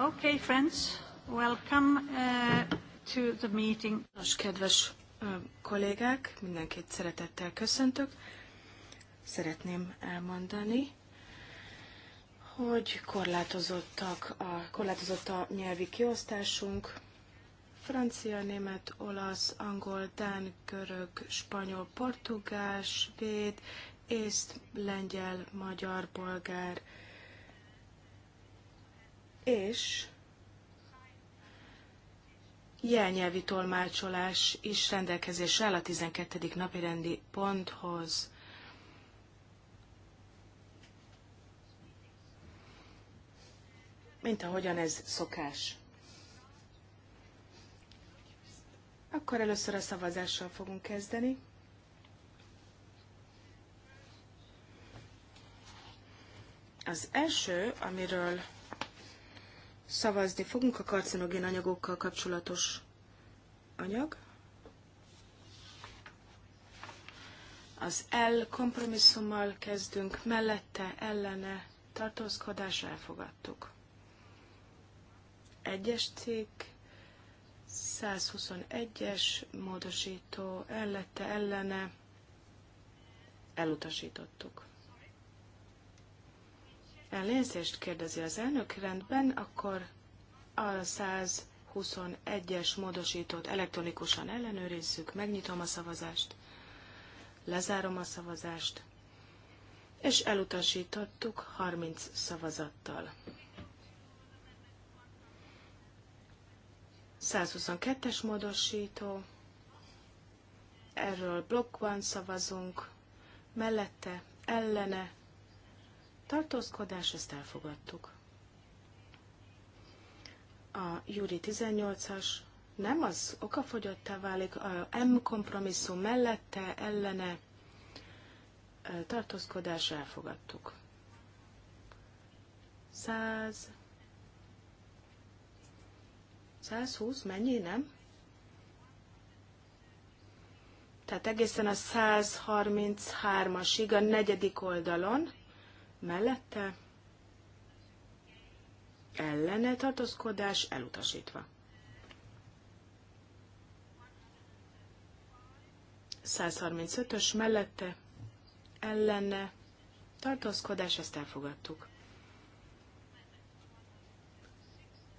Okay, friends, welcome uh, to the meeting. Nos, kedves uh, kollégák, mindenkit szeretettel köszöntök. Szeretném elmondani, hogy korlátozottak a, korlátozott a nyelvi kiosztásunk. Francia, német, olasz, angol, dán, görög, spanyol, portugál, svéd, észt, lengyel, magyar, bolgár, és jelnyelvi tolmácsolás is rendelkezésre áll a 12. napirendi ponthoz. Mint ahogyan ez szokás. Akkor először a szavazással fogunk kezdeni. Az első, amiről Szavazni fogunk a karcinogén anyagokkal kapcsolatos anyag. Az L kompromisszummal kezdünk, mellette, ellene, tartózkodás elfogadtuk. Egyes cikk, 121-es módosító, ellette, ellene, elutasítottuk. Elnézést kérdezi az elnök, rendben, akkor a 121-es módosítót elektronikusan ellenőrizzük, megnyitom a szavazást, lezárom a szavazást, és elutasítottuk 30 szavazattal. 122-es módosító, erről blokkban szavazunk, mellette, ellene, tartózkodás, ezt elfogadtuk. A Júri 18-as nem az okafogyottá válik, a M kompromisszum mellette, ellene tartózkodás elfogadtuk. 100 120, mennyi, nem? Tehát egészen a 133-asig a negyedik oldalon mellette ellene tartózkodás elutasítva. 135-ös mellette ellene tartózkodás, ezt elfogadtuk.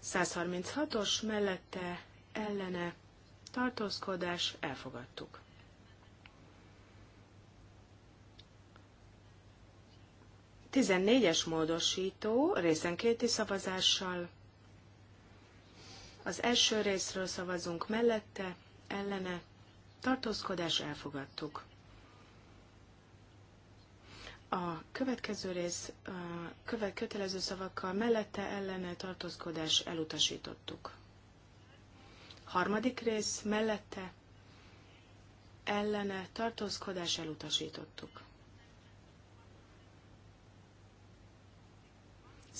136-os mellette ellene tartózkodás, elfogadtuk. 14-es módosító részenkéti szavazással. Az első részről szavazunk mellette, ellene, tartózkodás elfogadtuk. A következő rész a követ, kötelező szavakkal mellette ellene tartózkodás elutasítottuk. Harmadik rész mellette ellene tartózkodás elutasítottuk.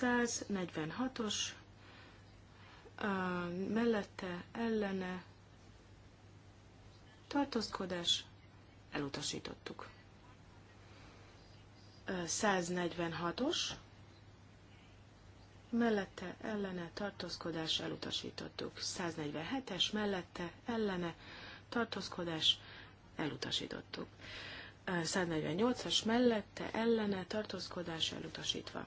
146-os mellette ellene tartózkodás elutasítottuk. 146-os mellette ellene tartózkodás elutasítottuk. 147-es mellette ellene tartózkodás elutasítottuk. 148-as mellette ellene tartózkodás elutasítva.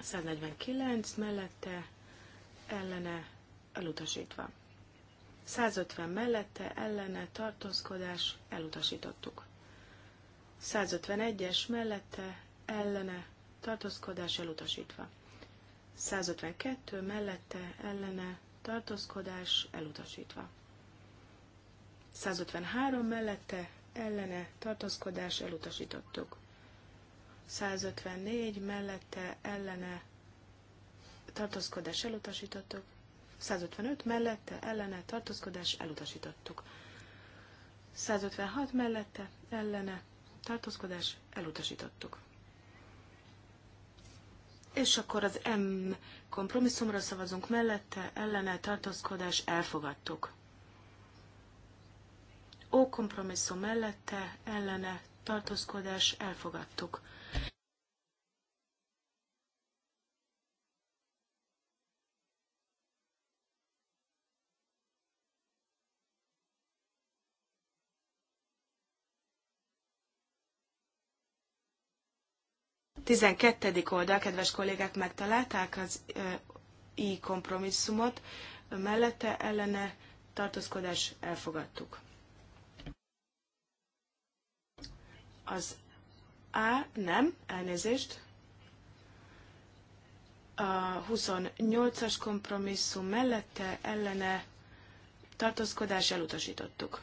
149 mellette ellene elutasítva. 150 mellette ellene tartózkodás elutasítottuk. 151-es mellette ellene tartózkodás elutasítva. 152 mellette ellene tartózkodás elutasítva. 153 mellette ellene tartózkodás elutasítottuk. 154 mellette ellene tartózkodás elutasítottuk, 155 mellette ellene tartózkodás elutasítottuk, 156 mellette ellene tartózkodás elutasítottuk. És akkor az M kompromisszumra szavazunk mellette, ellene tartózkodás elfogadtuk. O kompromisszum mellette, ellene tartózkodás elfogadtuk. 12. oldal, kedves kollégák, megtalálták az i kompromisszumot, mellette ellene tartózkodás elfogadtuk. Az A nem, elnézést. A 28-as kompromisszum mellette ellene tartózkodás elutasítottuk.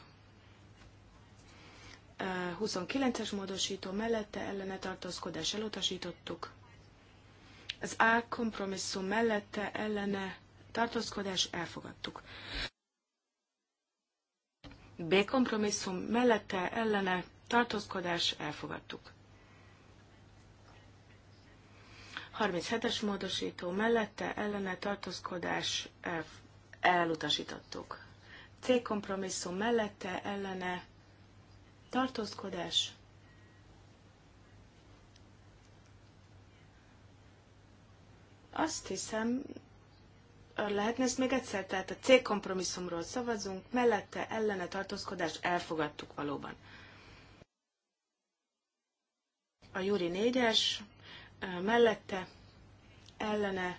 29-es módosító mellette ellene tartózkodás elutasítottuk. Az A kompromisszum mellette ellene tartózkodás elfogadtuk. B kompromisszum mellette ellene tartózkodás elfogadtuk. 37-es módosító mellette ellene tartózkodás elutasítottuk. C kompromisszum mellette ellene tartózkodás, azt hiszem, lehetne ezt még egyszer, tehát a C szavazunk, mellette ellene tartózkodás elfogadtuk valóban. A Júri négyes mellette ellene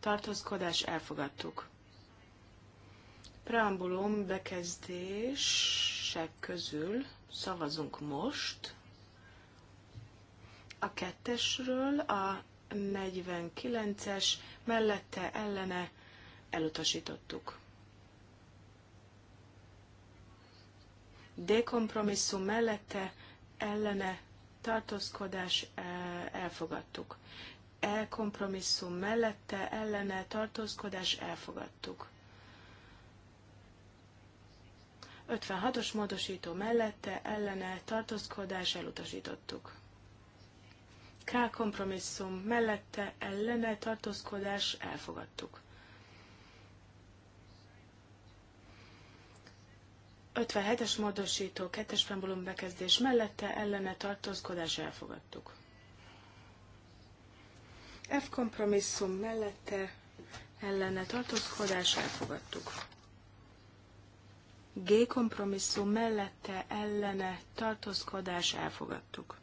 tartózkodás elfogadtuk preambulum bekezdések közül szavazunk most a kettesről, a 49-es mellette ellene elutasítottuk. de kompromisszum mellette ellene tartózkodás e, elfogadtuk. E kompromisszum mellette ellene tartózkodás elfogadtuk. 56-os módosító mellette ellene tartózkodás elutasítottuk. K kompromisszum mellette ellene tartózkodás elfogadtuk. 57-es módosító, kettes pembulum bekezdés mellette ellene tartózkodás elfogadtuk. F kompromisszum mellette ellene tartózkodás elfogadtuk. G kompromisszum mellette ellene tartózkodás elfogadtuk.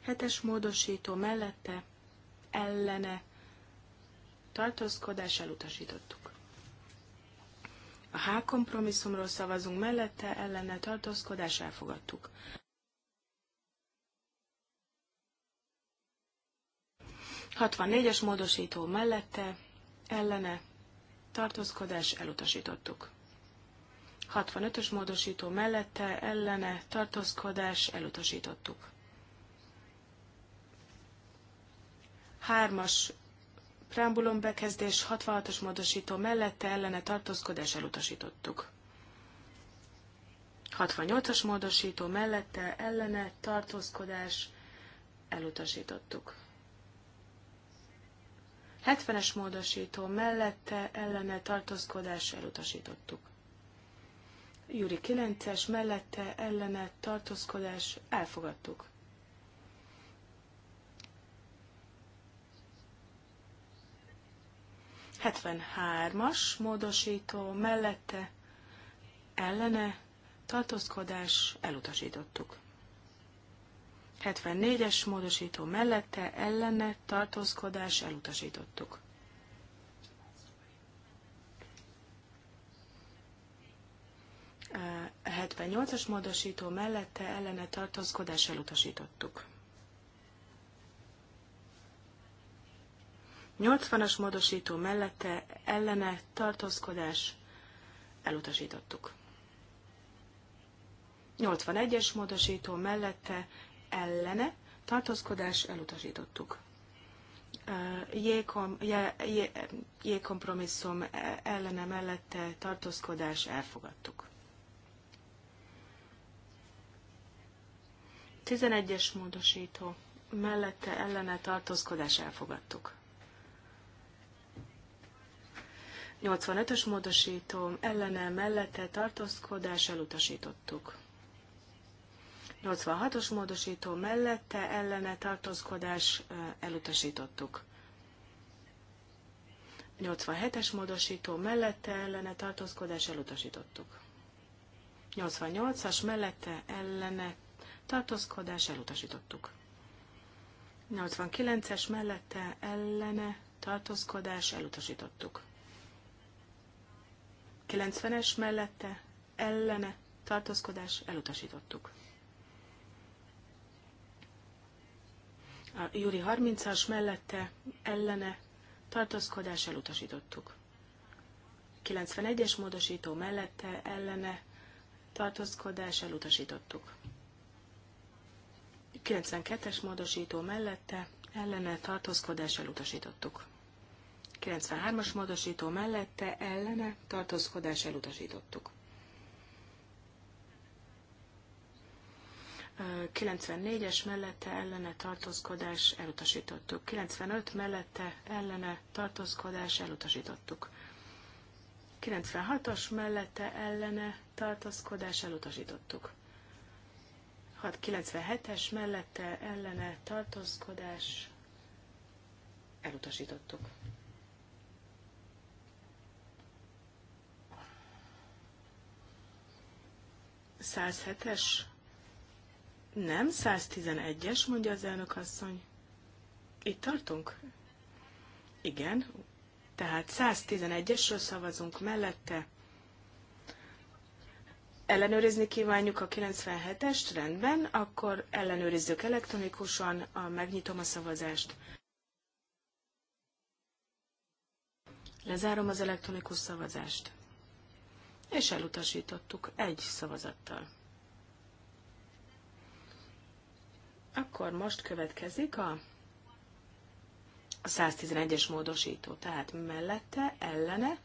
Hetes módosító mellette ellene tartózkodás elutasítottuk. A H kompromisszumról szavazunk mellette, ellene tartózkodás elfogadtuk. Hatvannégyes módosító mellette, ellene tartózkodás elutasítottuk. 65-ös módosító mellette ellene tartózkodás elutasítottuk. Hármas preambulum bekezdés 66-os módosító mellette ellene tartózkodás elutasítottuk. 68-as módosító mellette ellene tartózkodás elutasítottuk. 70-es módosító mellette ellene tartózkodás elutasítottuk. Júri 9-es mellette ellene tartózkodás elfogadtuk. Hetvenhármas módosító mellette ellene tartózkodás elutasítottuk. 74-es módosító mellette ellene tartózkodás elutasítottuk. A 78-as módosító mellette ellene tartózkodás elutasítottuk. 80-as módosító mellette ellene tartózkodás elutasítottuk. 81-es módosító mellette ellene tartózkodás elutasítottuk. J-kom, kompromisszum ellene mellette tartózkodás elfogadtuk. 11-es módosító mellette ellene tartózkodás elfogadtuk. 85-ös módosító ellene mellette tartózkodás elutasítottuk. 86-os módosító mellette ellene tartózkodás elutasítottuk. 87-es módosító mellette ellene tartózkodás elutasítottuk. 88-as mellette ellene tartózkodás elutasítottuk. 89-es mellette ellene tartózkodás elutasítottuk. 90-es mellette ellene tartózkodás elutasítottuk. A Júri 30-as mellette ellene tartózkodás elutasítottuk. 91-es módosító mellette ellene tartózkodás elutasítottuk. 92-es módosító mellette ellene tartózkodás elutasítottuk. 93-as módosító mellette ellene tartózkodás elutasítottuk. 94-es mellette ellene tartózkodás elutasítottuk. 95 mellette ellene tartózkodás elutasítottuk. 96-os mellette ellene tartózkodás elutasítottuk. 97-es mellette ellene tartózkodás elutasítottuk. 107-es nem, 111-es, mondja az elnök asszony. Itt tartunk? Igen. Tehát 111-esről szavazunk mellette. Ellenőrizni kívánjuk a 97-est, rendben, akkor ellenőrizzük elektronikusan, a, megnyitom a szavazást. Lezárom az elektronikus szavazást. És elutasítottuk egy szavazattal. Akkor most következik a, 111-es módosító, tehát mellette, ellene,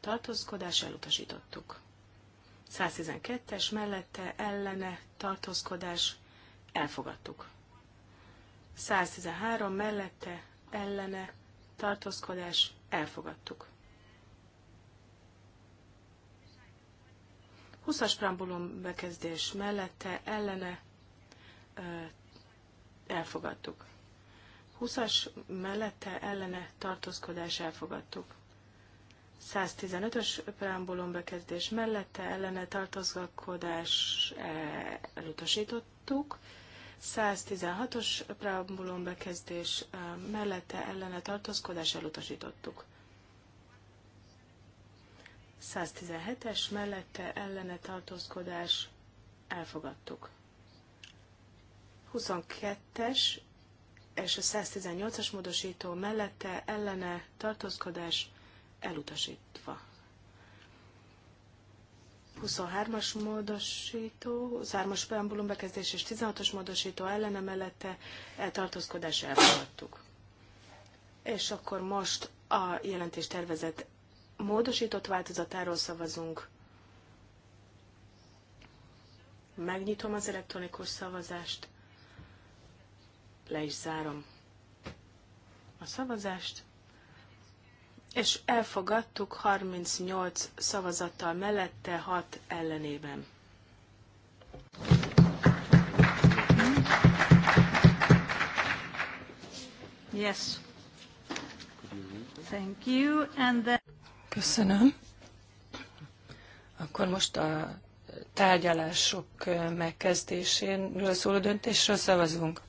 tartózkodás elutasítottuk. 112-es mellette, ellene, tartózkodás elfogadtuk. 113 mellette, ellene, tartózkodás elfogadtuk. 20-as preambulum bekezdés mellette, ellene, elfogadtuk. 20-as mellette ellene tartózkodás elfogadtuk. 115-ös preambulum bekezdés mellette ellene tartózkodás elutasítottuk. 116-os preambulum bekezdés mellette ellene tartózkodás elutasítottuk. 117-es mellette ellene tartózkodás elfogadtuk. 22-es és a 118-as módosító mellette ellene tartózkodás elutasítva. 23-as módosító, 3-as preambulum bekezdés és 16-os módosító ellene mellette eltartózkodás elfogadtuk. És akkor most a jelentés tervezett módosított változatáról szavazunk. Megnyitom az elektronikus szavazást. Le is zárom a szavazást. És elfogadtuk 38 szavazattal mellette, 6 ellenében. Yes. Thank you. And then... Köszönöm. Akkor most a tárgyalások megkezdésénről szóló döntésről szavazunk.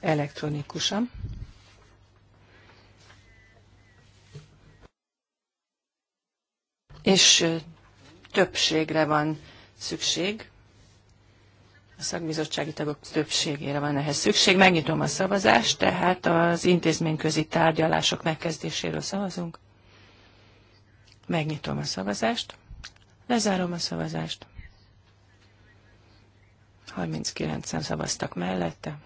elektronikusan. És többségre van szükség. A szakbizottsági tagok többségére van ehhez szükség. Megnyitom a szavazást, tehát az intézményközi tárgyalások megkezdéséről szavazunk. Megnyitom a szavazást. Lezárom a szavazást. 39-en szavaztak mellette,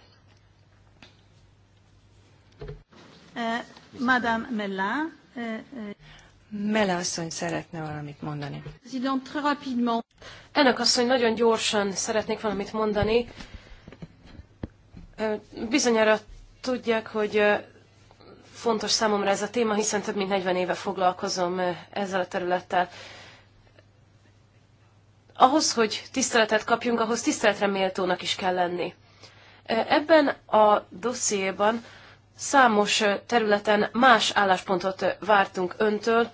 Eh, Madame Mella. Eh, eh. Mella asszony szeretne valamit mondani. Ennek asszony nagyon gyorsan szeretnék valamit mondani. Bizonyára tudják, hogy fontos számomra ez a téma, hiszen több mint 40 éve foglalkozom ezzel a területtel. Ahhoz, hogy tiszteletet kapjunk, ahhoz tiszteletre méltónak is kell lenni. Ebben a dossziéban Számos területen más álláspontot vártunk öntől.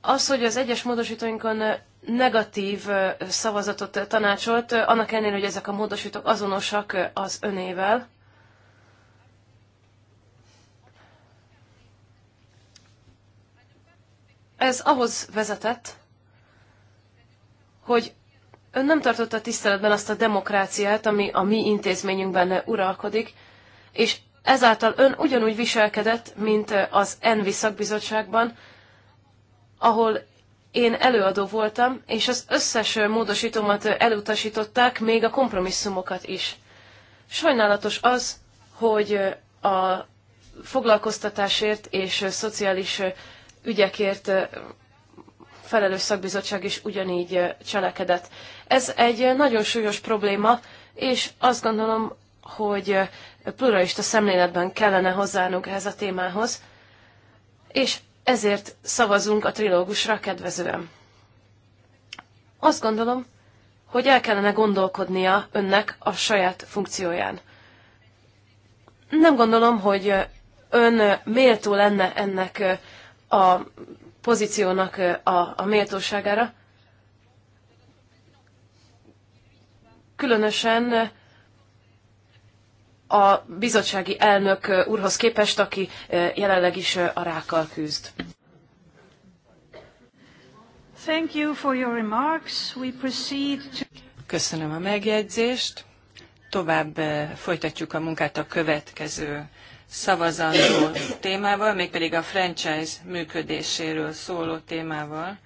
Az, hogy az egyes módosítóinkon negatív szavazatot tanácsolt, annak ellenére, hogy ezek a módosítók azonosak az önével. Ez ahhoz vezetett, hogy Ön nem tartotta tiszteletben azt a demokráciát, ami a mi intézményünkben uralkodik, és ezáltal ön ugyanúgy viselkedett, mint az Envi szakbizottságban, ahol én előadó voltam, és az összes módosítómat elutasították, még a kompromisszumokat is. Sajnálatos az, hogy a foglalkoztatásért és szociális ügyekért felelős szakbizottság is ugyanígy cselekedett. Ez egy nagyon súlyos probléma, és azt gondolom, hogy pluralista szemléletben kellene hozzánunk ehhez a témához, és ezért szavazunk a trilógusra kedvezően. Azt gondolom, hogy el kellene gondolkodnia önnek a saját funkcióján. Nem gondolom, hogy ön méltó lenne ennek a pozíciónak a, a méltóságára. Különösen a bizottsági elnök úrhoz képest, aki jelenleg is a rákkal küzd. Thank you for your remarks. We proceed to... Köszönöm a megjegyzést. Tovább folytatjuk a munkát a következő szavazandó témával, mégpedig a franchise működéséről szóló témával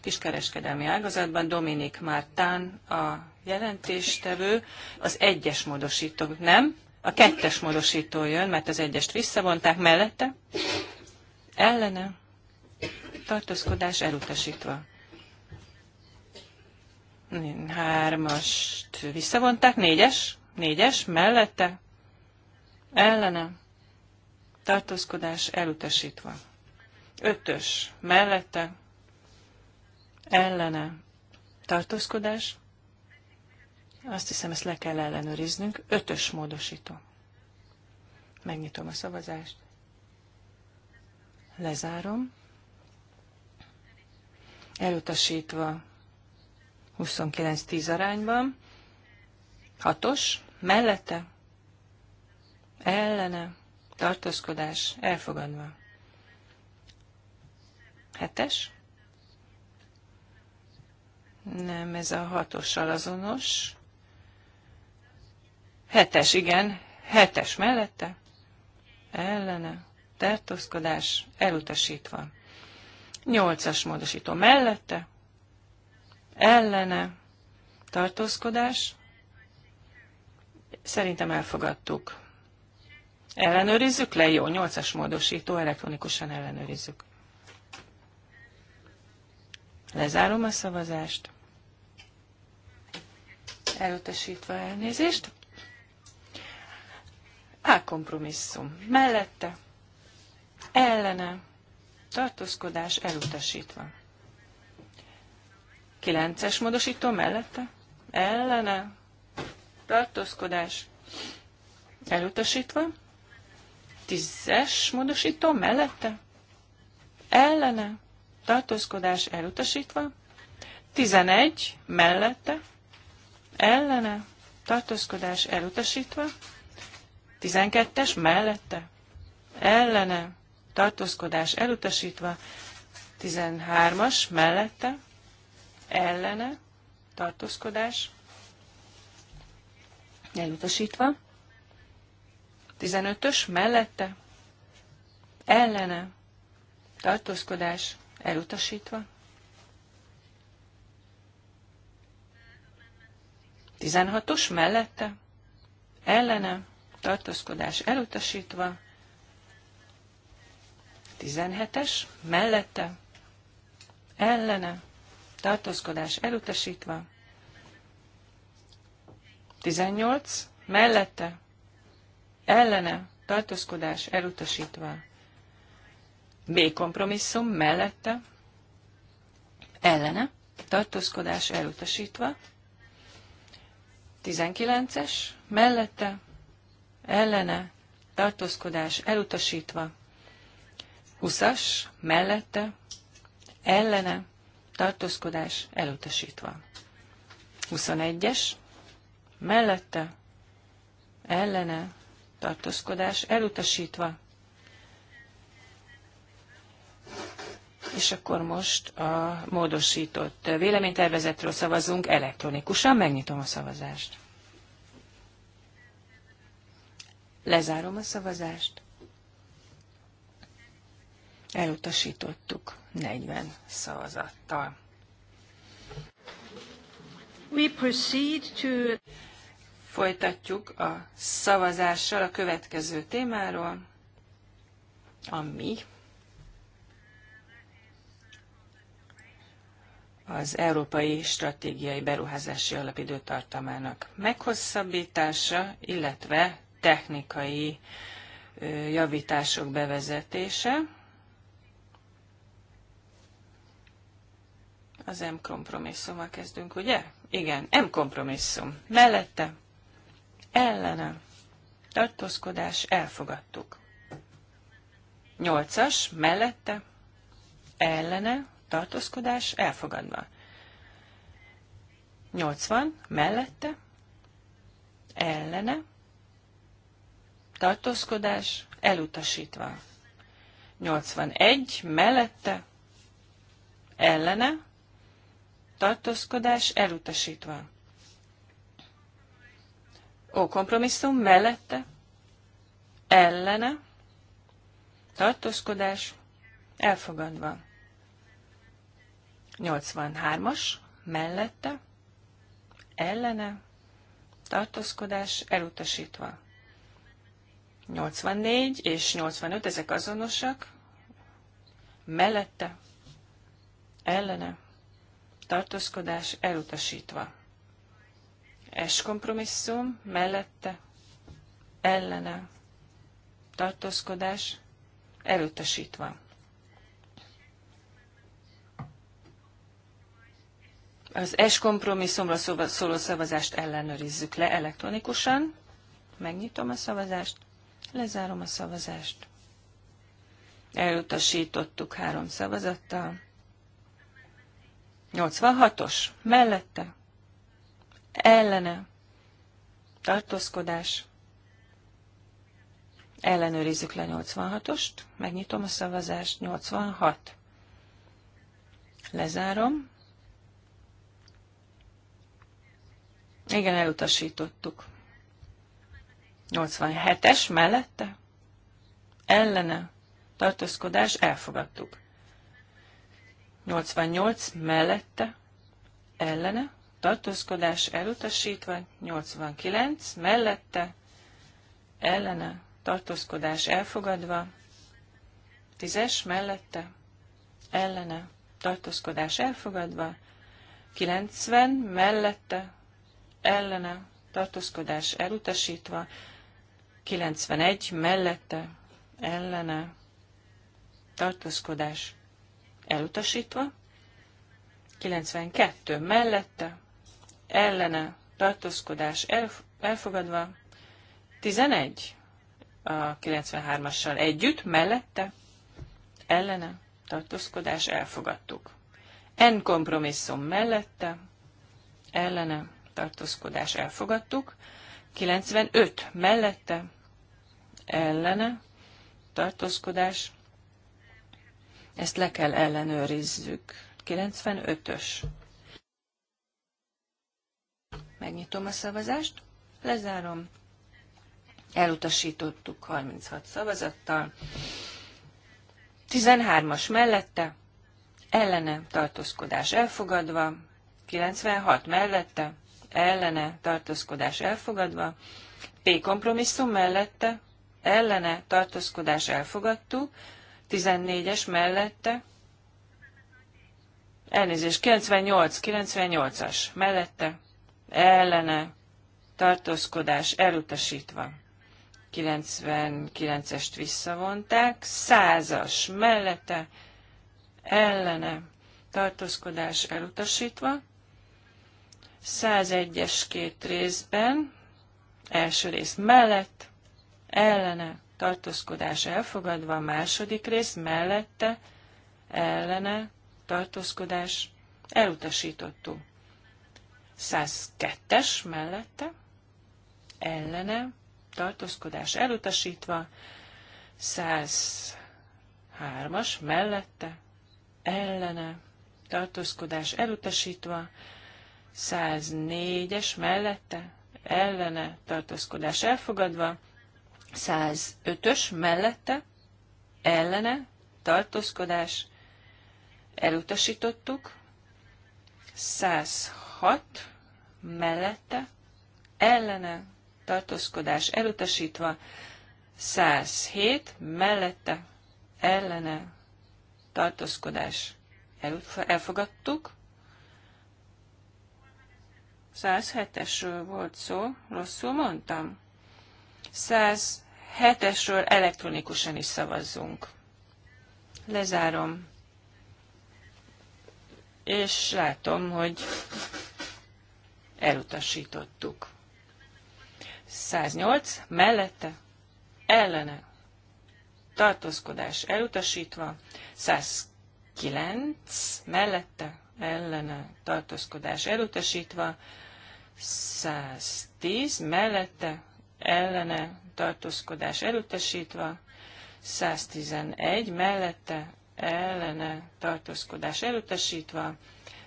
kiskereskedelmi ágazatban. Dominik Mártán a jelentéstevő, az egyes módosító nem, a kettes módosító jön, mert az egyest visszavonták mellette, ellene, tartózkodás elutasítva. Hármast visszavonták, négyes, négyes, mellette, ellene, tartózkodás elutasítva. Ötös mellette, ellene, tartózkodás. Azt hiszem, ezt le kell ellenőriznünk. Ötös módosító. Megnyitom a szavazást. Lezárom. Elutasítva 29-10 arányban. Hatos, mellette, ellene, tartózkodás elfogadva. Hetes? Nem, ez a hatossal azonos. Hetes, igen. Hetes mellette. Ellene. Tartózkodás elutasítva. Nyolcas módosító mellette. Ellene. Tartózkodás. Szerintem elfogadtuk. Ellenőrizzük le? Jó, 8-as módosító, elektronikusan ellenőrizzük. Lezárom a szavazást. Elutasítva elnézést. A kompromisszum. Mellette. Ellene. Tartózkodás elutasítva. 9-es módosító mellette. Ellene. Tartózkodás elutasítva. Tízes módosító mellette? Ellene. Tartózkodás elutasítva. Tizenegy mellette? Ellene. Tartózkodás elutasítva. Tizenkettes mellette? Ellene. Tartózkodás elutasítva. Tizenhármas mellette? Ellene. Tartózkodás elutasítva. 15-ös mellette ellene tartózkodás elutasítva. 16-os mellette ellene tartózkodás elutasítva. 17-es mellette ellene tartózkodás elutasítva. 18 mellette ellene tartózkodás elutasítva. B kompromisszum mellette ellene tartózkodás elutasítva. 19-es mellette ellene tartózkodás elutasítva. 20-as mellette ellene tartózkodás elutasítva. 21-es mellette ellene tartózkodás elutasítva. És akkor most a módosított véleménytervezetről szavazunk elektronikusan. Megnyitom a szavazást. Lezárom a szavazást. Elutasítottuk 40 szavazattal. We proceed to... Folytatjuk a szavazással a következő témáról, ami az Európai Stratégiai Beruházási Alapidőtartamának meghosszabbítása, illetve technikai javítások bevezetése. Az M kompromisszummal kezdünk, ugye? Igen, M kompromisszum. Mellette ellene tartózkodás elfogadtuk. Nyolcas mellette ellene tartózkodás elfogadva. 80 mellette ellene tartózkodás elutasítva. egy, mellette ellene tartózkodás elutasítva. Ó kompromisszum mellette, ellene, tartózkodás, elfogadva. 83-as, mellette, ellene, tartózkodás, elutasítva. 84 és 85, ezek azonosak, mellette, ellene, tartózkodás, elutasítva es kompromisszum, mellette ellene tartózkodás elutasítva. Az es kompromisszumra szóló szavazást ellenőrizzük le elektronikusan. Megnyitom a szavazást, lezárom a szavazást. Elutasítottuk három szavazattal. 86-os mellette ellene tartózkodás. Ellenőrizzük le 86-ost, megnyitom a szavazást, 86. Lezárom. Igen, elutasítottuk. 87-es mellette? Ellene. Tartózkodás, elfogadtuk. 88 mellette? Ellene tartózkodás elutasítva, 89 mellette, ellene, tartózkodás elfogadva, 10-es mellette, ellene, tartózkodás elfogadva, 90 mellette, ellene, tartózkodás elutasítva, 91 mellette, ellene, tartózkodás elutasítva, 92 mellette, ellene tartózkodás elfogadva, 11 a 93-assal együtt, mellette ellene tartózkodás elfogadtuk. En kompromisszum mellette ellene tartózkodás elfogadtuk, 95 mellette ellene tartózkodás, ezt le kell ellenőrizzük. 95-ös. Megnyitom a szavazást, lezárom. Elutasítottuk 36 szavazattal. 13-as mellette, ellene tartózkodás elfogadva, 96 mellette, ellene tartózkodás elfogadva, P kompromisszum mellette, ellene tartózkodás elfogadtuk, 14-es mellette, elnézést, 98, 98-as mellette, ellene tartózkodás elutasítva. 99-est visszavonták, 100-as mellette ellene tartózkodás elutasítva, 101-es két részben, első rész mellett, ellene tartózkodás elfogadva, második rész mellette, ellene tartózkodás elutasítottuk. 102-es mellette, ellene, tartózkodás elutasítva, 103-as mellette, ellene, tartózkodás elutasítva, 104-es mellette, ellene, tartózkodás elfogadva, 105-ös mellette, ellene, tartózkodás elutasítottuk, 6 mellette, ellene, tartózkodás elutasítva, 107 mellette, ellene, tartózkodás elfogadtuk. 107-esről volt szó, rosszul mondtam? 107-esről elektronikusan is szavazzunk. Lezárom. És látom, hogy elutasítottuk. 108 mellette ellene tartózkodás elutasítva, 109 mellette ellene tartózkodás elutasítva, 110 mellette ellene tartózkodás elutasítva, 111 mellette ellene tartózkodás elutasítva,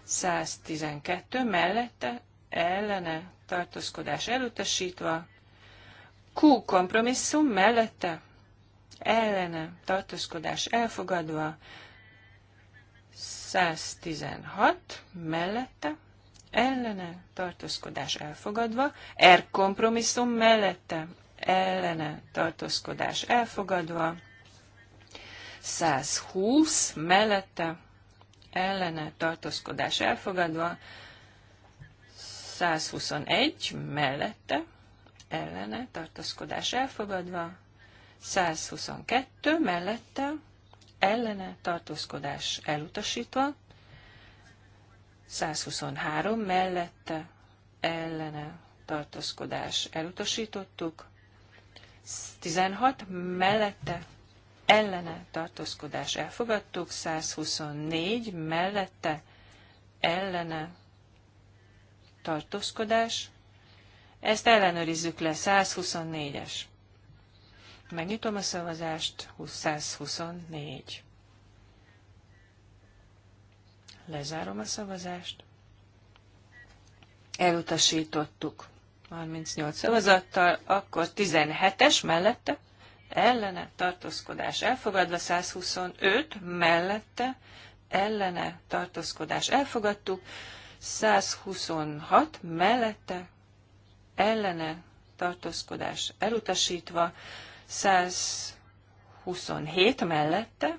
112 mellette ellene tartózkodás elutasítva, Q kompromisszum mellette ellene tartózkodás elfogadva, 116 mellette ellene tartózkodás elfogadva, R kompromisszum mellette ellene tartózkodás elfogadva, 120 mellette ellene tartózkodás elfogadva, 121 mellette, ellene, tartózkodás elfogadva, 122 mellette, ellene, tartózkodás elutasítva, 123 mellette, ellene, tartózkodás elutasítottuk, 16 mellette, ellene, tartózkodás elfogadtuk, 124 mellette, ellene, tartózkodás. Ezt ellenőrizzük le, 124-es. Megnyitom a szavazást, 124. Lezárom a szavazást. Elutasítottuk 38 szavazattal, akkor 17-es mellette, ellene tartózkodás elfogadva, 125 mellette, ellene tartózkodás elfogadtuk, 126 mellette ellene tartózkodás elutasítva, 127 mellette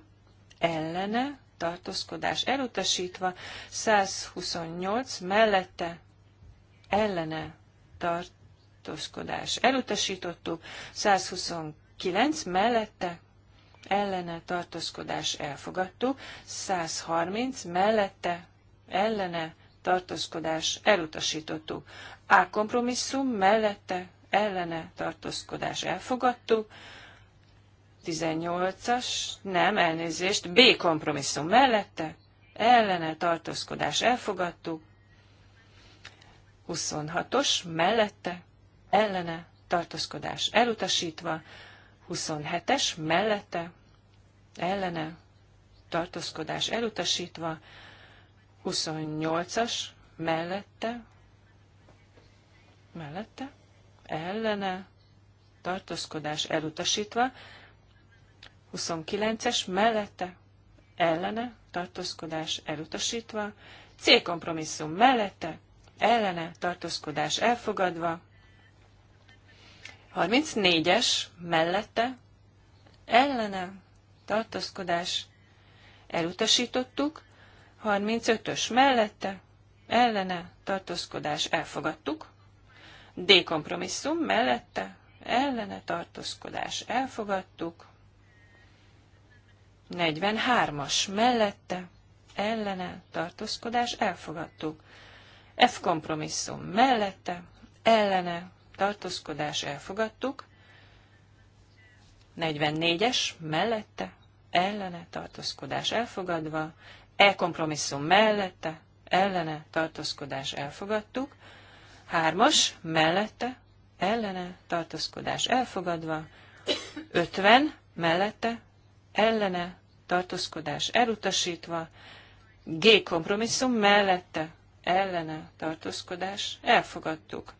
ellene tartózkodás elutasítva, 128 mellette ellene tartózkodás elutasítottuk, 129 mellette ellene tartózkodás elfogadtuk, 130 mellette ellene tartózkodás elutasítottuk. A kompromisszum mellette ellene tartózkodás elfogadtuk. 18-as, nem, elnézést, B kompromisszum mellette ellene tartózkodás elfogadtuk. 26-os mellette ellene tartózkodás elutasítva. 27-es mellette ellene tartózkodás elutasítva. 28-as mellette, mellette, ellene, tartózkodás elutasítva, 29-es mellette, ellene, tartózkodás elutasítva, C kompromisszum mellette, ellene, tartózkodás elfogadva, 34-es mellette, ellene, tartózkodás elutasítottuk, 35-ös mellette, ellene, tartózkodás elfogadtuk. D kompromisszum mellette, ellene, tartózkodás elfogadtuk. 43-as mellette, ellene, tartózkodás elfogadtuk. F kompromisszum mellette, ellene, tartózkodás elfogadtuk. 44-es mellette, ellene, tartózkodás elfogadva. E kompromisszum mellette, ellene, tartózkodás elfogadtuk. Hármas mellette, ellene, tartózkodás elfogadva. 50 mellette, ellene, tartózkodás elutasítva. G kompromisszum mellette, ellene, tartózkodás elfogadtuk.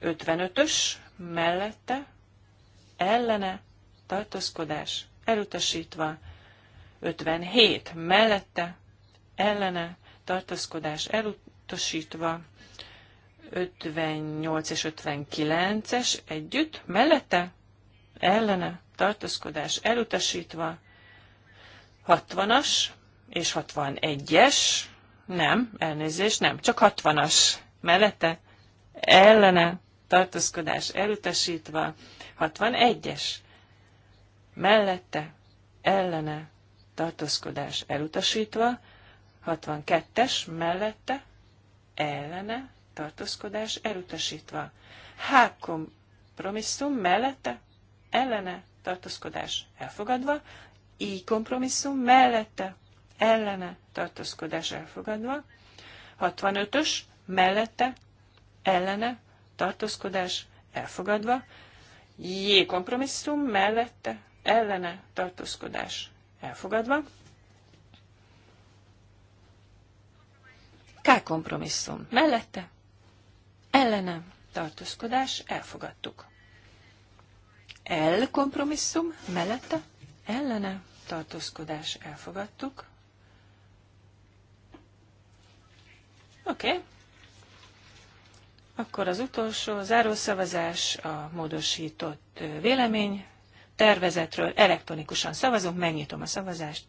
55-ös mellette, ellene, tartózkodás elutasítva. 57 mellette, ellene, tartaszkodás elutasítva, 58 és 59-es együtt, mellette, ellene, tartaszkodás elutasítva, 60-as és 61-es, nem, elnézést, nem, csak 60-as mellette, ellene, tartózkodás elutasítva, 61-es mellette, ellene, tartózkodás elutasítva, 62-es mellette, ellene, tartózkodás elutasítva. H kompromisszum mellette, ellene, tartózkodás elfogadva, I kompromisszum mellette, ellene, tartózkodás elfogadva, 65-ös mellette, ellene, tartózkodás elfogadva, J kompromisszum mellette, ellene, tartózkodás elfogadva. K kompromisszum mellette, ellenem tartózkodás, elfogadtuk. L kompromisszum mellette, ellene tartózkodás, elfogadtuk. Oké. Okay. Akkor az utolsó zárószavazás, a módosított vélemény tervezetről elektronikusan szavazunk, megnyitom a szavazást.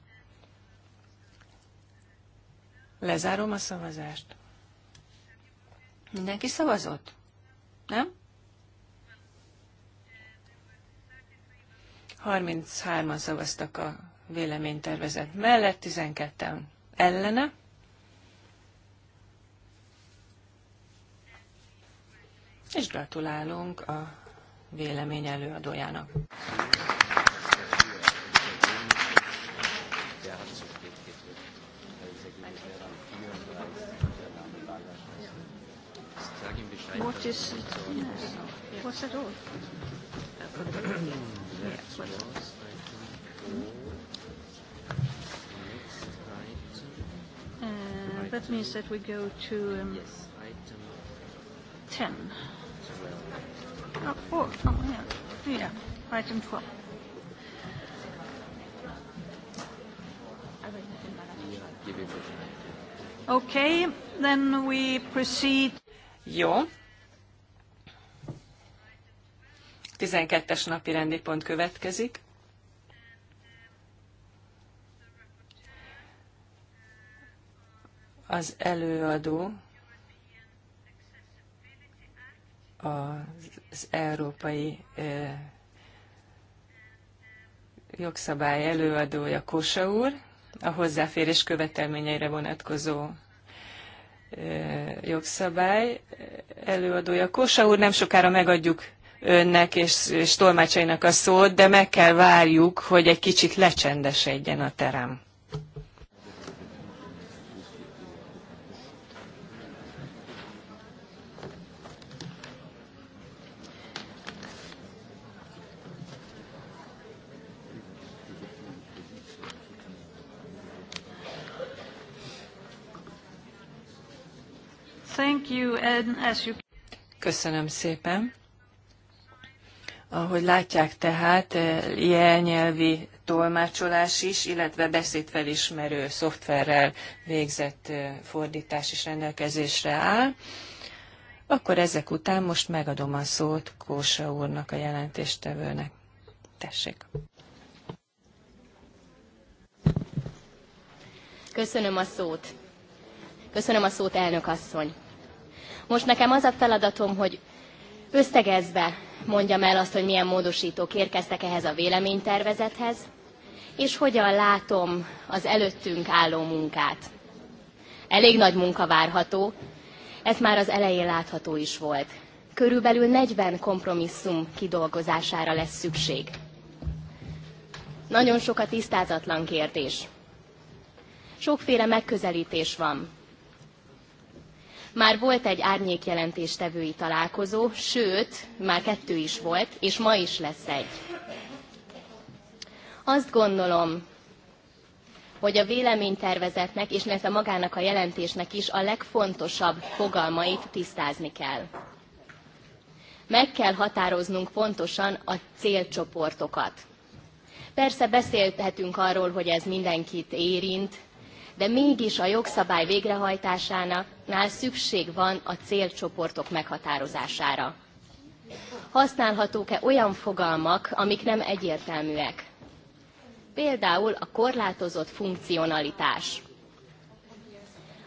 Lezárom a szavazást. Mindenki szavazott? Nem? 33-an szavaztak a véleménytervezet mellett, 12-en ellene. És gratulálunk a vélemény előadójának. Uh, that means that we go to um, yes, item 10. Oh, Okay, then we proceed. Jó. 12-es napi rendi pont következik. Az előadó az az európai jogszabály előadója Kosa úr, a hozzáférés követelményeire vonatkozó jogszabály előadója. Kosa úr, nem sokára megadjuk önnek és, és tolmácsainak a szót, de meg kell várjuk, hogy egy kicsit lecsendesedjen a terem. Thank you, and as you... Köszönöm szépen. Ahogy látják tehát, eh, jelnyelvi tolmácsolás is, illetve beszédfelismerő szoftverrel végzett eh, fordítás is rendelkezésre áll. Akkor ezek után most megadom a szót Kósa úrnak, a jelentéstevőnek. Tessék! Köszönöm a szót. Köszönöm a szót, elnök asszony. Most nekem az a feladatom, hogy összegezve mondjam el azt, hogy milyen módosítók érkeztek ehhez a véleménytervezethez, és hogyan látom az előttünk álló munkát. Elég nagy munka várható, ez már az elején látható is volt. Körülbelül 40 kompromisszum kidolgozására lesz szükség. Nagyon sok a tisztázatlan kérdés. Sokféle megközelítés van. Már volt egy árnyékjelentéstevői találkozó, sőt, már kettő is volt, és ma is lesz egy. Azt gondolom, hogy a véleménytervezetnek, és a magának a jelentésnek is a legfontosabb fogalmait tisztázni kell. Meg kell határoznunk pontosan a célcsoportokat. Persze beszélhetünk arról, hogy ez mindenkit érint, de mégis a jogszabály végrehajtásának nál szükség van a célcsoportok meghatározására. Használhatók-e olyan fogalmak, amik nem egyértelműek? Például a korlátozott funkcionalitás.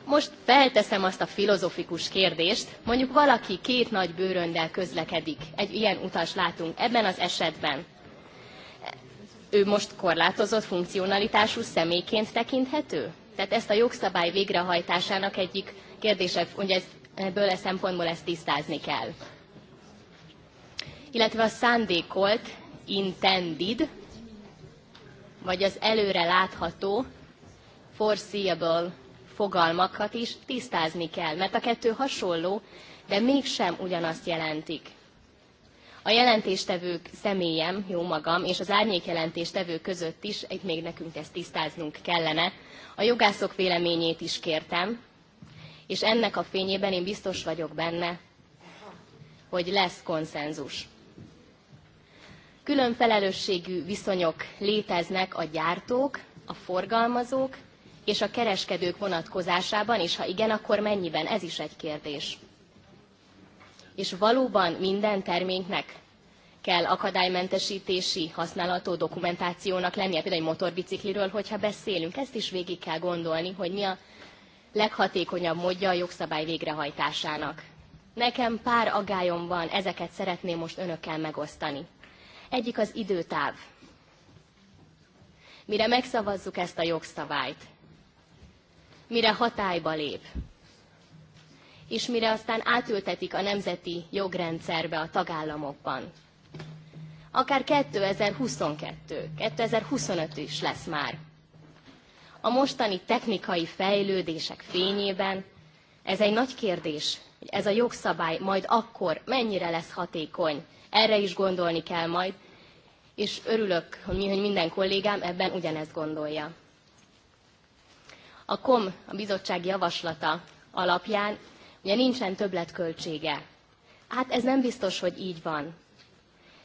Most felteszem azt a filozofikus kérdést, mondjuk valaki két nagy bőröndel közlekedik, egy ilyen utas látunk ebben az esetben. Ő most korlátozott funkcionalitású személyként tekinthető? Tehát ezt a jogszabály végrehajtásának egyik kérdések, hogy ez, ebből a szempontból ezt tisztázni kell. Illetve a szándékolt, intended, vagy az előre látható, foreseeable fogalmakat is tisztázni kell, mert a kettő hasonló, de mégsem ugyanazt jelentik. A jelentéstevők személyem, jó magam, és az árnyék jelentéstevő között is, itt még nekünk ezt tisztáznunk kellene. A jogászok véleményét is kértem, és ennek a fényében én biztos vagyok benne, hogy lesz konszenzus. Külön felelősségű viszonyok léteznek a gyártók, a forgalmazók és a kereskedők vonatkozásában, és ha igen, akkor mennyiben? Ez is egy kérdés. És valóban minden terméknek kell akadálymentesítési használató dokumentációnak lennie, például egy motorbicikliről, hogyha beszélünk. Ezt is végig kell gondolni, hogy mi a leghatékonyabb módja a jogszabály végrehajtásának. Nekem pár agályom van, ezeket szeretném most önökkel megosztani. Egyik az időtáv. Mire megszavazzuk ezt a jogszabályt, mire hatályba lép, és mire aztán átültetik a nemzeti jogrendszerbe a tagállamokban. Akár 2022, 2025 is lesz már. A mostani technikai fejlődések fényében ez egy nagy kérdés, hogy ez a jogszabály majd akkor mennyire lesz hatékony. Erre is gondolni kell majd, és örülök, hogy minden kollégám ebben ugyanezt gondolja. A KOM, a bizottság javaslata alapján ugye nincsen többletköltsége. Hát ez nem biztos, hogy így van.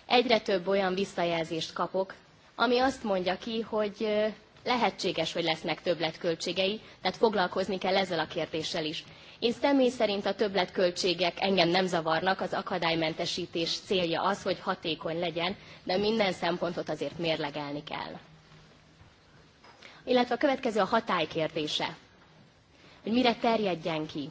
Egyre több olyan visszajelzést kapok, ami azt mondja ki, hogy lehetséges, hogy lesznek többletköltségei, tehát foglalkozni kell ezzel a kérdéssel is. Én személy szerint a többletköltségek engem nem zavarnak, az akadálymentesítés célja az, hogy hatékony legyen, de minden szempontot azért mérlegelni kell. Illetve a következő a hatály kérdése, hogy mire terjedjen ki.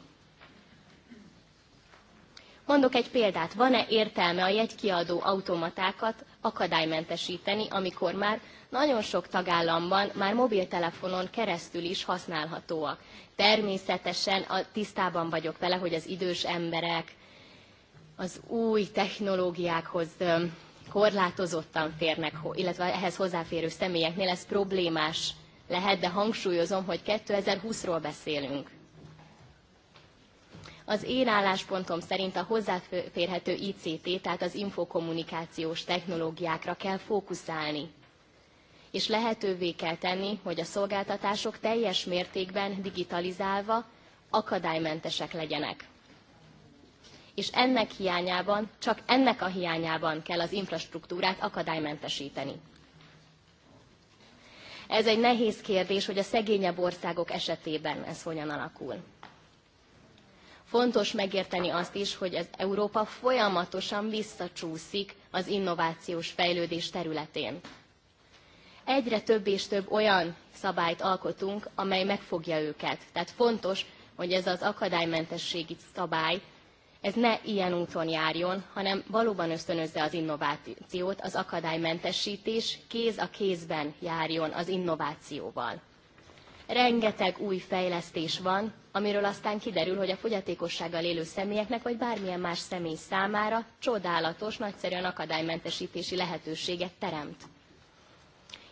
Mondok egy példát, van-e értelme a jegykiadó automatákat akadálymentesíteni, amikor már nagyon sok tagállamban már mobiltelefonon keresztül is használhatóak. Természetesen a, tisztában vagyok vele, hogy az idős emberek az új technológiákhoz korlátozottan férnek, illetve ehhez hozzáférő személyeknél ez problémás lehet, de hangsúlyozom, hogy 2020-ról beszélünk. Az én álláspontom szerint a hozzáférhető ICT, tehát az infokommunikációs technológiákra kell fókuszálni és lehetővé kell tenni, hogy a szolgáltatások teljes mértékben digitalizálva akadálymentesek legyenek. És ennek hiányában, csak ennek a hiányában kell az infrastruktúrát akadálymentesíteni. Ez egy nehéz kérdés, hogy a szegényebb országok esetében ez hogyan alakul. Fontos megérteni azt is, hogy az Európa folyamatosan visszacsúszik az innovációs fejlődés területén. Egyre több és több olyan szabályt alkotunk, amely megfogja őket. Tehát fontos, hogy ez az akadálymentességi szabály, ez ne ilyen úton járjon, hanem valóban ösztönözze az innovációt, az akadálymentesítés kéz a kézben járjon az innovációval rengeteg új fejlesztés van, amiről aztán kiderül, hogy a fogyatékossággal élő személyeknek, vagy bármilyen más személy számára csodálatos, nagyszerűen akadálymentesítési lehetőséget teremt.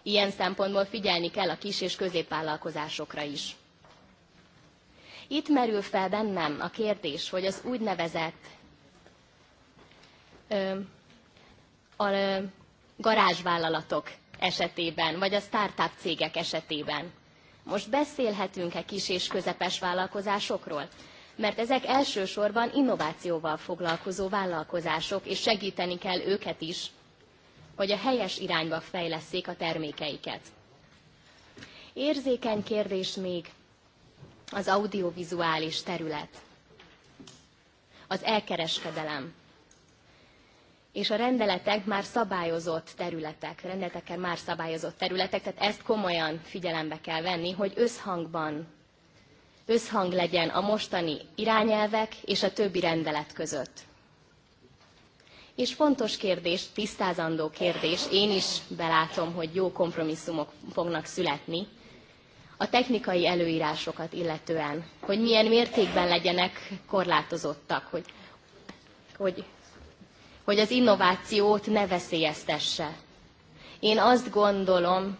Ilyen szempontból figyelni kell a kis- és középvállalkozásokra is. Itt merül fel bennem a kérdés, hogy az úgynevezett ö, a ö, garázsvállalatok esetében, vagy a startup cégek esetében most beszélhetünk-e kis és közepes vállalkozásokról? Mert ezek elsősorban innovációval foglalkozó vállalkozások, és segíteni kell őket is, hogy a helyes irányba fejleszék a termékeiket. Érzékeny kérdés még az audiovizuális terület, az elkereskedelem és a rendeletek már szabályozott területek, rendeleteken már szabályozott területek, tehát ezt komolyan figyelembe kell venni, hogy összhangban, összhang legyen a mostani irányelvek és a többi rendelet között. És fontos kérdés, tisztázandó kérdés, én is belátom, hogy jó kompromisszumok fognak születni, a technikai előírásokat illetően, hogy milyen mértékben legyenek korlátozottak, hogy, hogy hogy az innovációt ne veszélyeztesse. Én azt gondolom,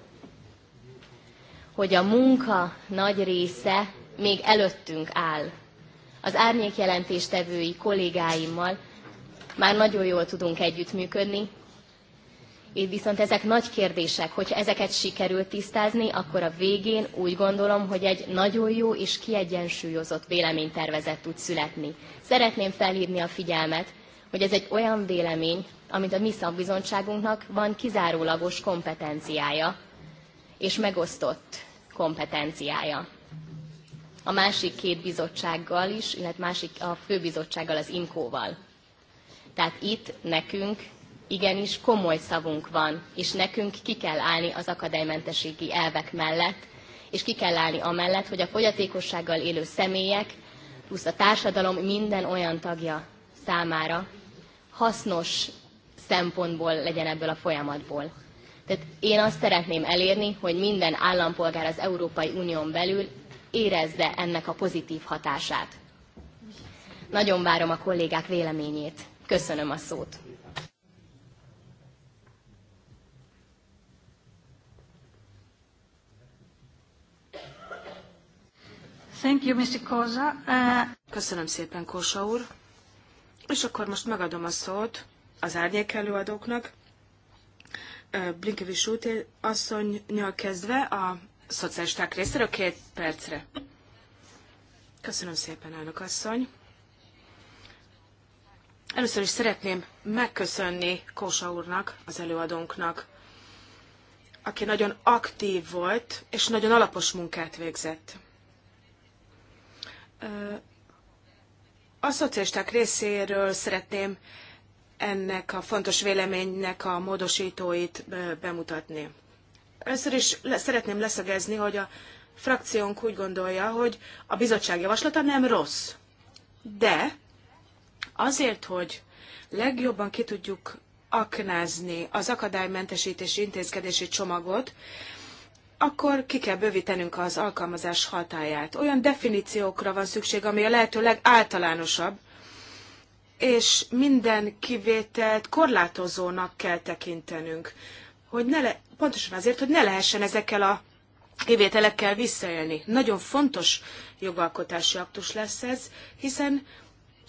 hogy a munka nagy része még előttünk áll. Az árnyékjelentéstevői kollégáimmal már nagyon jól tudunk együttműködni, én viszont ezek nagy kérdések, hogyha ezeket sikerült tisztázni, akkor a végén úgy gondolom, hogy egy nagyon jó és kiegyensúlyozott véleménytervezet tud születni. Szeretném felhívni a figyelmet, hogy ez egy olyan vélemény, amit a mi szakbizottságunknak van kizárólagos kompetenciája és megosztott kompetenciája. A másik két bizottsággal is, illetve másik, a főbizottsággal, az Inkóval. val Tehát itt nekünk igenis komoly szavunk van, és nekünk ki kell állni az akadálymentességi elvek mellett, és ki kell állni amellett, hogy a fogyatékossággal élő személyek, plusz a társadalom minden olyan tagja számára hasznos szempontból legyen ebből a folyamatból. Tehát én azt szeretném elérni, hogy minden állampolgár az Európai Unión belül érezze ennek a pozitív hatását. Nagyon várom a kollégák véleményét. Köszönöm a szót. Thank you, Mr. Kosa. Uh... Köszönöm szépen, Kósa úr. És akkor most megadom a szót az árnyék előadóknak, Blinkevis úti asszonynyal kezdve a szocialisták részéről két percre. Köszönöm szépen, elnök asszony. Először is szeretném megköszönni Kósa úrnak, az előadónknak, aki nagyon aktív volt, és nagyon alapos munkát végzett. A szocialisták részéről szeretném ennek a fontos véleménynek a módosítóit bemutatni. Először is szeretném leszögezni, hogy a frakciónk úgy gondolja, hogy a bizottság javaslata nem rossz. De azért, hogy legjobban ki tudjuk aknázni az akadálymentesítési intézkedési csomagot, akkor ki kell bővítenünk az alkalmazás hatáját. Olyan definíciókra van szükség, ami a lehető legáltalánosabb, és minden kivételt korlátozónak kell tekintenünk, hogy ne le, pontosan azért, hogy ne lehessen ezekkel a kivételekkel visszaélni. Nagyon fontos jogalkotási aktus lesz ez, hiszen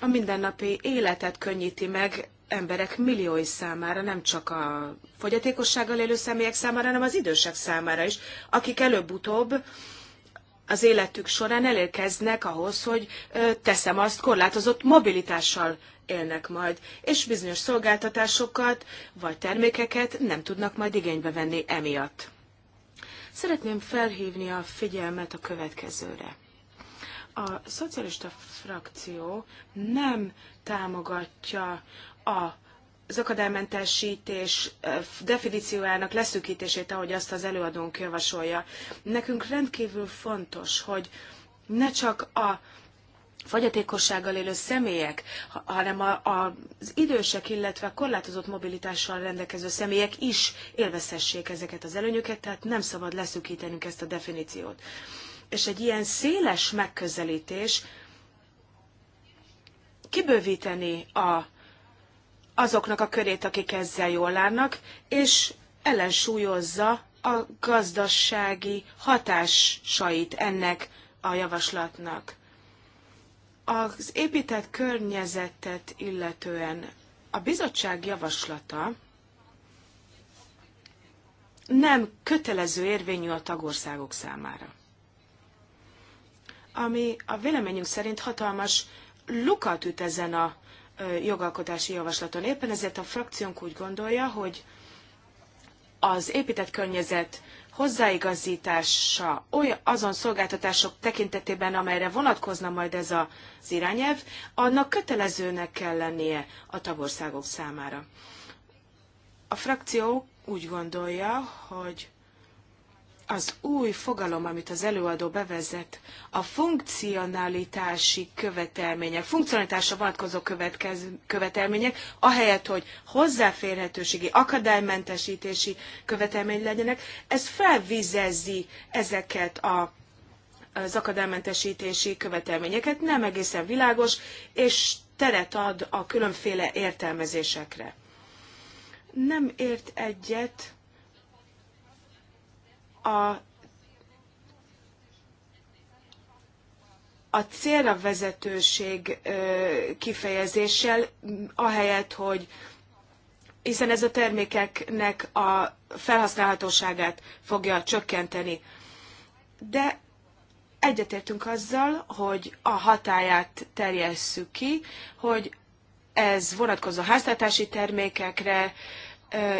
a mindennapi életet könnyíti meg emberek milliói számára, nem csak a fogyatékossággal élő személyek számára, hanem az idősek számára is, akik előbb-utóbb az életük során elérkeznek ahhoz, hogy teszem azt, korlátozott mobilitással élnek majd, és bizonyos szolgáltatásokat vagy termékeket nem tudnak majd igénybe venni emiatt. Szeretném felhívni a figyelmet a következőre. A szocialista frakció nem támogatja a az akadálymentesítés definíciójának leszűkítését, ahogy azt az előadónk javasolja. Nekünk rendkívül fontos, hogy ne csak a fogyatékossággal élő személyek, hanem a, a, az idősek, illetve korlátozott mobilitással rendelkező személyek is élvezhessék ezeket az előnyöket, tehát nem szabad leszűkítenünk ezt a definíciót. És egy ilyen széles megközelítés kibővíteni a azoknak a körét, akik ezzel jól állnak, és ellensúlyozza a gazdasági hatásait ennek a javaslatnak. Az épített környezetet illetően a bizottság javaslata nem kötelező érvényű a tagországok számára. Ami a véleményünk szerint hatalmas lukat üt ezen a jogalkotási javaslaton. Éppen ezért a frakciónk úgy gondolja, hogy az épített környezet hozzáigazítása olyan, azon szolgáltatások tekintetében, amelyre vonatkozna majd ez az irányelv, annak kötelezőnek kell lennie a tagországok számára. A frakció úgy gondolja, hogy az új fogalom, amit az előadó bevezet, a funkcionalitási követelmények, funkcionalitásra vonatkozó következ, követelmények, ahelyett, hogy hozzáférhetőségi, akadálymentesítési követelmény legyenek, ez felvizezi ezeket a az akadálymentesítési követelményeket, nem egészen világos, és teret ad a különféle értelmezésekre. Nem ért egyet a a célra vezetőség kifejezéssel, ahelyett, hogy hiszen ez a termékeknek a felhasználhatóságát fogja csökkenteni. De egyetértünk azzal, hogy a hatáját terjesszük ki, hogy ez vonatkozó háztartási termékekre,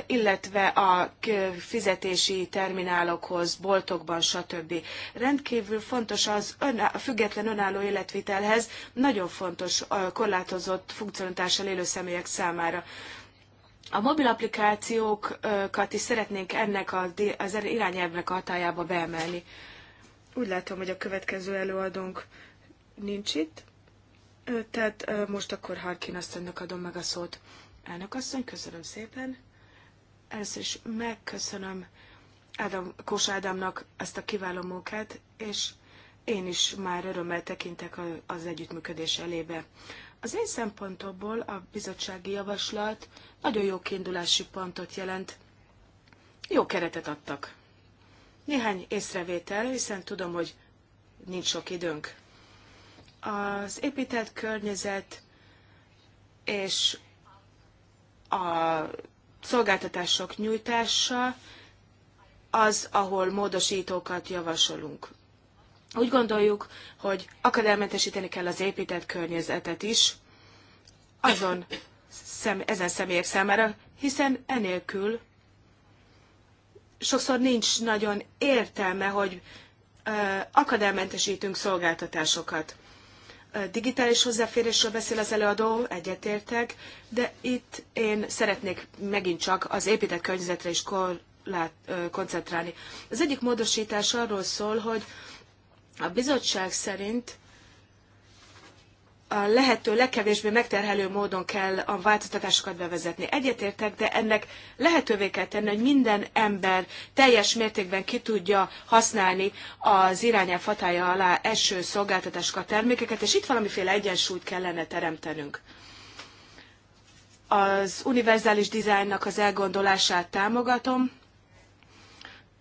illetve a fizetési terminálokhoz, boltokban, stb. Rendkívül fontos az ön, a független önálló életvitelhez, nagyon fontos a korlátozott funkcionálással élő személyek számára. A mobil applikációkat is szeretnénk ennek az irányelvnek a hatájába beemelni. Úgy látom, hogy a következő előadónk nincs itt, tehát most akkor Harkin asszonynak adom meg a szót. Elnök asszony, köszönöm szépen. Először is megköszönöm Ádám, Kós Ádámnak ezt a kiváló munkát, és én is már örömmel tekintek az együttműködés elébe. Az én szempontomból a bizottsági javaslat nagyon jó kiindulási pontot jelent. Jó keretet adtak. Néhány észrevétel, hiszen tudom, hogy nincs sok időnk. Az épített környezet és a szolgáltatások nyújtása az, ahol módosítókat javasolunk. Úgy gondoljuk, hogy akadálymentesíteni kell az épített környezetet is azon szem, ezen személyek számára, hiszen enélkül sokszor nincs nagyon értelme, hogy akadálymentesítünk szolgáltatásokat digitális hozzáférésről beszél az előadó, egyetértek, de itt én szeretnék megint csak az épített környezetre is korlát, koncentrálni. Az egyik módosítás arról szól, hogy a bizottság szerint a lehető legkevésbé megterhelő módon kell a változtatásokat bevezetni. Egyetértek, de ennek lehetővé kell tenni, hogy minden ember teljes mértékben ki tudja használni az irányelv hatája alá eső szolgáltatásokat, termékeket, és itt valamiféle egyensúlyt kellene teremtenünk. Az univerzális dizájnnak az elgondolását támogatom,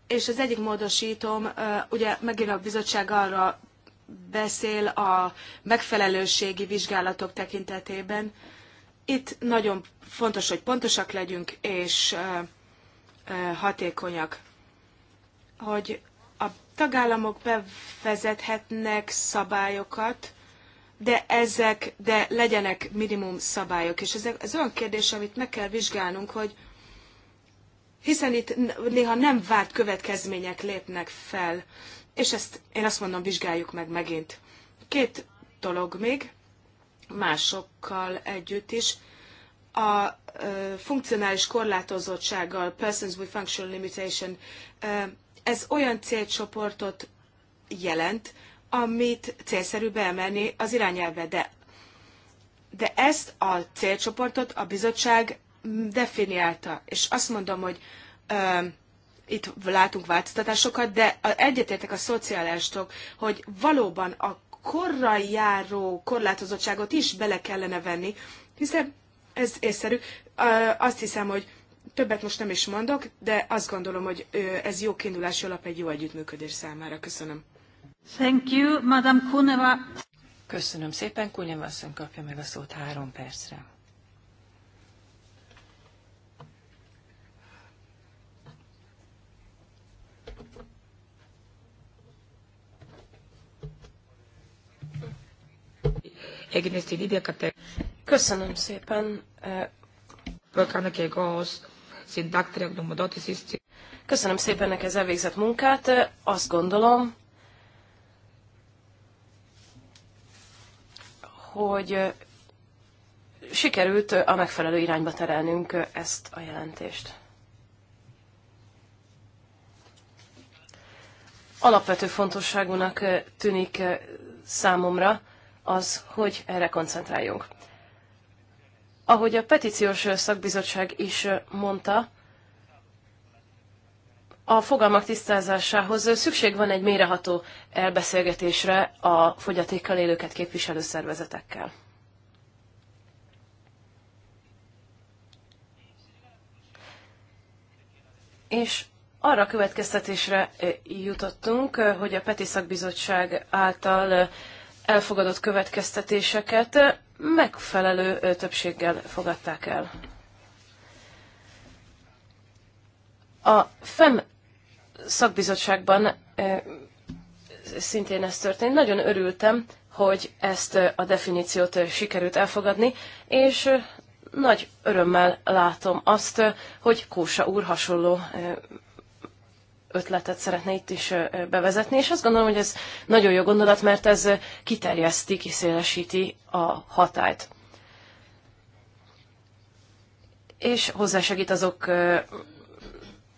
és az egyik módosítom, ugye megint a bizottság arra beszél a megfelelőségi vizsgálatok tekintetében. Itt nagyon fontos, hogy pontosak legyünk és hatékonyak. Hogy a tagállamok bevezethetnek szabályokat, de ezek, de legyenek minimum szabályok. És ez, ez olyan kérdés, amit meg kell vizsgálnunk, hogy hiszen itt néha nem várt következmények lépnek fel és ezt én azt mondom, vizsgáljuk meg megint. Két dolog még, másokkal együtt is. A uh, funkcionális korlátozottsággal, Persons with Functional Limitation, uh, ez olyan célcsoportot jelent, amit célszerű beemelni az irányelve, de, de ezt a célcsoportot a bizottság definiálta, és azt mondom, hogy uh, itt látunk változtatásokat, de egyetértek a szociálástok, hogy valóban a korra járó korlátozottságot is bele kellene venni, hiszen ez észszerű. Azt hiszem, hogy többet most nem is mondok, de azt gondolom, hogy ez jó kiindulási alap egy jó együttműködés számára. Köszönöm. Thank you, Madame Kuneva. Köszönöm szépen, Kuneva asszony kapja meg a szót három percre. Köszönöm szépen. Που Köszönöm szépen neki az elvégzett munkát. Azt gondolom, hogy sikerült a megfelelő irányba terelnünk ezt a jelentést. Alapvető fontosságúnak tűnik számomra, az, hogy erre koncentráljunk. Ahogy a petíciós szakbizottság is mondta, a fogalmak tisztázásához szükség van egy méreható elbeszélgetésre a fogyatékkal élőket képviselő szervezetekkel. És arra a következtetésre jutottunk, hogy a Peti Szakbizottság által elfogadott következtetéseket megfelelő többséggel fogadták el. A FEM szakbizottságban szintén ez történt. Nagyon örültem, hogy ezt a definíciót sikerült elfogadni, és nagy örömmel látom azt, hogy Kósa úr hasonló ötletet szeretne itt is bevezetni, és azt gondolom, hogy ez nagyon jó gondolat, mert ez kiterjeszti, kiszélesíti a hatályt. És hozzásegít azok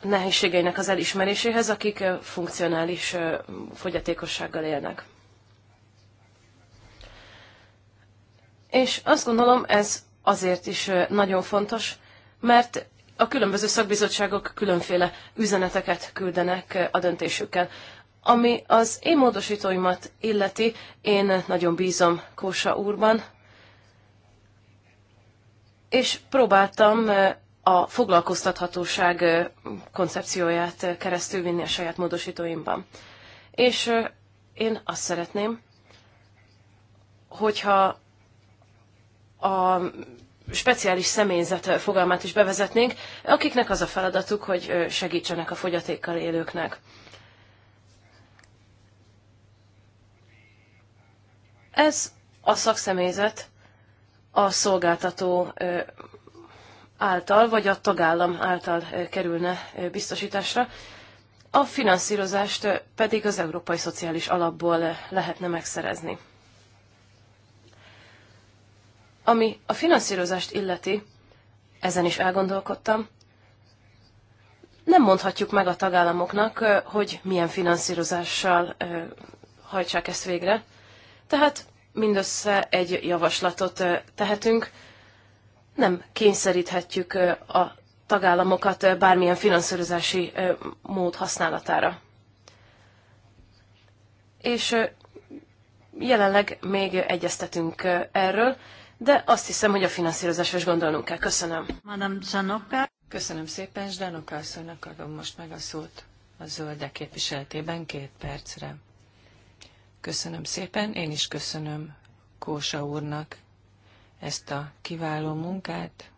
nehézségeinek az elismeréséhez, akik funkcionális fogyatékossággal élnek. És azt gondolom, ez azért is nagyon fontos, mert a különböző szakbizottságok különféle üzeneteket küldenek eh, a döntésükkel. Ami az én módosítóimat illeti, én nagyon bízom Kósa úrban, és próbáltam eh, a foglalkoztathatóság eh, koncepcióját keresztül vinni a saját módosítóimban. És én azt szeretném, hogyha a speciális személyzet fogalmát is bevezetnénk, akiknek az a feladatuk, hogy segítsenek a fogyatékkal élőknek. Ez a szakszemélyzet a szolgáltató által, vagy a tagállam által kerülne biztosításra, a finanszírozást pedig az Európai Szociális Alapból lehetne megszerezni. Ami a finanszírozást illeti, ezen is elgondolkodtam, nem mondhatjuk meg a tagállamoknak, hogy milyen finanszírozással hajtsák ezt végre. Tehát mindössze egy javaslatot tehetünk. Nem kényszeríthetjük a tagállamokat bármilyen finanszírozási mód használatára. És jelenleg még egyeztetünk erről, de azt hiszem, hogy a finanszírozásra is gondolnunk kell. Köszönöm. Madame Köszönöm szépen, Zsanoka asszonynak adom most meg a szót a zöldek képviseletében két percre. Köszönöm szépen, én is köszönöm Kósa úrnak ezt a kiváló munkát,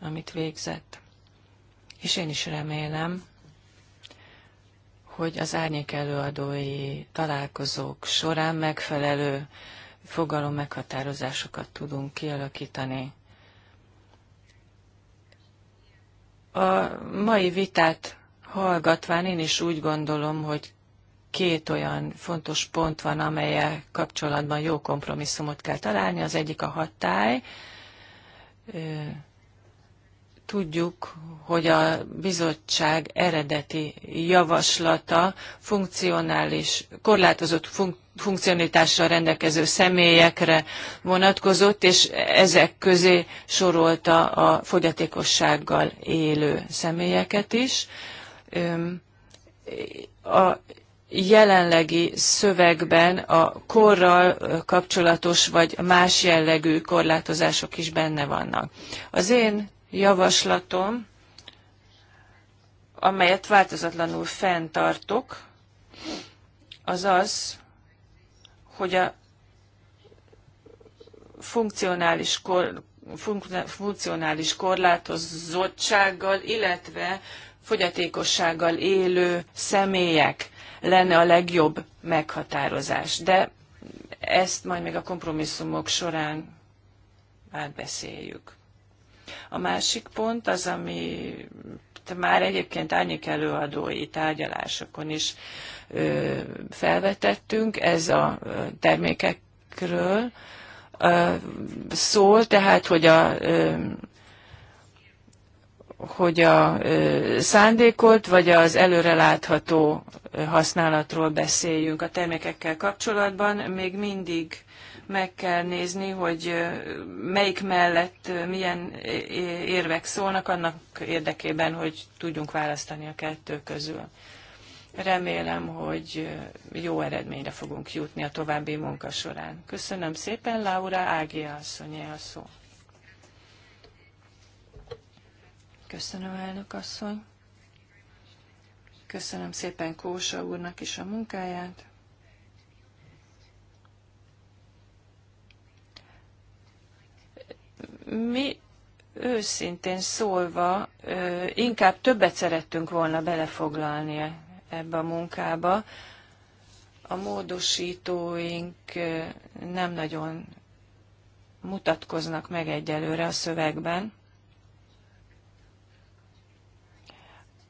amit végzett. És én is remélem, hogy az árnyék előadói találkozók során megfelelő fogalom meghatározásokat tudunk kialakítani. A mai vitát hallgatván én is úgy gondolom, hogy két olyan fontos pont van, amelyel kapcsolatban jó kompromisszumot kell találni. Az egyik a hatály, Tudjuk, hogy a bizottság eredeti javaslata funkcionális, korlátozott funk funkcionitással rendelkező személyekre vonatkozott, és ezek közé sorolta a fogyatékossággal élő személyeket is. A jelenlegi szövegben a korral kapcsolatos vagy más jellegű korlátozások is benne vannak. Az én javaslatom, amelyet változatlanul fenntartok, az az, hogy a funkcionális, kor, funkcionális korlátozottsággal, illetve fogyatékossággal élő személyek lenne a legjobb meghatározás. De ezt majd még a kompromisszumok során átbeszéljük. A másik pont az, ami már egyébként árnyék előadói tárgyalásokon is ö, felvetettünk, ez a termékekről ö, szól, tehát hogy a ö, hogy a szándékolt vagy az előrelátható használatról beszéljünk a termékekkel kapcsolatban, még mindig meg kell nézni, hogy melyik mellett milyen érvek szólnak annak érdekében, hogy tudjunk választani a kettő közül. Remélem, hogy jó eredményre fogunk jutni a további munka során. Köszönöm szépen, Laura Ágia asszonyé a szó. Köszönöm, elnök asszony. Köszönöm szépen Kósa úrnak is a munkáját. Mi őszintén szólva inkább többet szerettünk volna belefoglalni ebbe a munkába. A módosítóink nem nagyon mutatkoznak meg egyelőre a szövegben.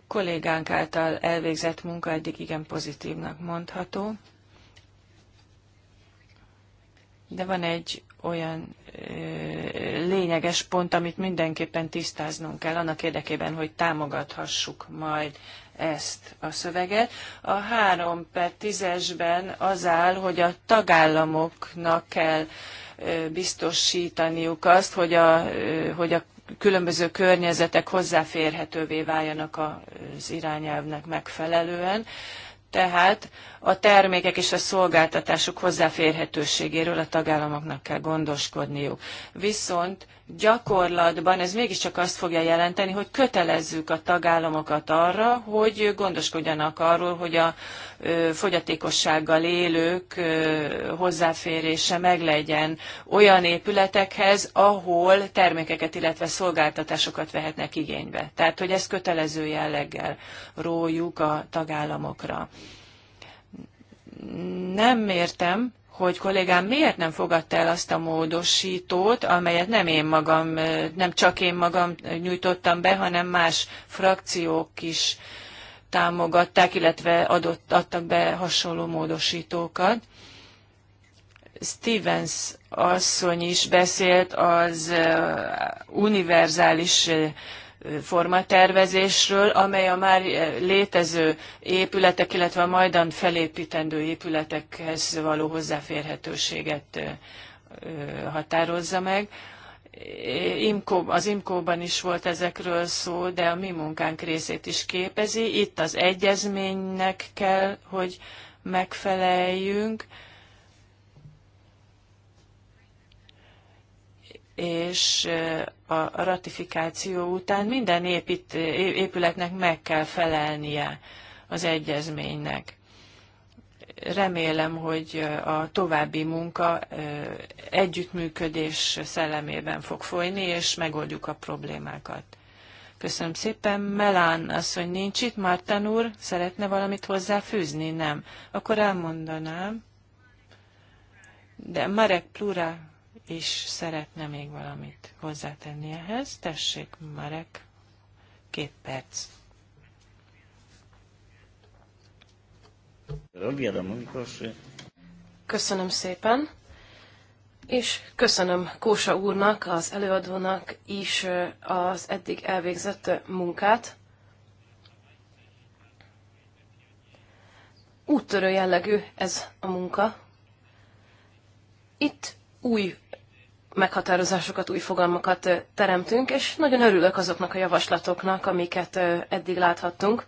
kollégánk által elvégzett munka eddig igen pozitívnak mondható. De van egy olyan lényeges pont, amit mindenképpen tisztáznunk kell annak érdekében, hogy támogathassuk majd ezt a szöveget. A 3 per 10-esben az áll, hogy a tagállamoknak kell biztosítaniuk azt, hogy a, hogy a különböző környezetek hozzáférhetővé váljanak az irányelvnek megfelelően tehát a termékek és a szolgáltatások hozzáférhetőségéről a tagállamoknak kell gondoskodniuk. Viszont gyakorlatban ez mégiscsak azt fogja jelenteni, hogy kötelezzük a tagállamokat arra, hogy gondoskodjanak arról, hogy a fogyatékossággal élők hozzáférése meglegyen olyan épületekhez, ahol termékeket, illetve szolgáltatásokat vehetnek igénybe. Tehát, hogy ezt kötelező jelleggel rójuk a tagállamokra. Nem értem, hogy kollégám miért nem fogadta el azt a módosítót, amelyet nem én magam, nem csak én magam nyújtottam be, hanem más frakciók is támogatták, illetve adott, adtak be hasonló módosítókat. Stevens asszony is beszélt az univerzális formatervezésről, amely a már létező épületek, illetve a majdan felépítendő épületekhez való hozzáférhetőséget határozza meg. IMCO, az IMCO-ban is volt ezekről szó, de a mi munkánk részét is képezi. Itt az egyezménynek kell, hogy megfeleljünk és a ratifikáció után minden épít, épületnek meg kell felelnie az egyezménynek. Remélem, hogy a további munka együttműködés szellemében fog folyni, és megoldjuk a problémákat. Köszönöm szépen. Melán asszony nincs itt. Márten úr, szeretne valamit hozzáfűzni? Nem. Akkor elmondanám. De Marek Plura is szeretne még valamit hozzátenni ehhez. Tessék, Marek, két perc. Köszönöm szépen, és köszönöm Kósa úrnak, az előadónak is az eddig elvégzett munkát. Úttörő jellegű ez a munka. Itt új meghatározásokat, új fogalmakat teremtünk, és nagyon örülök azoknak a javaslatoknak, amiket eddig láthattunk.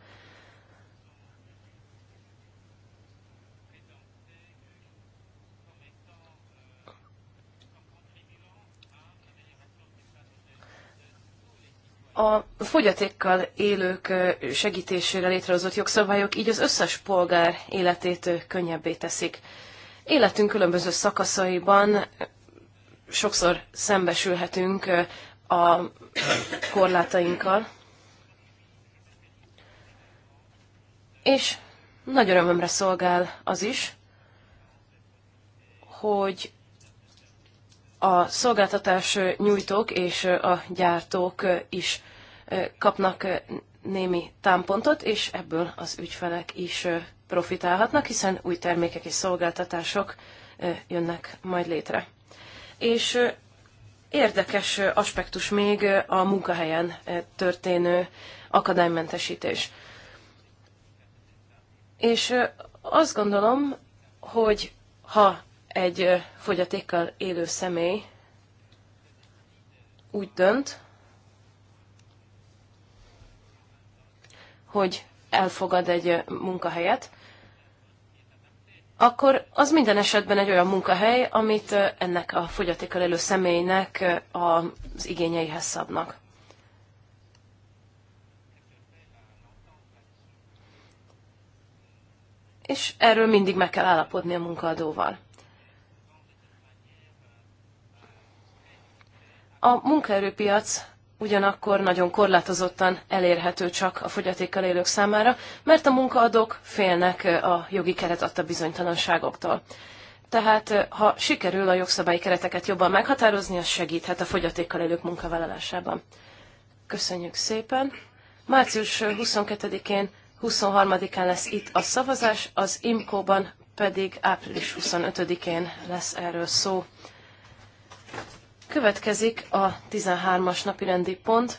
A fogyatékkal élők segítésére létrehozott jogszabályok így az összes polgár életét könnyebbé teszik. Életünk különböző szakaszaiban sokszor szembesülhetünk a korlátainkkal. És nagy örömömre szolgál az is, hogy a szolgáltatás nyújtók és a gyártók is kapnak némi támpontot, és ebből az ügyfelek is profitálhatnak, hiszen új termékek és szolgáltatások jönnek majd létre és érdekes aspektus még a munkahelyen történő akadálymentesítés. És azt gondolom, hogy ha egy fogyatékkal élő személy úgy dönt, hogy elfogad egy munkahelyet, akkor az minden esetben egy olyan munkahely, amit ennek a fogyatékkal élő személynek az igényeihez szabnak. És erről mindig meg kell állapodni a munkaadóval. A munkaerőpiac ugyanakkor nagyon korlátozottan elérhető csak a fogyatékkal élők számára, mert a munkaadók félnek a jogi keret adta bizonytalanságoktól. Tehát ha sikerül a jogszabályi kereteket jobban meghatározni, az segíthet a fogyatékkal élők munkavállalásában. Köszönjük szépen! Március 22-én, 23-án lesz itt a szavazás, az IMKO-ban pedig április 25-én lesz erről szó. Következik a 13-as napirendi pont,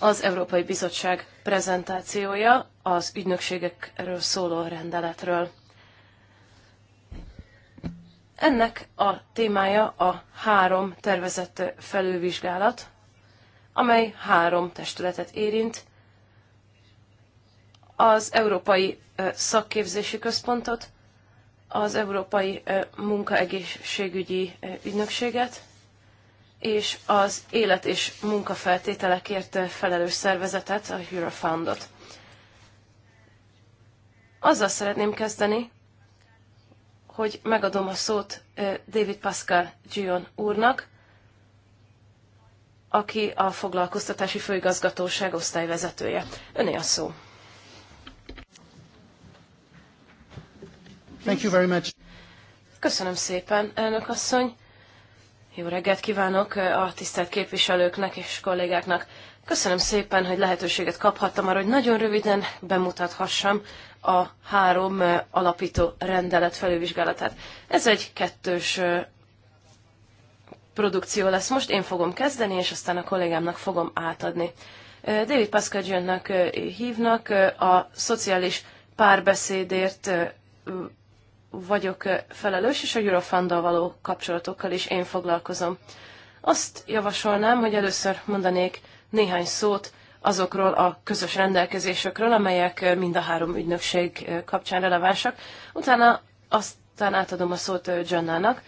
az Európai Bizottság prezentációja az ügynökségekről szóló rendeletről. Ennek a témája a három tervezett felülvizsgálat, amely három testületet érint, az Európai Szakképzési Központot, az Európai Munkaegészségügyi Ügynökséget, és az élet és munkafeltételekért felelős szervezetet, a Eurofoundot. Azzal szeretném kezdeni, hogy megadom a szót David Pascal Gion úrnak, aki a foglalkoztatási főigazgatóság osztályvezetője. Öné a szó. Thank you very much. Köszönöm szépen, elnök asszony. Jó reggelt kívánok eh, a tisztelt képviselőknek és kollégáknak. Köszönöm szépen, hogy lehetőséget kaphattam arra, hogy nagyon röviden bemutathassam a három eh, alapító rendelet felülvizsgálatát. Ez egy kettős eh, produkció lesz. Most én fogom kezdeni, és aztán a kollégámnak fogom átadni. David Pascagyönnek hívnak, a szociális párbeszédért vagyok felelős, és a Eurofunddal való kapcsolatokkal is én foglalkozom. Azt javasolnám, hogy először mondanék néhány szót azokról a közös rendelkezésekről, amelyek mind a három ügynökség kapcsán relevánsak. Utána aztán átadom a szót Johnnának,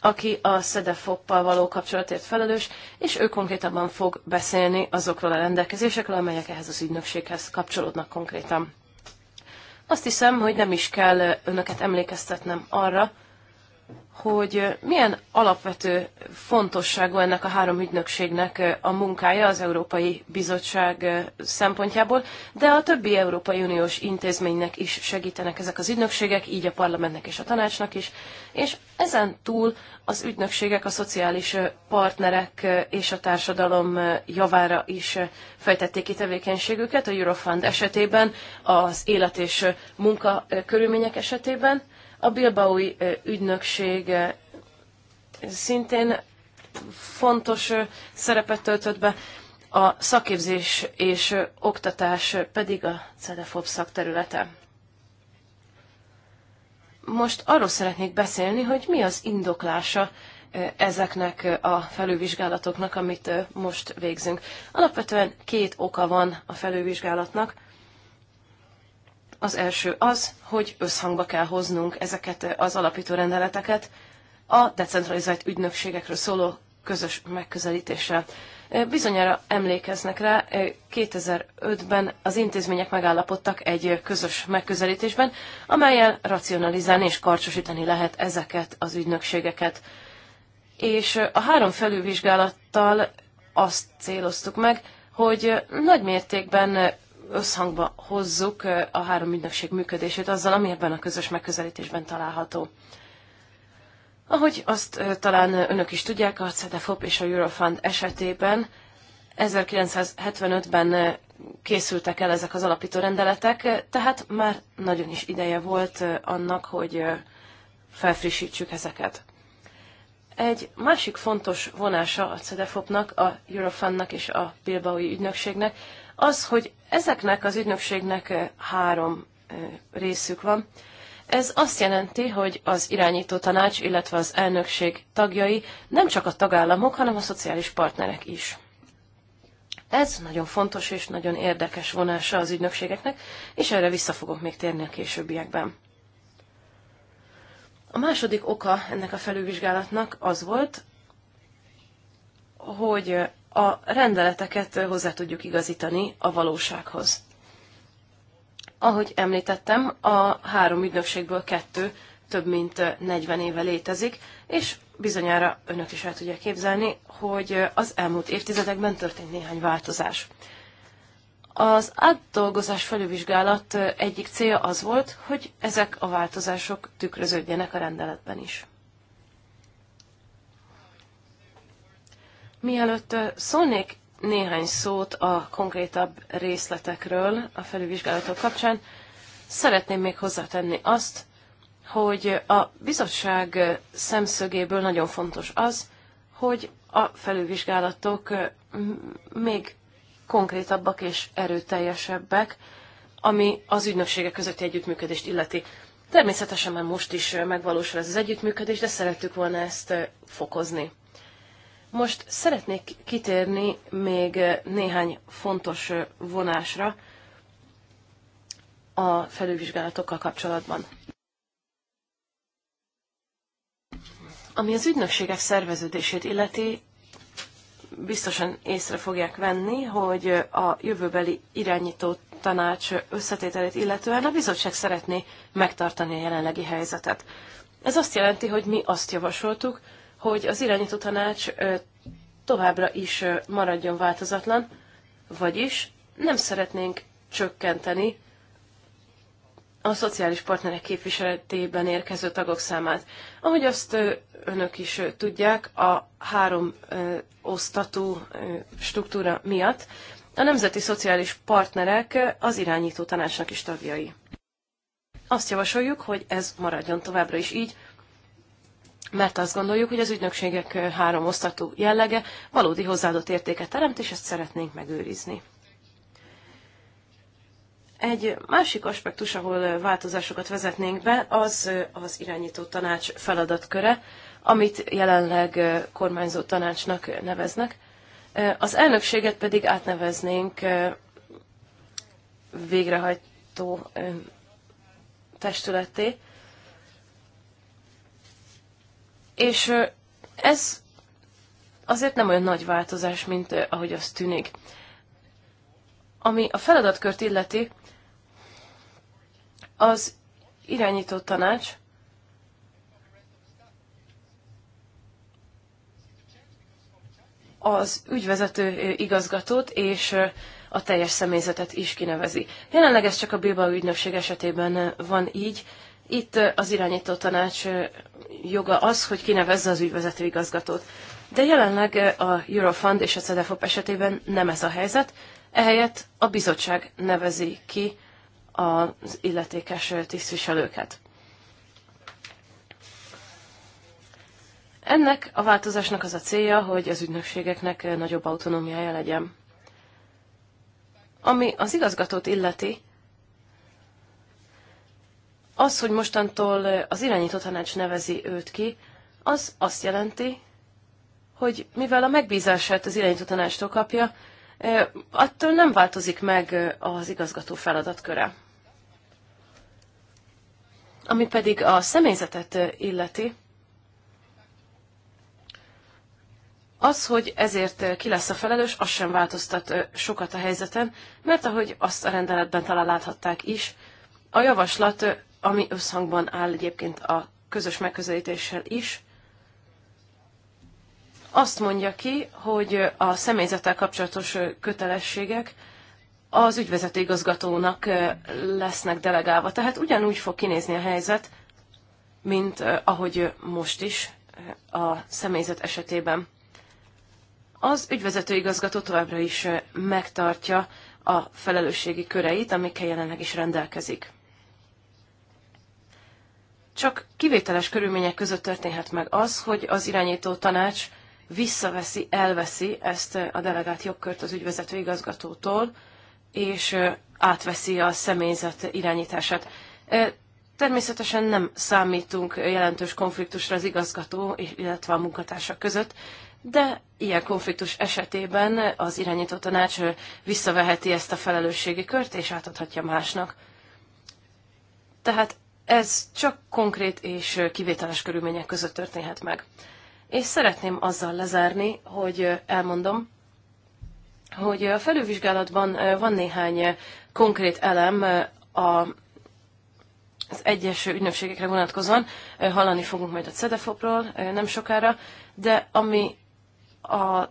aki a SZEDEFOP-pal való kapcsolatért felelős, és ő konkrétabban fog beszélni azokról a rendelkezésekről, amelyek ehhez az ügynökséghez kapcsolódnak konkrétan. Azt hiszem, hogy nem is kell önöket emlékeztetnem arra, hogy milyen alapvető fontosságú ennek a három ügynökségnek a munkája az Európai Bizottság szempontjából, de a többi Európai Uniós intézménynek is segítenek ezek az ügynökségek, így a parlamentnek és a tanácsnak is, és ezen túl az ügynökségek a szociális partnerek és a társadalom javára is fejtették ki tevékenységüket, a Eurofund esetében, az élet és munka körülmények esetében, a Bilbaui ügynökség szintén fontos szerepet töltött be, a szakképzés és oktatás pedig a CEDEFOB szakterülete. Most arról szeretnék beszélni, hogy mi az indoklása ezeknek a felülvizsgálatoknak, amit most végzünk. Alapvetően két oka van a felülvizsgálatnak. Az első az, hogy összhangba kell hoznunk ezeket az alapító rendeleteket a decentralizált ügynökségekről szóló közös megközelítéssel. Bizonyára emlékeznek rá, 2005-ben az intézmények megállapodtak egy közös megközelítésben, amelyel racionalizálni és karcsosítani lehet ezeket az ügynökségeket. És a három felülvizsgálattal azt céloztuk meg, hogy nagy mértékben összhangba hozzuk a három ügynökség működését azzal, ami ebben a közös megközelítésben található. Ahogy azt talán önök is tudják, a CEDEFOP és a Eurofund esetében 1975-ben készültek el ezek az alapító rendeletek, tehát már nagyon is ideje volt annak, hogy felfrissítsük ezeket. Egy másik fontos vonása a CEDEFOP-nak, a Eurofundnak és a Bilbaui ügynökségnek, az, hogy ezeknek az ügynökségnek három részük van. Ez azt jelenti, hogy az irányító tanács, illetve az elnökség tagjai nem csak a tagállamok, hanem a szociális partnerek is. Ez nagyon fontos és nagyon érdekes vonása az ügynökségeknek, és erre vissza fogok még térni a későbbiekben. A második oka ennek a felülvizsgálatnak az volt, hogy a rendeleteket hozzá tudjuk igazítani a valósághoz. Ahogy említettem, a három ügynökségből kettő több mint 40 éve létezik, és bizonyára önök is el tudják képzelni, hogy az elmúlt évtizedekben történt néhány változás. Az átdolgozás felülvizsgálat egyik célja az volt, hogy ezek a változások tükröződjenek a rendeletben is. Mielőtt szólnék néhány szót a konkrétabb részletekről a felülvizsgálatok kapcsán, szeretném még hozzátenni azt, hogy a bizottság szemszögéből nagyon fontos az, hogy a felülvizsgálatok még konkrétabbak és erőteljesebbek, ami az ügynökségek közötti együttműködést illeti. Természetesen már most is megvalósul ez az együttműködés, de szerettük volna ezt fokozni. Most szeretnék kitérni még eh, néhány fontos eh, vonásra a felülvizsgálatokkal kapcsolatban. Ami az ügynökségek szerveződését illeti, biztosan észre fogják venni, hogy eh, a jövőbeli irányító tanács összetételét illetően a bizottság szeretné megtartani a jelenlegi helyzetet. Ez azt jelenti, hogy mi azt javasoltuk, hogy az irányító tanács továbbra is maradjon változatlan, vagyis nem szeretnénk csökkenteni a szociális partnerek képviseletében érkező tagok számát. Ahogy azt önök is tudják, a három osztatú struktúra miatt a nemzeti szociális partnerek az irányító tanácsnak is tagjai. Azt javasoljuk, hogy ez maradjon továbbra is így, mert azt gondoljuk, hogy az ügynökségek három osztatú jellege valódi hozzáadott értéket teremt, és ezt szeretnénk megőrizni. Egy másik aspektus, ahol változásokat vezetnénk be, az az irányító tanács feladatköre, amit jelenleg kormányzó tanácsnak neveznek. Az elnökséget pedig átneveznénk végrehajtó testületé, És ez azért nem olyan nagy változás, mint ahogy az tűnik. Ami a feladatkört illeti, az irányító tanács az ügyvezető igazgatót és a teljes személyzetet is kinevezi. Jelenleg ez csak a Bilbao ügynökség esetében van így, itt az irányító tanács joga az, hogy kinevezze az ügyvezető igazgatót. De jelenleg a Eurofund és a CEDEFOP esetében nem ez a helyzet, ehelyett a bizottság nevezi ki az illetékes tisztviselőket. Ennek a változásnak az a célja, hogy az ügynökségeknek nagyobb autonómiája legyen. Ami az igazgatót illeti, az, hogy mostantól az irányító tanács nevezi őt ki, az azt jelenti, hogy mivel a megbízását az irányító tanácstól kapja, attól nem változik meg az igazgató feladatköre. Ami pedig a személyzetet illeti, Az, hogy ezért ki lesz a felelős, az sem változtat sokat a helyzeten, mert ahogy azt a rendeletben talán láthatták is, a javaslat ami összhangban áll egyébként a közös megközelítéssel is, azt mondja ki, hogy a személyzettel kapcsolatos kötelességek az ügyvezető igazgatónak lesznek delegálva. Tehát ugyanúgy fog kinézni a helyzet, mint ahogy most is a személyzet esetében. Az ügyvezető igazgató továbbra is megtartja a felelősségi köreit, amikkel jelenleg is rendelkezik. Csak kivételes körülmények között történhet meg az, hogy az irányító tanács visszaveszi, elveszi ezt eh, a delegált jogkört az ügyvezető igazgatótól, és eh, átveszi a személyzet irányítását. Eh, természetesen nem számítunk jelentős konfliktusra az igazgató, illetve a munkatársak között, de ilyen konfliktus esetében az irányító tanács visszaveheti ezt a felelősségi kört, és átadhatja másnak. Tehát ez csak konkrét és kivételes körülmények között történhet meg. És szeretném azzal lezárni, hogy elmondom, hogy a felülvizsgálatban van néhány konkrét elem a az egyes ügynökségekre vonatkozóan. Hallani fogunk majd a CEDEFOP-ról nem sokára, de ami a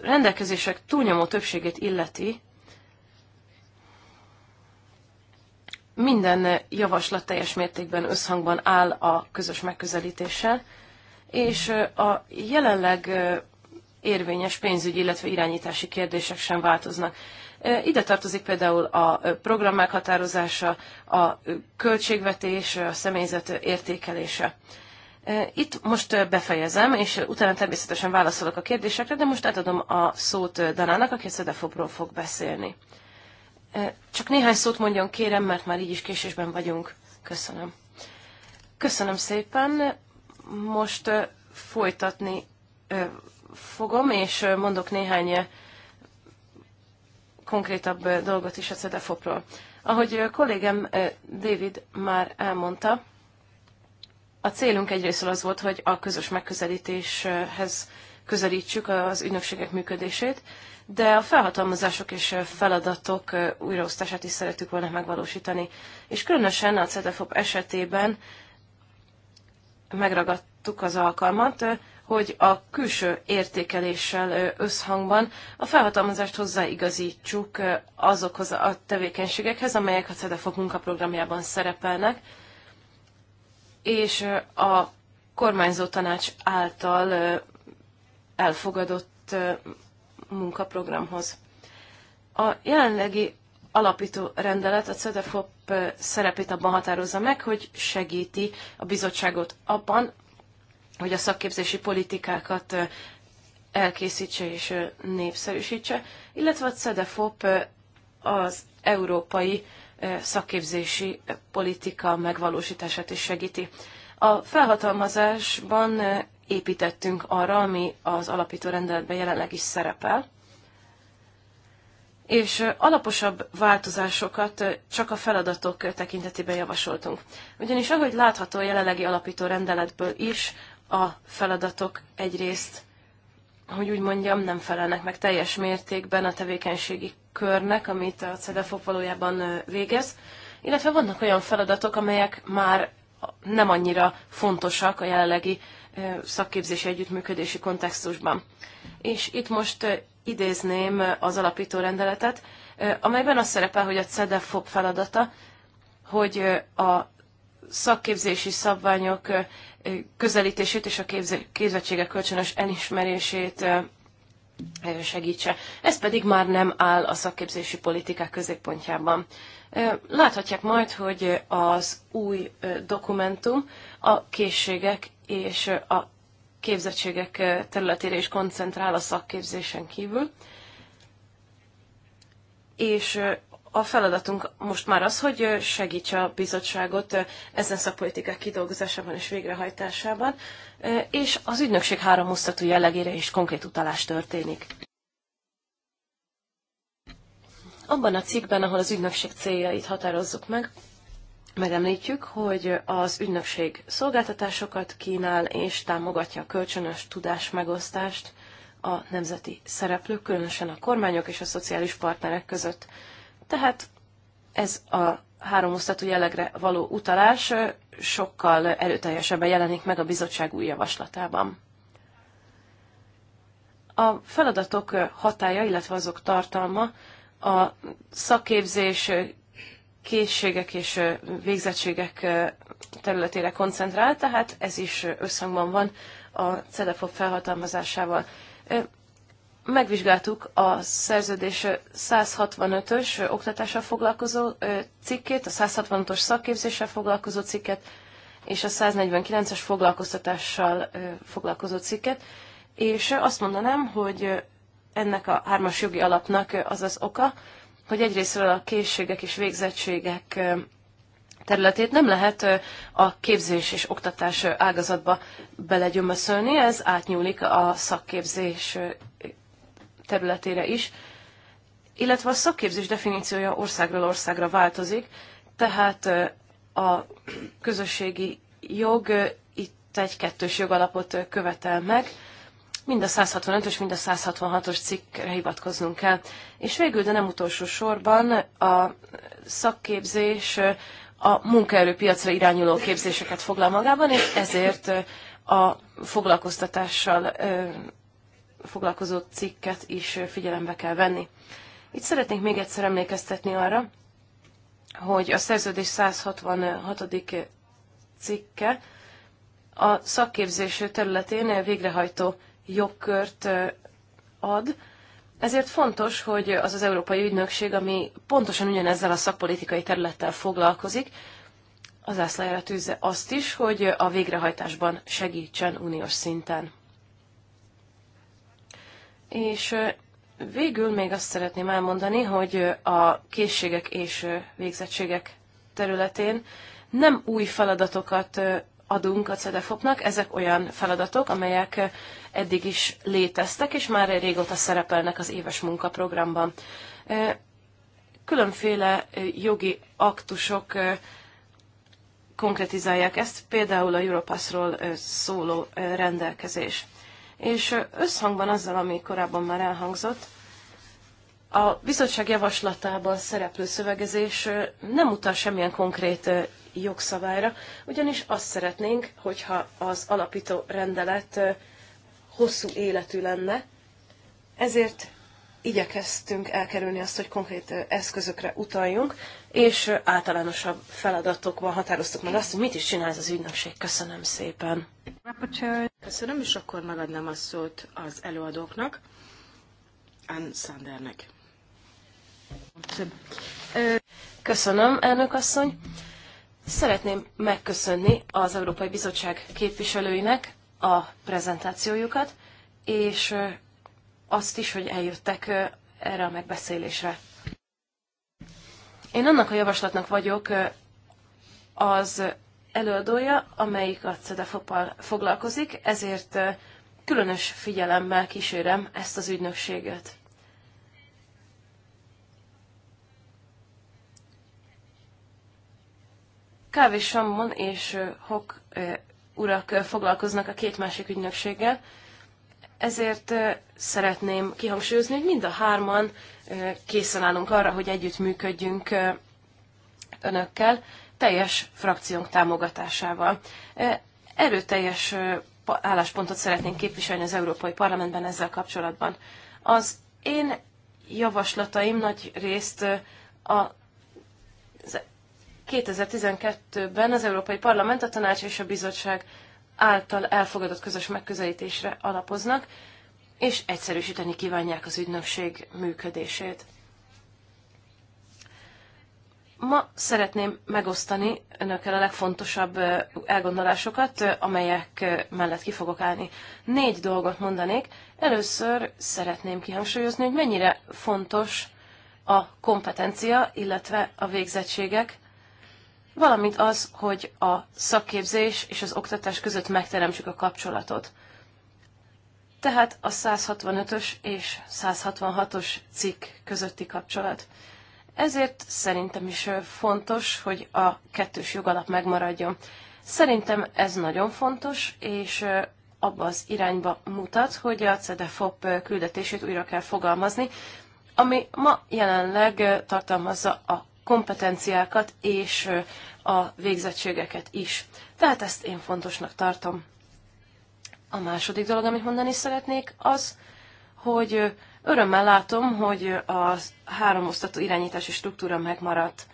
rendelkezések túlnyomó többségét illeti, minden javaslat teljes mértékben összhangban áll a közös megközelítéssel, és a jelenleg érvényes pénzügyi, illetve irányítási kérdések sem változnak. Ide tartozik például a program meghatározása, a költségvetés, a személyzet értékelése. Itt most befejezem, és utána természetesen válaszolok a kérdésekre, de most átadom a szót Danának, aki a Szedefobról fog beszélni. Csak néhány szót mondjon, kérem, mert már így is késésben vagyunk. Köszönöm. Köszönöm szépen. Most folytatni fogom, és mondok néhány konkrétabb dolgot is a CEDEFOP-ról. Ahogy kollégám David már elmondta, a célunk egyrészt az volt, hogy a közös megközelítéshez közelítsük az ügynökségek működését, de a felhatalmazások és feladatok újraosztását is szeretük volna megvalósítani. És különösen a CETEFOP esetében megragadtuk az alkalmat, hogy a külső értékeléssel összhangban a felhatalmazást hozzáigazítsuk azokhoz a tevékenységekhez, amelyek a CEDEFOK munkaprogramjában szerepelnek, és a kormányzó tanács által elfogadott munkaprogramhoz. A jelenlegi alapító rendelet a CEDEFOP szerepét abban határozza meg, hogy segíti a bizottságot abban, hogy a szakképzési politikákat elkészítse és népszerűsítse, illetve a CEDEFOP az európai szakképzési politika megvalósítását is segíti. A felhatalmazásban építettünk arra, ami az alapító rendeletben jelenleg is szerepel. És alaposabb változásokat csak a feladatok tekintetében javasoltunk. Ugyanis ahogy látható a jelenlegi alapító rendeletből is, a feladatok egyrészt, hogy úgy mondjam, nem felelnek meg teljes mértékben a tevékenységi körnek, amit a CEDEFOK valójában végez, illetve vannak olyan feladatok, amelyek már nem annyira fontosak a jelenlegi szakképzési együttműködési kontextusban. És itt most idézném az alapító rendeletet, amelyben az szerepel, hogy a fog feladata, hogy a szakképzési szabványok közelítését és a képzettségek kölcsönös elismerését segítse. Ez pedig már nem áll a szakképzési politikák középpontjában. Láthatják majd, hogy az új dokumentum a készségek és a képzettségek területére is koncentrál a szakképzésen kívül. És a feladatunk most már az, hogy segítse a bizottságot ezen szakpolitikák kidolgozásában és végrehajtásában, és az ügynökség három osztatú jellegére is konkrét utalás történik. Abban a cikkben, ahol az ügynökség céljait határozzuk meg, megemlítjük, hogy az ügynökség szolgáltatásokat kínál és támogatja a kölcsönös tudás megosztást a nemzeti szereplők, különösen a kormányok és a szociális partnerek között. Tehát ez a háromosztatú jellegre való utalás sokkal erőteljesebben jelenik meg a bizottság új javaslatában. A feladatok hatája, illetve azok tartalma a szakképzés, készségek és végzettségek területére koncentrál, tehát ez is összhangban van a CEDEFOP felhatalmazásával. Megvizsgáltuk a szerződés 165-ös oktatással foglalkozó cikkét, a 165-os szakképzéssel foglalkozó cikket, és a 149-es foglalkoztatással foglalkozó cikket, és azt mondanám, hogy ennek a hármas jogi alapnak az az oka, hogy egyrésztről a készségek és végzettségek területét nem lehet a képzés és oktatás ágazatba belegyömöszölni, ez átnyúlik a szakképzés területére is, illetve a szakképzés definíciója országról országra változik, tehát a közösségi jog itt egy kettős jogalapot követel meg, mind a 165-ös, mind a 166-os cikkre hivatkoznunk kell. És végül, de nem utolsó sorban, a szakképzés a munkaerőpiacra irányuló képzéseket foglal magában, és ezért a foglalkoztatással foglalkozó cikket is figyelembe kell venni. Itt szeretnék még egyszer emlékeztetni arra, hogy a szerződés 166. cikke a szakképzés területén végrehajtó jogkört ad, ezért fontos, hogy az az Európai Ügynökség, ami pontosan ugyanezzel a szakpolitikai területtel foglalkozik, az ászlájára tűzze azt is, hogy a végrehajtásban segítsen uniós szinten. És végül még azt szeretném elmondani, hogy a készségek és végzettségek területén nem új feladatokat adunk a CEDEFOP-nak. Ezek olyan feladatok, amelyek eddig is léteztek, és már régóta szerepelnek az éves munkaprogramban. Különféle jogi aktusok konkretizálják ezt, például a Europassról szóló rendelkezés. És összhangban azzal, ami korábban már elhangzott, a bizottság javaslatában szereplő szövegezés nem utal semmilyen konkrét jogszabályra, ugyanis azt szeretnénk, hogyha az alapító rendelet hosszú életű lenne, ezért igyekeztünk elkerülni azt, hogy konkrét eszközökre utaljunk, és általánosabb feladatokban határoztuk meg azt, hogy mit is csinál ez az ügynökség. Köszönöm szépen. Köszönöm, és akkor megadnám a szót az előadóknak, Ann Sandernek. Köszönöm, elnök asszony. Szeretném megköszönni az Európai Bizottság képviselőinek a prezentációjukat, és azt is, hogy eljöttek erre a megbeszélésre. Én annak a javaslatnak vagyok az előadója, amelyik a CEDEFOP-al foglalkozik, ezért különös figyelemmel kísérem ezt az ügynökséget. Kávé Sammon és Hok urak foglalkoznak a két másik ügynökséggel, ezért szeretném kihangsúlyozni, hogy mind a hárman készen állunk arra, hogy együtt működjünk önökkel, teljes frakciónk támogatásával. Erőteljes álláspontot szeretnénk képviselni az Európai Parlamentben ezzel kapcsolatban. Az én javaslataim nagy részt a, az 2012-ben az Európai Parlament, a Tanács és a Bizottság által elfogadott közös megközelítésre alapoznak, és egyszerűsíteni kívánják az ügynökség működését. Ma szeretném megosztani önökkel a legfontosabb elgondolásokat, amelyek mellett ki fogok állni. Négy dolgot mondanék. Először szeretném kihangsúlyozni, hogy mennyire fontos a kompetencia, illetve a végzettségek valamint az, hogy a szakképzés és az oktatás között megteremtsük a kapcsolatot. Tehát a 165-ös és 166-os cikk közötti kapcsolat. Ezért szerintem is fontos, hogy a kettős jogalap megmaradjon. Szerintem ez nagyon fontos, és abba az irányba mutat, hogy a CEDEFOP küldetését újra kell fogalmazni, ami ma jelenleg tartalmazza a kompetenciákat és a végzettségeket is. Tehát ezt én fontosnak tartom. A második dolog, amit mondani szeretnék, az, hogy örömmel látom, hogy a három osztató irányítási struktúra megmaradt.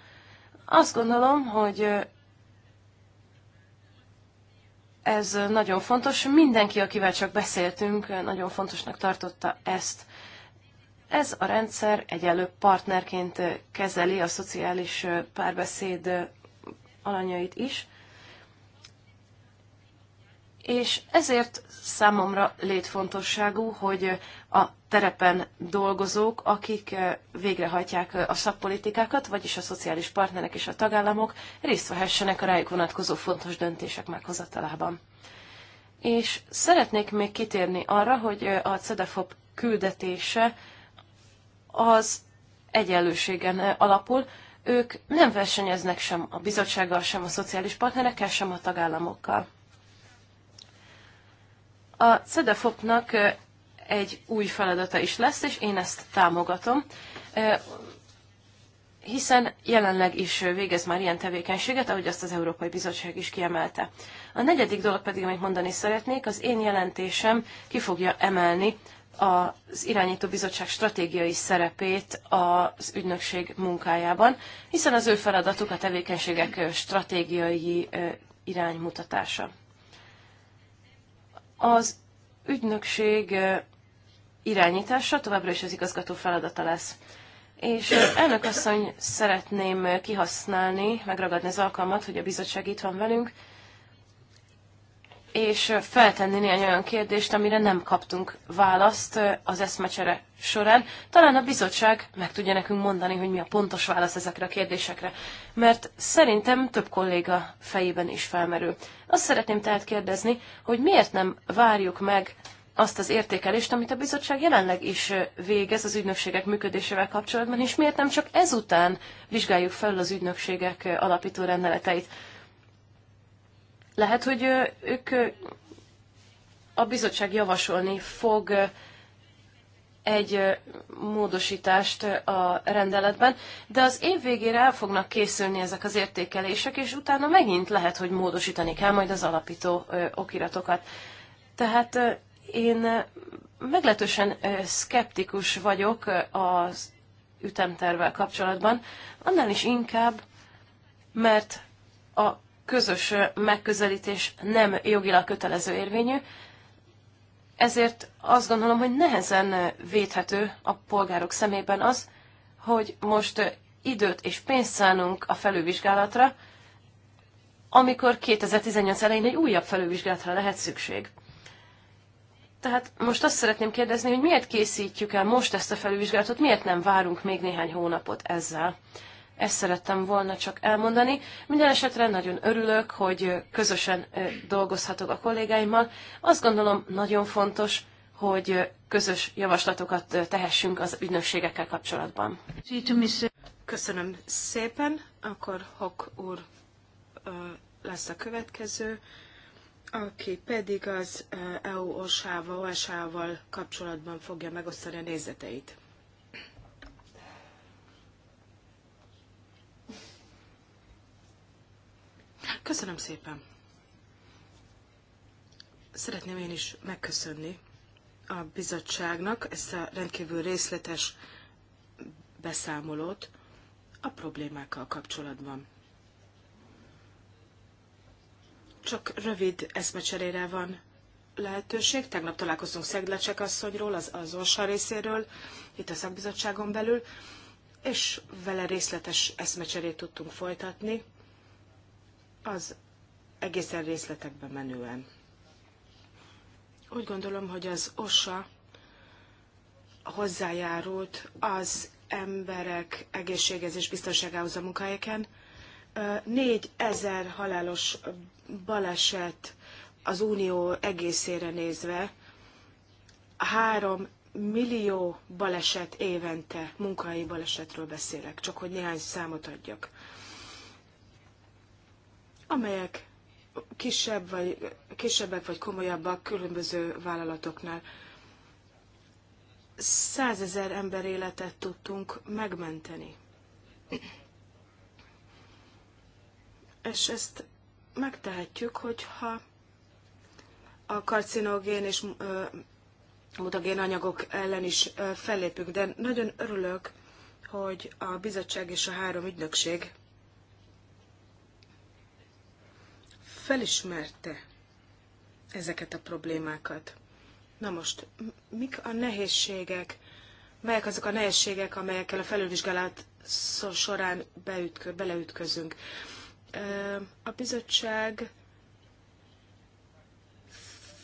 Azt gondolom, hogy ez nagyon fontos. Mindenki, akivel csak beszéltünk, nagyon fontosnak tartotta ezt. Ez a rendszer egyelő partnerként kezeli a szociális párbeszéd alanyait is, és ezért számomra létfontosságú, hogy a terepen dolgozók, akik végrehajtják a szakpolitikákat, vagyis a szociális partnerek és a tagállamok részt vehessenek a rájuk vonatkozó fontos döntések meghozatalában. És szeretnék még kitérni arra, hogy a CEDEFOP küldetése az egyenlőségen alapul. Ők nem versenyeznek sem a bizottsággal, sem a szociális partnerekkel, sem a tagállamokkal. A CEDEFOP-nak egy új feladata is lesz, és én ezt támogatom, hiszen jelenleg is végez már ilyen tevékenységet, ahogy azt az Európai Bizottság is kiemelte. A negyedik dolog pedig, amit mondani szeretnék, az én jelentésem ki fogja emelni az irányító bizottság stratégiai szerepét az ügynökség munkájában, hiszen az ő feladatuk a tevékenységek stratégiai iránymutatása. Az ügynökség irányítása továbbra is az igazgató feladata lesz. És elnök asszony, szeretném kihasználni, megragadni az alkalmat, hogy a bizottság itt van velünk, és feltenni néhány olyan kérdést, amire nem kaptunk választ az eszmecsere során. Talán a bizottság meg tudja nekünk mondani, hogy mi a pontos válasz ezekre a kérdésekre, mert szerintem több kolléga fejében is felmerül. Azt szeretném tehát kérdezni, hogy miért nem várjuk meg azt az értékelést, amit a bizottság jelenleg is végez az ügynökségek működésével kapcsolatban, és miért nem csak ezután vizsgáljuk fel az ügynökségek alapító rendeleteit. Lehet, hogy ők a bizottság javasolni fog egy módosítást a rendeletben, de az év végére el fognak készülni ezek az értékelések, és utána megint lehet, hogy módosítani kell majd az alapító okiratokat. Tehát én meglehetősen szkeptikus vagyok az ütemtervel kapcsolatban, annál is inkább, mert a közös megközelítés nem jogilag kötelező érvényű, ezért azt gondolom, hogy nehezen védhető a polgárok szemében az, hogy most időt és pénzt szánunk a felülvizsgálatra, amikor 2018 elején egy újabb felülvizsgálatra lehet szükség. Tehát most azt szeretném kérdezni, hogy miért készítjük el most ezt a felülvizsgálatot, miért nem várunk még néhány hónapot ezzel? Ezt szerettem volna csak elmondani. Minden esetre nagyon örülök, hogy közösen dolgozhatok a kollégáimmal. Azt gondolom nagyon fontos, hogy közös javaslatokat tehessünk az ügynökségekkel kapcsolatban. Köszönöm szépen. Akkor Hok úr lesz a következő, aki pedig az EU-osával, OSA-val kapcsolatban fogja megosztani a nézeteit. Köszönöm szépen. Szeretném én is megköszönni a bizottságnak ezt a rendkívül részletes beszámolót a problémákkal kapcsolatban. Csak rövid eszmecserére van lehetőség. Tegnap találkoztunk Szeglecsek asszonyról, az, az Orsa részéről, itt a szakbizottságon belül, és vele részletes eszmecserét tudtunk folytatni az egészen részletekbe menően. Úgy gondolom, hogy az OSA hozzájárult az emberek egészségezés és biztonságához a munkahelyeken. 4000 halálos baleset az Unió egészére nézve, három millió baleset évente, munkahelyi balesetről beszélek, csak hogy néhány számot adjak amelyek kisebb vagy, kisebbek vagy komolyabbak különböző vállalatoknál. Százezer ember életet tudtunk megmenteni. És ezt megtehetjük, hogyha a karcinogén és mutagén anyagok ellen is fellépünk, de nagyon örülök, hogy a bizottság és a három ügynökség felismerte ezeket a problémákat. Na most, mik a nehézségek, melyek azok a nehézségek, amelyekkel a felülvizsgálat során beütkö, beleütközünk? A bizottság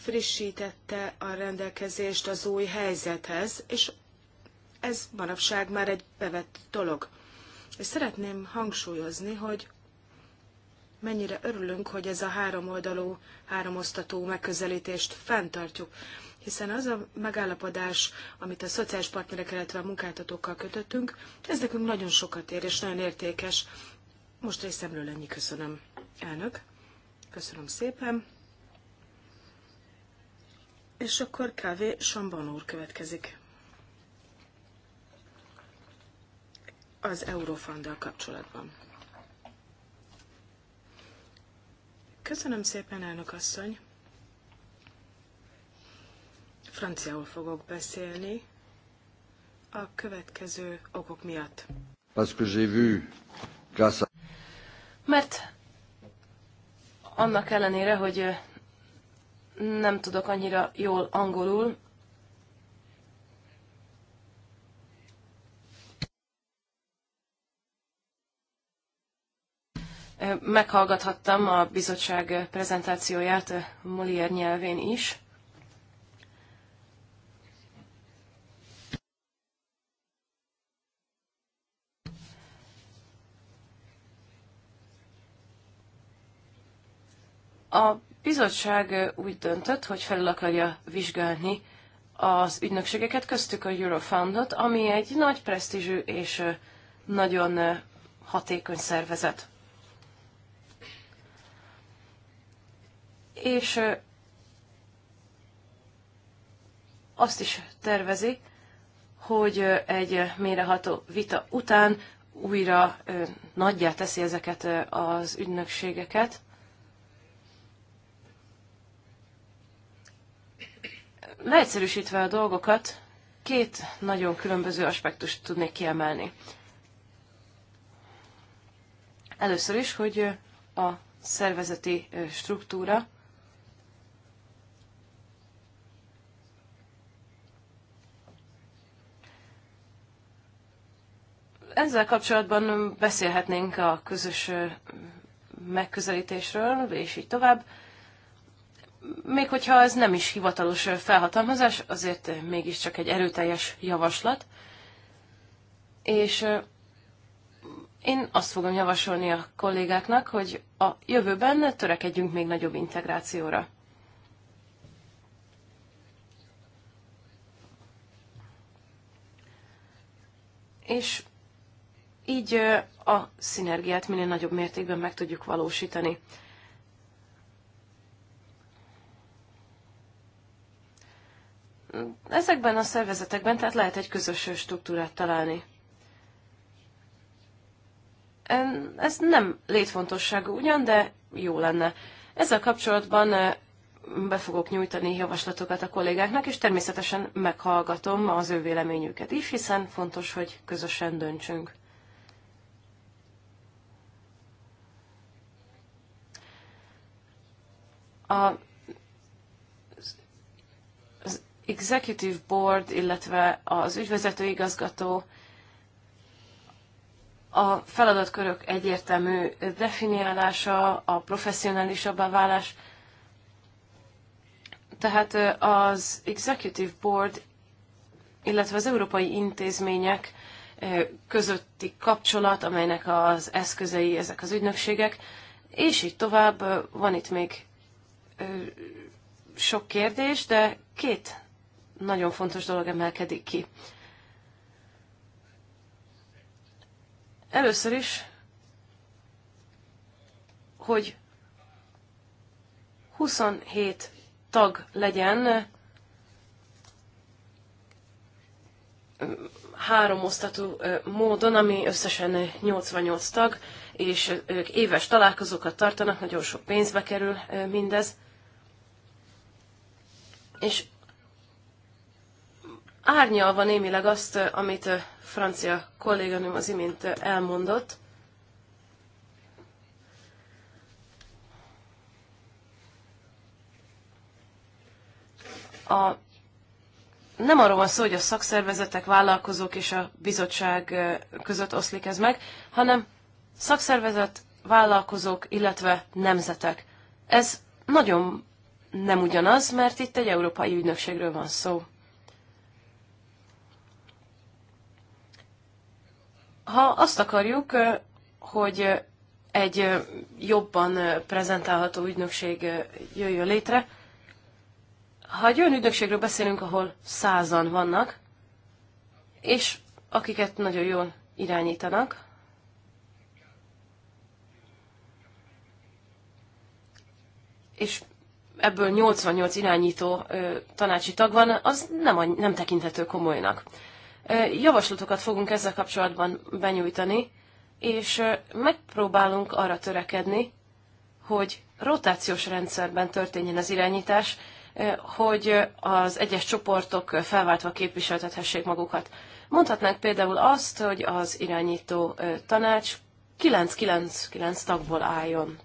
frissítette a rendelkezést az új helyzethez, és ez manapság már egy bevett dolog. És szeretném hangsúlyozni, hogy mennyire örülünk, hogy ez a háromoldalú, háromosztató megközelítést fenntartjuk. Hiszen az a megállapodás, amit a szociális partnerek, illetve a munkáltatókkal kötöttünk, ez nekünk nagyon sokat ér, és nagyon értékes. Most részemről ennyi köszönöm, elnök. Köszönöm szépen. És akkor kávé Samban úr következik. Az Eurofundal kapcsolatban. Köszönöm szépen, elnök asszony. Franciául fogok beszélni a következő okok miatt. Mert annak ellenére, hogy nem tudok annyira jól angolul, Meghallgathattam a bizottság prezentációját Molière nyelvén is. A bizottság úgy döntött, hogy felül akarja vizsgálni az ügynökségeket, köztük a Eurofoundot, ami egy nagy presztízsű és nagyon hatékony szervezet. és azt is tervezi, hogy egy méreható vita után újra nagyjá teszi ezeket az ügynökségeket. Leegyszerűsítve a dolgokat, két nagyon különböző aspektust tudnék kiemelni. Először is, hogy a szervezeti struktúra Ezzel kapcsolatban beszélhetnénk a közös megközelítésről, és így tovább. Még hogyha ez nem is hivatalos felhatalmazás, azért mégiscsak egy erőteljes javaslat. És én azt fogom javasolni a kollégáknak, hogy a jövőben törekedjünk még nagyobb integrációra. És így a szinergiát minél nagyobb mértékben meg tudjuk valósítani. Ezekben a szervezetekben tehát lehet egy közös struktúrát találni. Ez nem létfontosságú ugyan, de jó lenne. Ezzel kapcsolatban be fogok nyújtani javaslatokat a kollégáknak, és természetesen meghallgatom az ő véleményüket is, hiszen fontos, hogy közösen döntsünk. A az Executive Board, illetve az ügyvezető igazgató a feladatkörök egyértelmű definiálása, a professzionálisabbá válás. Tehát az Executive Board, illetve az európai intézmények közötti kapcsolat, amelynek az eszközei ezek az ügynökségek, és így tovább van itt még sok kérdés, de két nagyon fontos dolog emelkedik ki. Először is, hogy 27 tag legyen három osztatú módon, ami összesen 88 tag, és ők éves találkozókat tartanak, nagyon sok pénzbe kerül mindez és árnyalva némileg azt, amit francia kolléganőm az imént elmondott, a, nem arról van szó, hogy a szakszervezetek, vállalkozók és a bizottság között oszlik ez meg, hanem szakszervezet, vállalkozók, illetve nemzetek. Ez nagyon nem ugyanaz, mert itt egy európai ügynökségről van szó. Ha azt akarjuk, hogy egy jobban prezentálható ügynökség jöjjön létre, ha egy olyan ügynökségről beszélünk, ahol százan vannak, és akiket nagyon jól irányítanak, és ebből 88 irányító tanácsi tag van, az nem, nem tekinthető komolynak. Javaslatokat fogunk ezzel kapcsolatban benyújtani, és megpróbálunk arra törekedni, hogy rotációs rendszerben történjen az irányítás, hogy az egyes csoportok felváltva képviseltethessék magukat. Mondhatnánk például azt, hogy az irányító tanács 9-9-9 tagból álljon.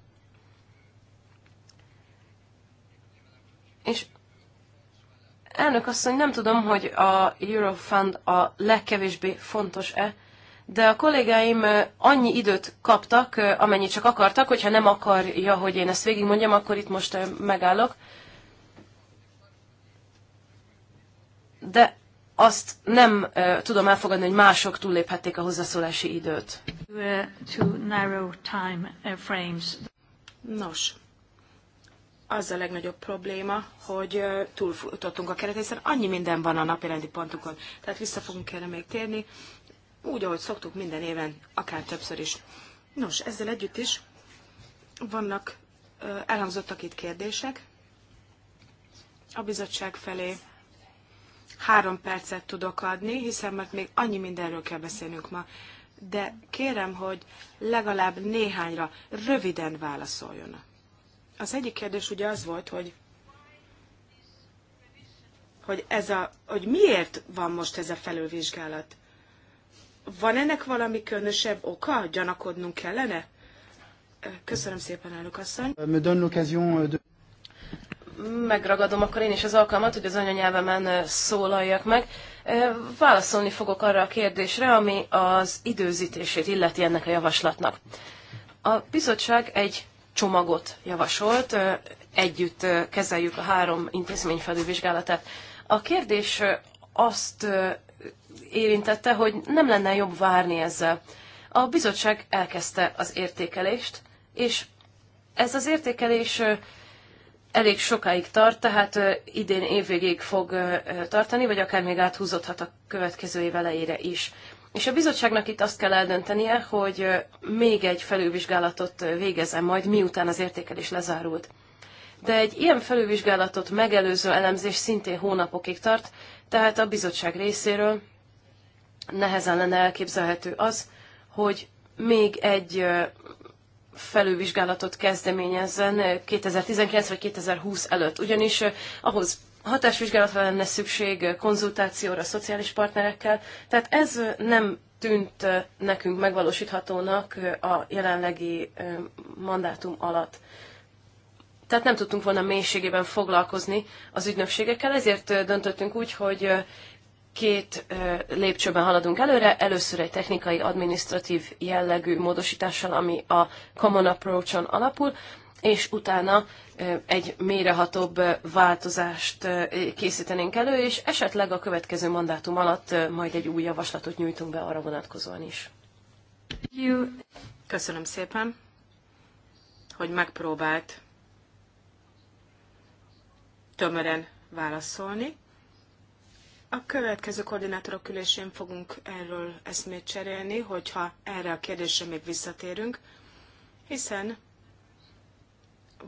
És elnök asszony, nem tudom, hogy a Eurofund a legkevésbé fontos-e, de a kollégáim annyi időt kaptak, amennyit csak akartak, hogyha nem akarja, hogy én ezt végigmondjam, akkor itt most megállok. De azt nem uh, tudom elfogadni, hogy mások túlléphették a hozzászólási időt. Uh, Nos, az a legnagyobb probléma, hogy túlfutottunk a keret, hiszen annyi minden van a napirendi pontokon. Tehát vissza fogunk erre még térni, úgy, ahogy szoktuk minden éven, akár többször is. Nos, ezzel együtt is vannak, elhangzottak itt kérdések a bizottság felé. Három percet tudok adni, hiszen mert még annyi mindenről kell beszélnünk ma. De kérem, hogy legalább néhányra röviden válaszoljon. Az egyik kérdés ugye az volt, hogy hogy, ez a, hogy miért van most ez a felülvizsgálat. Van ennek valami különösebb oka? Gyanakodnunk kellene? Köszönöm szépen, elnök asszony. Euh, megragadom akkor én is az alkalmat, hogy az anyanyelvemen euh, szólaljak meg. Euh, válaszolni fogok arra a kérdésre, ami az időzítését illeti ennek a javaslatnak. A bizottság egy csomagot javasolt, együtt kezeljük a három intézmény felülvizsgálatát. A kérdés azt érintette, hogy nem lenne jobb várni ezzel. A bizottság elkezdte az értékelést, és ez az értékelés elég sokáig tart, tehát idén évvégéig fog tartani, vagy akár még áthúzódhat a következő év elejére is. És a bizottságnak itt azt kell eldöntenie, hogy még egy felülvizsgálatot végezem majd, miután az értékelés lezárult. De egy ilyen felülvizsgálatot megelőző elemzés szintén hónapokig tart, tehát a bizottság részéről nehezen lenne elképzelhető az, hogy még egy felülvizsgálatot kezdeményezzen 2019 vagy 2020 előtt. Ugyanis ahhoz hatásvizsgálatra lenne szükség, konzultációra, szociális partnerekkel, tehát ez nem tűnt nekünk megvalósíthatónak a jelenlegi mandátum alatt. Tehát nem tudtunk volna mélységében foglalkozni az ügynökségekkel, ezért döntöttünk úgy, hogy két lépcsőben haladunk előre. Először egy technikai, administratív jellegű módosítással, ami a Common Approach-on alapul, és utána egy mélyrehatóbb változást készítenénk elő, és esetleg a következő mandátum alatt majd egy új javaslatot nyújtunk be arra vonatkozóan is. Köszönöm szépen, hogy megpróbált tömören válaszolni. A következő koordinátorok ülésén fogunk erről eszmét cserélni, hogyha erre a kérdésre még visszatérünk, hiszen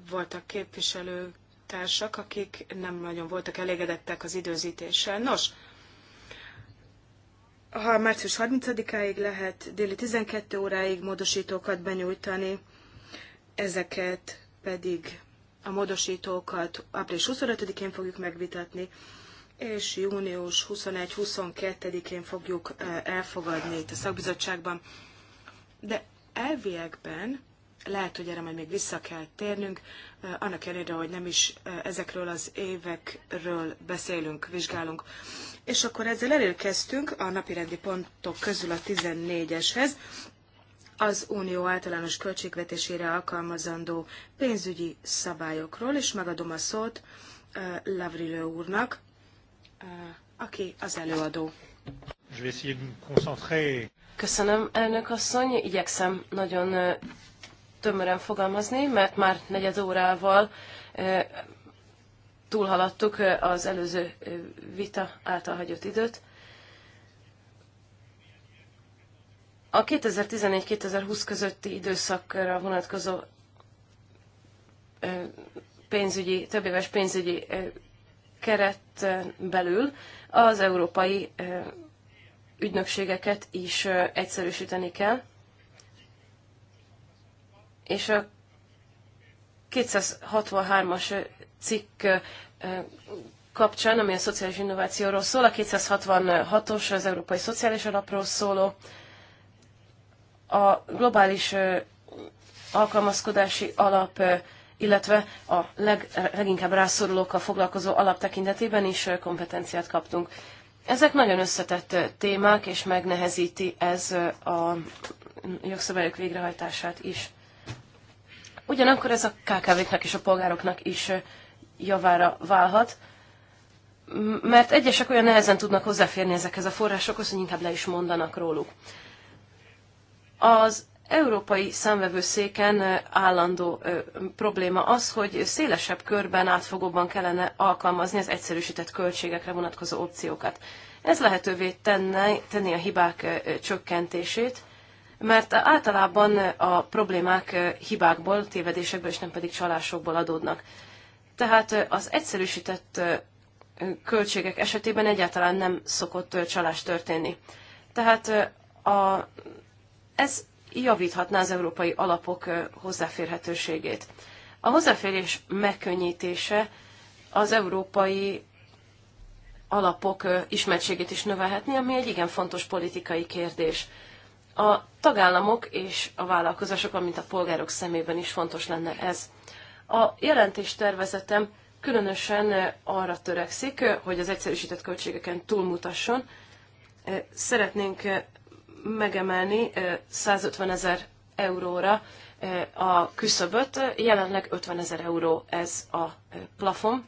voltak képviselőtársak, akik nem nagyon voltak elégedettek az időzítéssel. Nos, ha március 30-áig lehet déli 12 óráig módosítókat benyújtani, ezeket pedig a módosítókat április 25-én fogjuk megvitatni, és június 21-22-én fogjuk eh, elfogadni itt a szakbizottságban. De elviekben lehet, hogy erre majd még vissza kell térnünk, annak ellenére, hogy nem is ezekről az évekről beszélünk, vizsgálunk. És akkor ezzel elérkeztünk a napirendi pontok közül a 14-eshez, az Unió általános költségvetésére alkalmazandó pénzügyi szabályokról, és megadom a szót Lavrilő úrnak, aki az előadó. Köszönöm, elnök asszony. Igyekszem nagyon tömören fogalmazni, mert már negyed órával túlhaladtuk az előző vita által hagyott időt. A 2014-2020 közötti időszakra vonatkozó pénzügyi, többéves pénzügyi keret belül az európai ügynökségeket is egyszerűsíteni kell és a 263-as cikk kapcsán, ami a szociális innovációról szól, a 266-os az Európai Szociális Alapról szóló, a globális alkalmazkodási alap, illetve a leg, leginkább rászorulókkal foglalkozó alap tekintetében is kompetenciát kaptunk. Ezek nagyon összetett témák, és megnehezíti ez a jogszabályok végrehajtását is. Ugyanakkor ez a KKV-knak és a polgároknak is javára válhat, mert egyesek olyan nehezen tudnak hozzáférni ezekhez a forrásokhoz, hogy inkább le is mondanak róluk. Az európai számvevőszéken állandó probléma az, hogy szélesebb körben, átfogóban kellene alkalmazni az egyszerűsített költségekre vonatkozó opciókat. Ez lehetővé tenne, tenni a hibák csökkentését, mert általában a problémák hibákból, tévedésekből és nem pedig csalásokból adódnak. Tehát az egyszerűsített költségek esetében egyáltalán nem szokott csalás történni. Tehát a, ez javíthatná az európai alapok hozzáférhetőségét. A hozzáférés megkönnyítése az európai alapok ismertségét is növelhetni, ami egy igen fontos politikai kérdés. A tagállamok és a vállalkozások, valamint a polgárok szemében is fontos lenne ez. A jelentés tervezetem különösen arra törekszik, hogy az egyszerűsített költségeken túlmutasson. Szeretnénk megemelni 150 ezer euróra a küszöböt, jelenleg 50 ezer euró ez a plafon.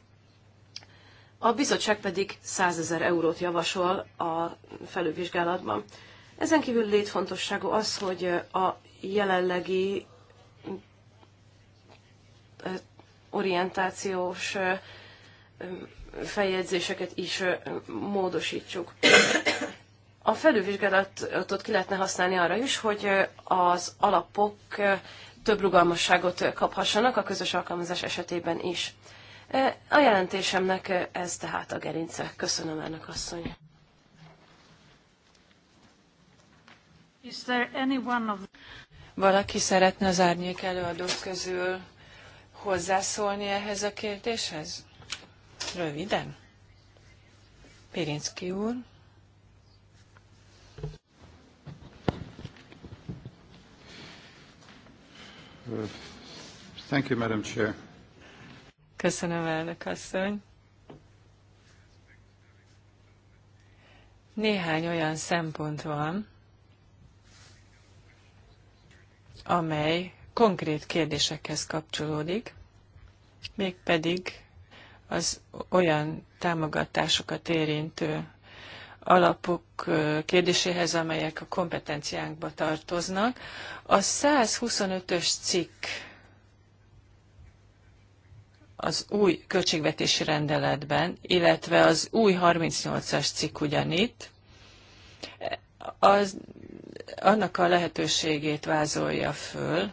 A bizottság pedig 100 ezer eurót javasol a felülvizsgálatban. Ezen kívül létfontosságú az, hogy a jelenlegi orientációs feljegyzéseket is módosítsuk. A felülvizsgálatot ki lehetne használni arra is, hogy az alapok több rugalmasságot kaphassanak a közös alkalmazás esetében is. A jelentésemnek ez tehát a gerince. Köszönöm, ennek asszony. Valaki szeretne az árnyék előadók közül hozzászólni ehhez a kérdéshez? Röviden. Pirinszki úr. Thank you, Madam Chair. Köszönöm, elnök asszony. Néhány olyan szempont van, amely konkrét kérdésekhez kapcsolódik, mégpedig az olyan támogatásokat érintő alapok kérdéséhez, amelyek a kompetenciánkba tartoznak. A 125-ös cikk az új költségvetési rendeletben, illetve az új 38-as cikk ugyanitt, az annak a lehetőségét vázolja föl,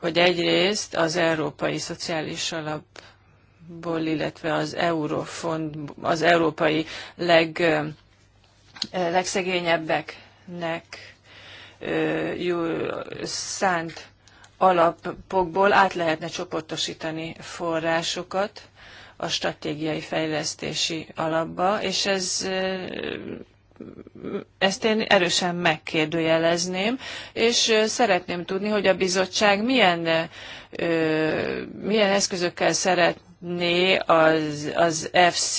hogy egyrészt az Európai Szociális alapból, illetve az Eurofond, az európai leg, legszegényebbeknek szánt alapokból át lehetne csoportosítani forrásokat a stratégiai fejlesztési alapba, és ez ezt én erősen megkérdőjelezném, és szeretném tudni, hogy a bizottság milyen, milyen eszközökkel szeretné az, az FC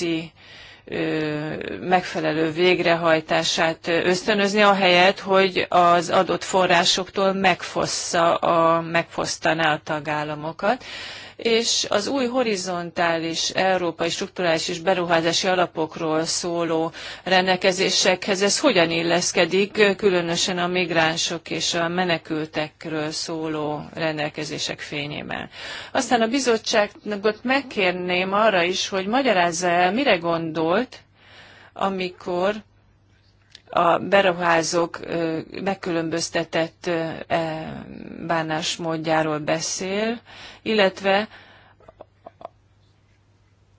megfelelő végrehajtását ösztönözni, ahelyett, hogy az adott forrásoktól megfossza a, megfosztaná a tagállamokat és az új horizontális európai strukturális és beruházási alapokról szóló rendelkezésekhez ez hogyan illeszkedik, különösen a migránsok és a menekültekről szóló rendelkezések fényében. Aztán a bizottságot megkérném arra is, hogy magyarázza el, mire gondolt, amikor a beruházók megkülönböztetett e, bánásmódjáról beszél, illetve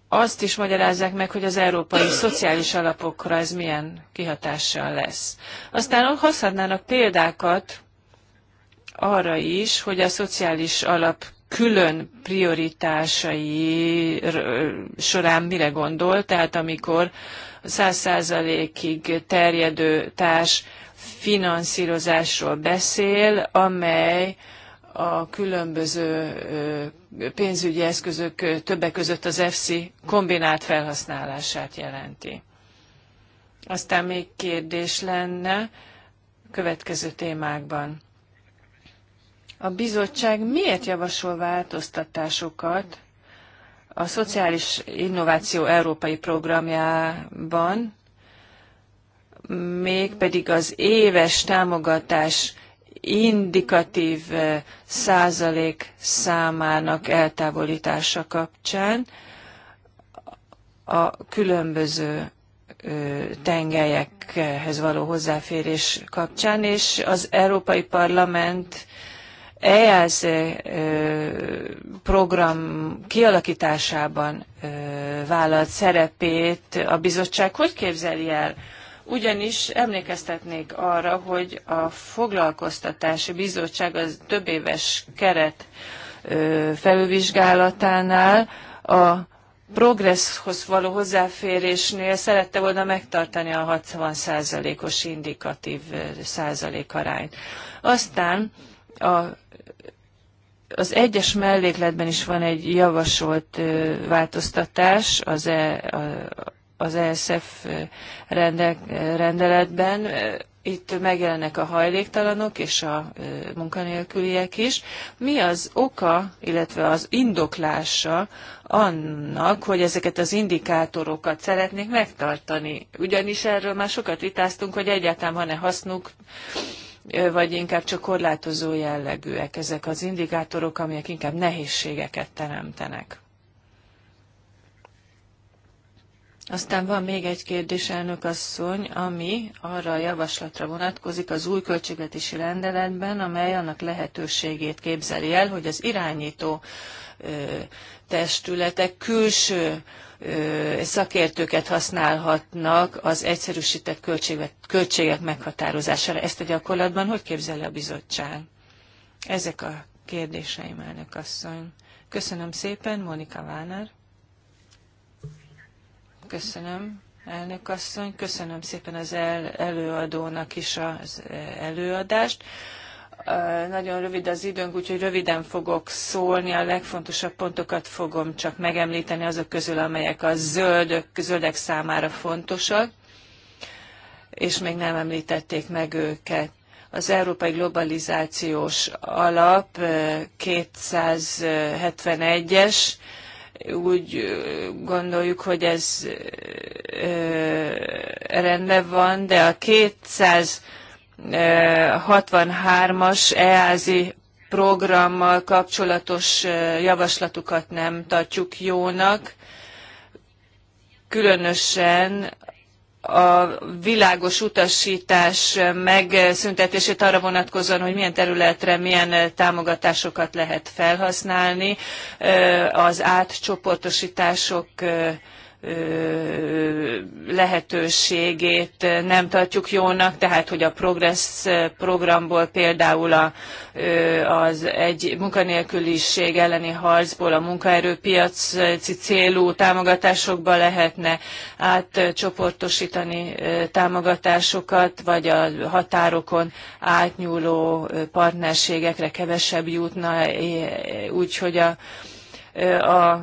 azt is magyarázzák meg, hogy az európai szociális alapokra ez milyen kihatással lesz. Aztán hozhatnának példákat arra is, hogy a szociális alap külön prioritásai során mire gondol, tehát amikor 100 százalékig terjedő társ finanszírozásról beszél, amely a különböző pénzügyi eszközök többek között az EFSI kombinált felhasználását jelenti. Aztán még kérdés lenne következő témákban. A bizottság miért javasol változtatásokat a Szociális Innováció Európai Programjában mégpedig az éves támogatás indikatív eh, százalék számának eltávolítása kapcsán a különböző eh, tengelyekhez való hozzáférés kapcsán, és az Európai Parlament EASZ program kialakításában vállalt szerepét a bizottság hogy képzeli el? Ugyanis emlékeztetnék arra, hogy a foglalkoztatási bizottság az több éves keret felülvizsgálatánál a progresszhoz való hozzáférésnél szerette volna megtartani a 60%-os indikatív százalékarányt. Aztán a az egyes mellékletben is van egy javasolt változtatás az, e, az ESF rendel, rendeletben. Itt megjelennek a hajléktalanok és a munkanélküliek is. Mi az oka, illetve az indoklása annak, hogy ezeket az indikátorokat szeretnék megtartani? Ugyanis erről már sokat vitáztunk, hogy egyáltalán van-e hasznuk vagy inkább csak korlátozó jellegűek ezek az indikátorok, amelyek inkább nehézségeket teremtenek. Aztán van még egy kérdés, elnök asszony, ami arra a javaslatra vonatkozik az új költségvetési rendeletben, amely annak lehetőségét képzeli el, hogy az irányító ö, testületek külső ö, szakértőket használhatnak az egyszerűsített költségvet, költségek meghatározására. Ezt a gyakorlatban hogy képzeli a bizottság? Ezek a kérdéseim, elnök asszony. Köszönöm szépen, Monika Váner. Köszönöm, elnök asszony. Köszönöm szépen az el, előadónak is az eh, előadást. Eh, nagyon rövid az időnk, úgyhogy röviden fogok szólni, a legfontosabb pontokat fogom csak megemlíteni azok közül, amelyek a zöldök, zöldek számára fontosak, és még nem említették meg őket az Európai Globalizációs Alap 271-es eh, úgy gondoljuk, hogy ez rendben van, de a 263-as EASI programmal kapcsolatos javaslatukat nem tartjuk jónak, különösen a világos utasítás megszüntetését arra vonatkozóan, hogy milyen területre milyen támogatásokat lehet felhasználni, az átcsoportosítások lehetőségét nem tartjuk jónak, tehát hogy a Progress programból például a, az egy munkanélküliség elleni harcból a munkaerőpiaci célú támogatásokba lehetne átcsoportosítani támogatásokat, vagy a határokon átnyúló partnerségekre kevesebb jutna, úgyhogy a a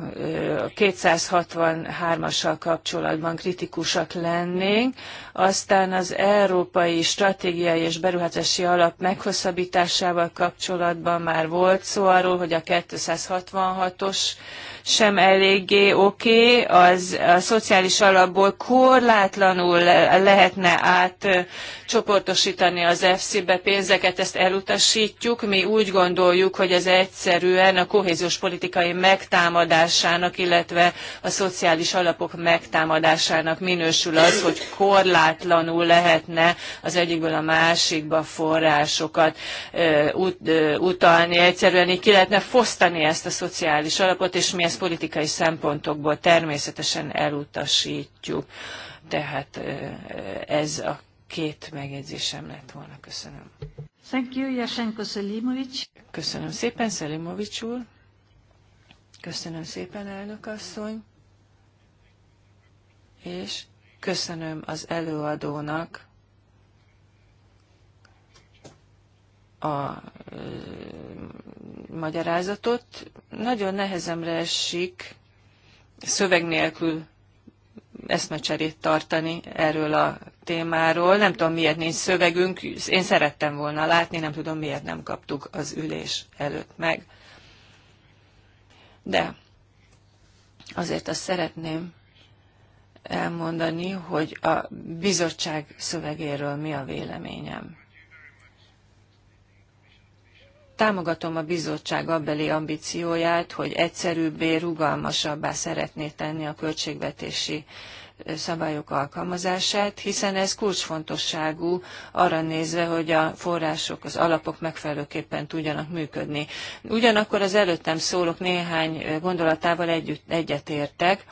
263-assal kapcsolatban kritikusak lennénk aztán az Európai Stratégiai és Beruházási Alap meghosszabbításával kapcsolatban már volt szó arról, hogy a 266-os sem eléggé oké, okay, az a szociális alapból korlátlanul lehetne átcsoportosítani az EFSZ-be pénzeket, ezt elutasítjuk. Mi úgy gondoljuk, hogy ez egyszerűen a kohéziós politikai megtámadásának, illetve a szociális alapok megtámadásának minősül az, hogy korlátlanul korlátlanul lehetne az egyikből a másikba forrásokat ut, utalni. Egyszerűen így ki lehetne fosztani ezt a szociális alapot, és mi ezt politikai szempontokból természetesen elutasítjuk. Tehát ez a két megjegyzésem lett volna. Köszönöm. Thank you, Jasenko Selimovic. Köszönöm szépen, Selimovic úr. Köszönöm szépen, elnök asszony. És Köszönöm az előadónak a magyarázatot. Nagyon nehezemre esik szöveg nélkül eszmecserét tartani erről a témáról. Nem tudom, miért nincs szövegünk. Én szerettem volna látni, nem tudom, miért nem kaptuk az ülés előtt meg. De azért azt szeretném elmondani, hogy a bizottság szövegéről mi a véleményem. Támogatom a bizottság abbeli ambícióját, hogy egyszerűbbé, rugalmasabbá szeretné tenni a költségvetési szabályok alkalmazását, hiszen ez kulcsfontosságú arra nézve, hogy a források, az alapok megfelelőképpen tudjanak működni. Ugyanakkor az előttem szólók néhány gondolatával együtt egyetértek,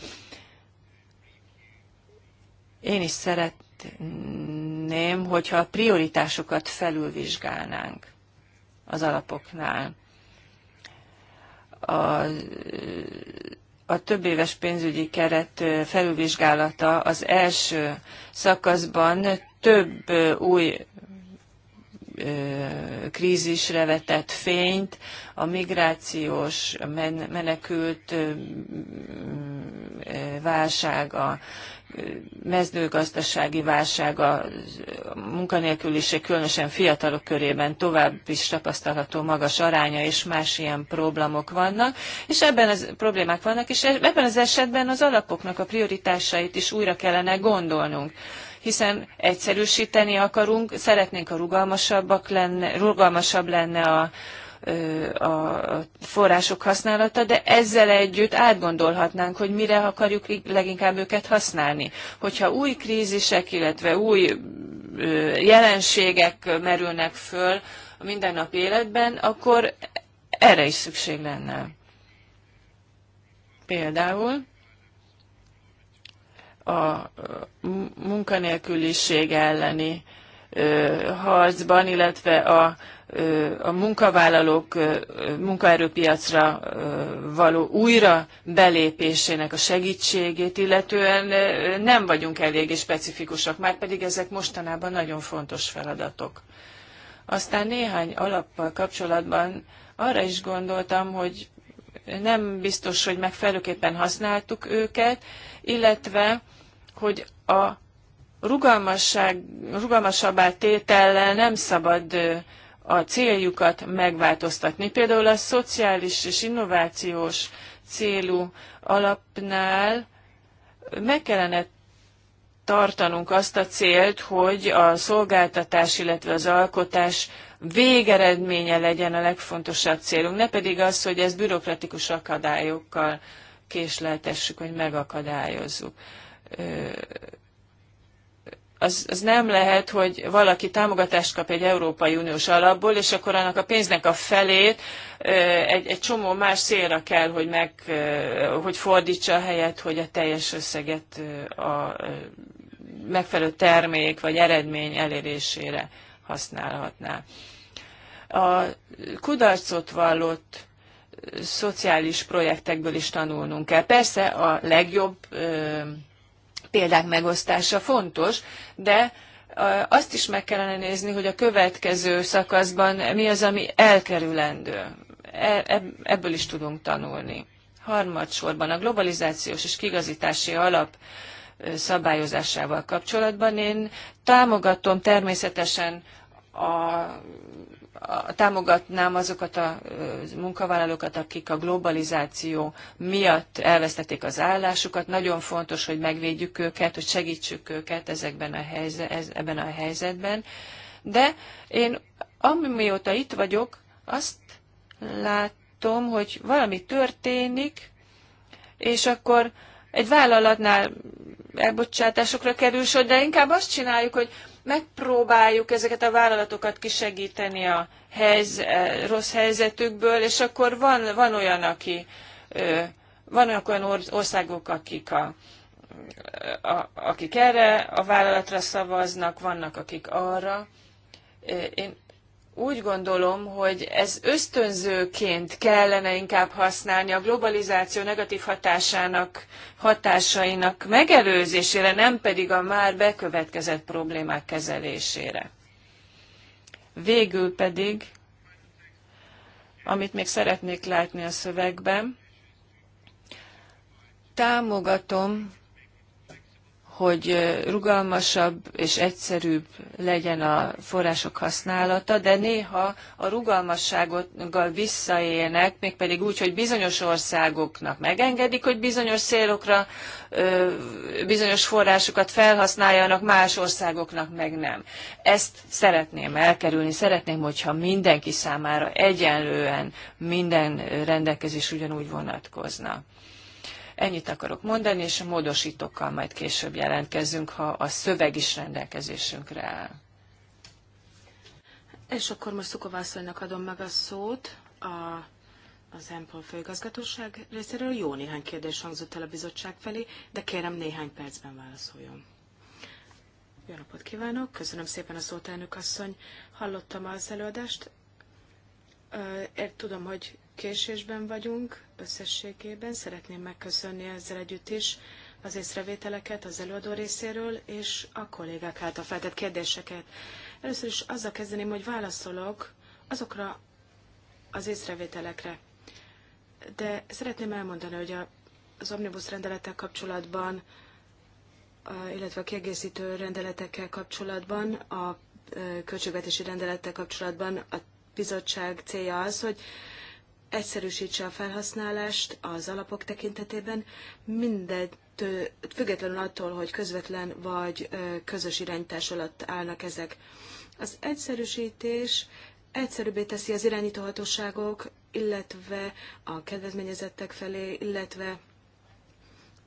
én is szeretném, hogyha a prioritásokat felülvizsgálnánk az alapoknál. A, a több éves pénzügyi keret felülvizsgálata az első szakaszban több új krízisre vetett fényt, a migrációs menekült válság, a mezőgazdasági válság, a munkanélküliség különösen fiatalok körében tovább is tapasztalható magas aránya, és más ilyen problémok vannak, és ebben az problémák vannak, és e- ebben az esetben az alapoknak a prioritásait is újra kellene gondolnunk hiszen egyszerűsíteni akarunk, szeretnénk a rugalmasabbak lenne, rugalmasabb lenne a, a források használata, de ezzel együtt átgondolhatnánk, hogy mire akarjuk leginkább őket használni. Hogyha új krízisek, illetve új jelenségek merülnek föl a mindennapi életben, akkor erre is szükség lenne. Például a munkanélküliség elleni harcban, illetve a a munkavállalók munkaerőpiacra való újra belépésének a segítségét, illetően nem vagyunk eléggé specifikusak, már pedig ezek mostanában nagyon fontos feladatok. Aztán néhány alappal kapcsolatban arra is gondoltam, hogy nem biztos, hogy megfelelőképpen használtuk őket, illetve, hogy a rugalmasság, rugalmasabbá tétellel nem szabad a céljukat megváltoztatni. Például a szociális és innovációs célú alapnál meg kellene tartanunk azt a célt, hogy a szolgáltatás, illetve az alkotás végeredménye legyen a legfontosabb célunk, ne pedig az, hogy ezt bürokratikus akadályokkal késleltessük, hogy megakadályozzuk az, az nem lehet, hogy valaki támogatást kap egy Európai Uniós alapból, és akkor annak a pénznek a felét egy, egy csomó más célra kell, hogy, meg, hogy fordítsa a helyet, hogy a teljes összeget a megfelelő termék vagy eredmény elérésére használhatná. A kudarcot vallott szociális projektekből is tanulnunk kell. Persze a legjobb példák megosztása fontos, de azt is meg kellene nézni, hogy a következő szakaszban mi az, ami elkerülendő. E, e, ebből is tudunk tanulni. Harmadsorban a globalizációs és kigazítási alap szabályozásával kapcsolatban én támogatom természetesen a támogatnám azokat a munkavállalókat, akik a globalizáció miatt elvesztették az állásukat. Nagyon fontos, hogy megvédjük őket, hogy segítsük őket ezekben a helyzet, ez, ebben a helyzetben. De én amióta itt vagyok, azt látom, hogy valami történik, és akkor egy vállalatnál elbocsátásokra kerül sor, de inkább azt csináljuk, hogy megpróbáljuk ezeket a vállalatokat kisegíteni a helyz, eh, rossz helyzetükből, és akkor van, van olyan, aki, vannak olyan országok, akik a, a, akik erre a vállalatra szavaznak, vannak akik arra. Én úgy gondolom, hogy ez ösztönzőként kellene inkább használni a globalizáció negatív hatásának, hatásainak megelőzésére, nem pedig a már bekövetkezett problémák kezelésére. Végül pedig, amit még szeretnék látni a szövegben, támogatom hogy rugalmasabb és egyszerűbb legyen a források használata, de néha a rugalmassággal visszaélnek, mégpedig úgy, hogy bizonyos országoknak megengedik, hogy bizonyos célokra bizonyos forrásokat felhasználjanak, más országoknak meg nem. Ezt szeretném elkerülni, szeretném, hogyha mindenki számára egyenlően minden rendelkezés ugyanúgy vonatkozna. Ennyit akarok mondani, és a módosítókkal majd később jelentkezünk, ha a szöveg is rendelkezésünkre áll. És akkor most Szukovászonynak adom meg a szót a, az EMPOL főigazgatóság részéről. Jó néhány kérdés hangzott el a bizottság felé, de kérem néhány percben válaszoljon. Jó napot kívánok, köszönöm szépen a szót, elnök asszony. Hallottam az előadást, Ér, tudom, hogy késésben vagyunk összességében. Szeretném megköszönni ezzel együtt is az észrevételeket az előadó részéről, és a kollégák által feltett kérdéseket. Először is azzal kezdeném, hogy válaszolok azokra az észrevételekre. De szeretném elmondani, hogy a, az omnibus rendelettel kapcsolatban, illetve a kiegészítő rendeletekkel kapcsolatban, a költségvetési rendelettel kapcsolatban a bizottság célja az, hogy egyszerűsítse a felhasználást az alapok tekintetében, mindent függetlenül attól, hogy közvetlen vagy közös irányítás alatt állnak ezek. Az egyszerűsítés egyszerűbbé teszi az irányítóhatóságok, illetve a kedvezményezettek felé, illetve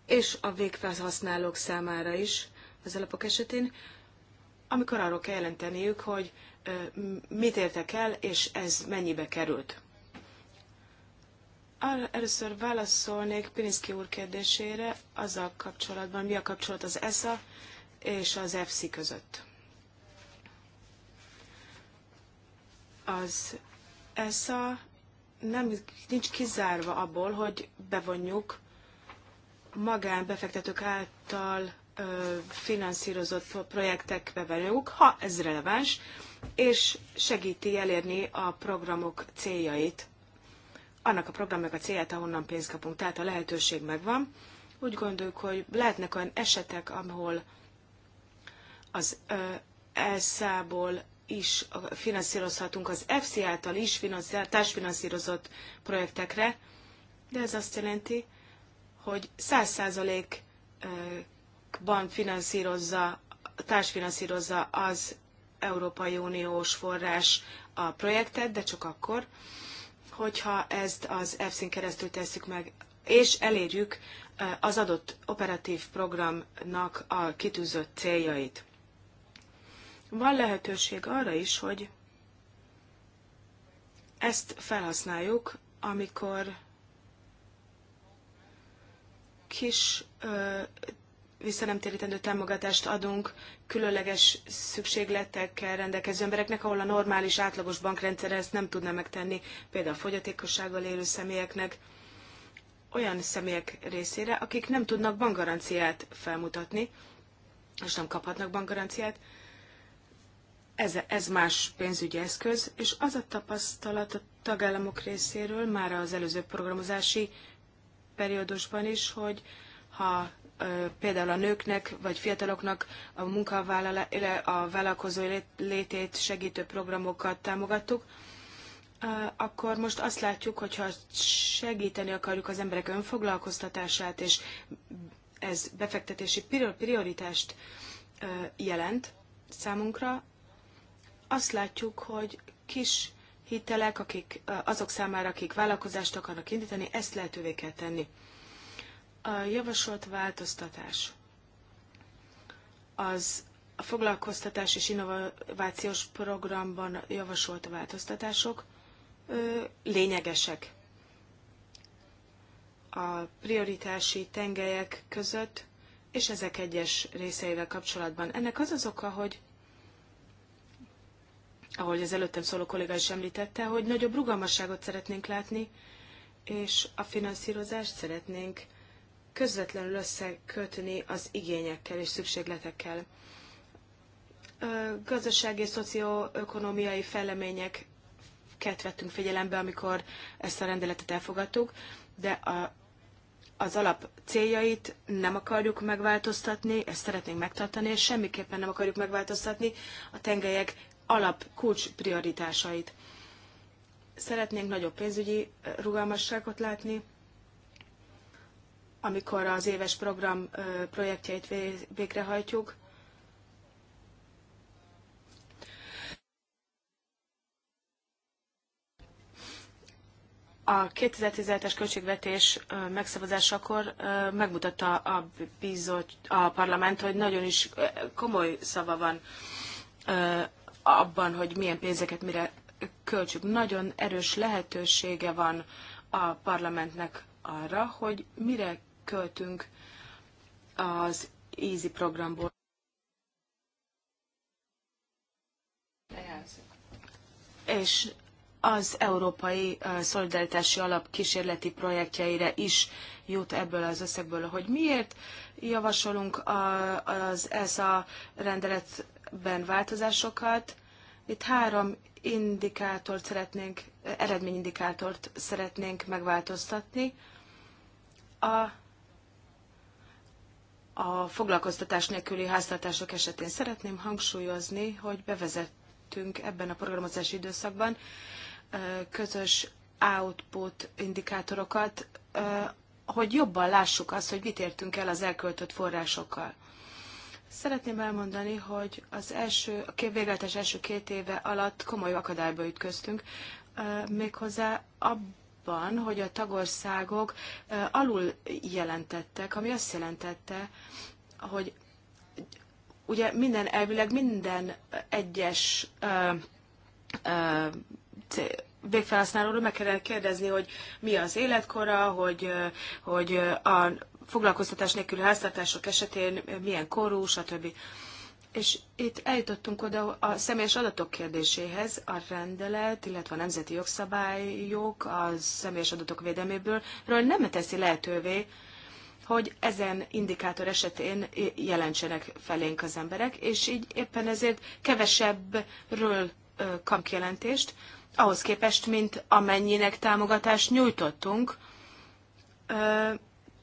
és a végfelhasználók számára is az alapok esetén, amikor arról kell jelenteniük, hogy mit értek el, és ez mennyibe került. Először válaszolnék Pirinszki úr kérdésére azzal kapcsolatban, mi a kapcsolat az ESA és az EFSI között. Az ESA nem, nincs kizárva abból, hogy bevonjuk magánbefektetők által ö, finanszírozott projektekbe velünk, ha ez releváns, és segíti elérni a programok céljait annak a programnak a célját, ahonnan pénzt kapunk. Tehát a lehetőség megvan. Úgy gondoljuk, hogy lehetnek olyan esetek, ahol az esz ból is finanszírozhatunk az EFSI által is társfinanszírozott projektekre, de ez azt jelenti, hogy 100%-ban finanszírozza, társfinanszírozza az Európai Uniós forrás a projektet, de csak akkor, hogyha ezt az EFSZ-n keresztül tesszük meg, és elérjük eh, az adott operatív programnak a kitűzött céljait. Van lehetőség arra is, hogy ezt felhasználjuk, amikor kis ö, eh, visszanemtérítendő támogatást adunk különleges szükségletekkel rendelkező embereknek, ahol a normális, átlagos bankrendszer ezt nem tudná megtenni, például a fogyatékossággal élő személyeknek, olyan személyek részére, akik nem tudnak bankgaranciát felmutatni, és nem kaphatnak bankgaranciát. Ez, ez más pénzügyi eszköz, és az a tapasztalat a tagállamok részéről már az előző programozási periódusban is, hogy ha például a nőknek vagy fiataloknak a a vállalkozói létét segítő programokat támogattuk, akkor most azt látjuk, hogy ha segíteni akarjuk az emberek önfoglalkoztatását, és ez befektetési prioritást jelent számunkra, azt látjuk, hogy kis hitelek, akik, azok számára, akik vállalkozást akarnak indítani, ezt lehetővé kell tenni. A javasolt változtatás az a foglalkoztatás és innovációs programban javasolt változtatások ö, lényegesek. A prioritási tengelyek között és ezek egyes részeivel kapcsolatban. Ennek az az oka, hogy ahogy az előttem szóló kolléga is említette, hogy nagyobb rugalmasságot szeretnénk látni, és a finanszírozást szeretnénk közvetlenül összekötni az igényekkel és szükségletekkel. Gazdasági és szocioökonomiai fejleményeket vettünk figyelembe, amikor ezt a rendeletet elfogadtuk, de a, az alap céljait nem akarjuk megváltoztatni, ezt szeretnénk megtartani, és semmiképpen nem akarjuk megváltoztatni a tengelyek alap kulcs prioritásait. Szeretnénk nagyobb pénzügyi rugalmasságot látni, amikor az éves program projektjeit végrehajtjuk. A 2017-es költségvetés megszavazásakor megmutatta a, bizot, a parlament, hogy nagyon is komoly szava van abban, hogy milyen pénzeket mire költsük. Nagyon erős lehetősége van a parlamentnek arra, hogy mire költünk az EASY programból. És az Európai Szolidaritási Alap kísérleti projektjeire is jut ebből az összegből, hogy miért javasolunk az ESA rendeletben változásokat. Itt három indikátort szeretnénk, eredményindikátort szeretnénk megváltoztatni. A a foglalkoztatás nélküli háztartások esetén szeretném hangsúlyozni, hogy bevezettünk ebben a programozási időszakban közös output indikátorokat, hogy jobban lássuk azt, hogy mit értünk el az elköltött forrásokkal. Szeretném elmondani, hogy az első, a végletes első két éve alatt komoly akadályba ütköztünk, méghozzá abban, abban, hogy a tagországok alul jelentettek, ami azt jelentette, hogy ugye minden, elvileg minden egyes végfelhasználóról meg kellene kérdezni, hogy mi az életkora, hogy, hogy a foglalkoztatás nélküli háztartások esetén milyen korú, stb. És itt eljutottunk oda a személyes adatok kérdéséhez, a rendelet, illetve a nemzeti jogszabályok a személyes adatok védelméből nem teszi lehetővé, hogy ezen indikátor esetén jelentsenek felénk az emberek, és így éppen ezért kevesebbről kap jelentést, ahhoz képest, mint amennyinek támogatást nyújtottunk.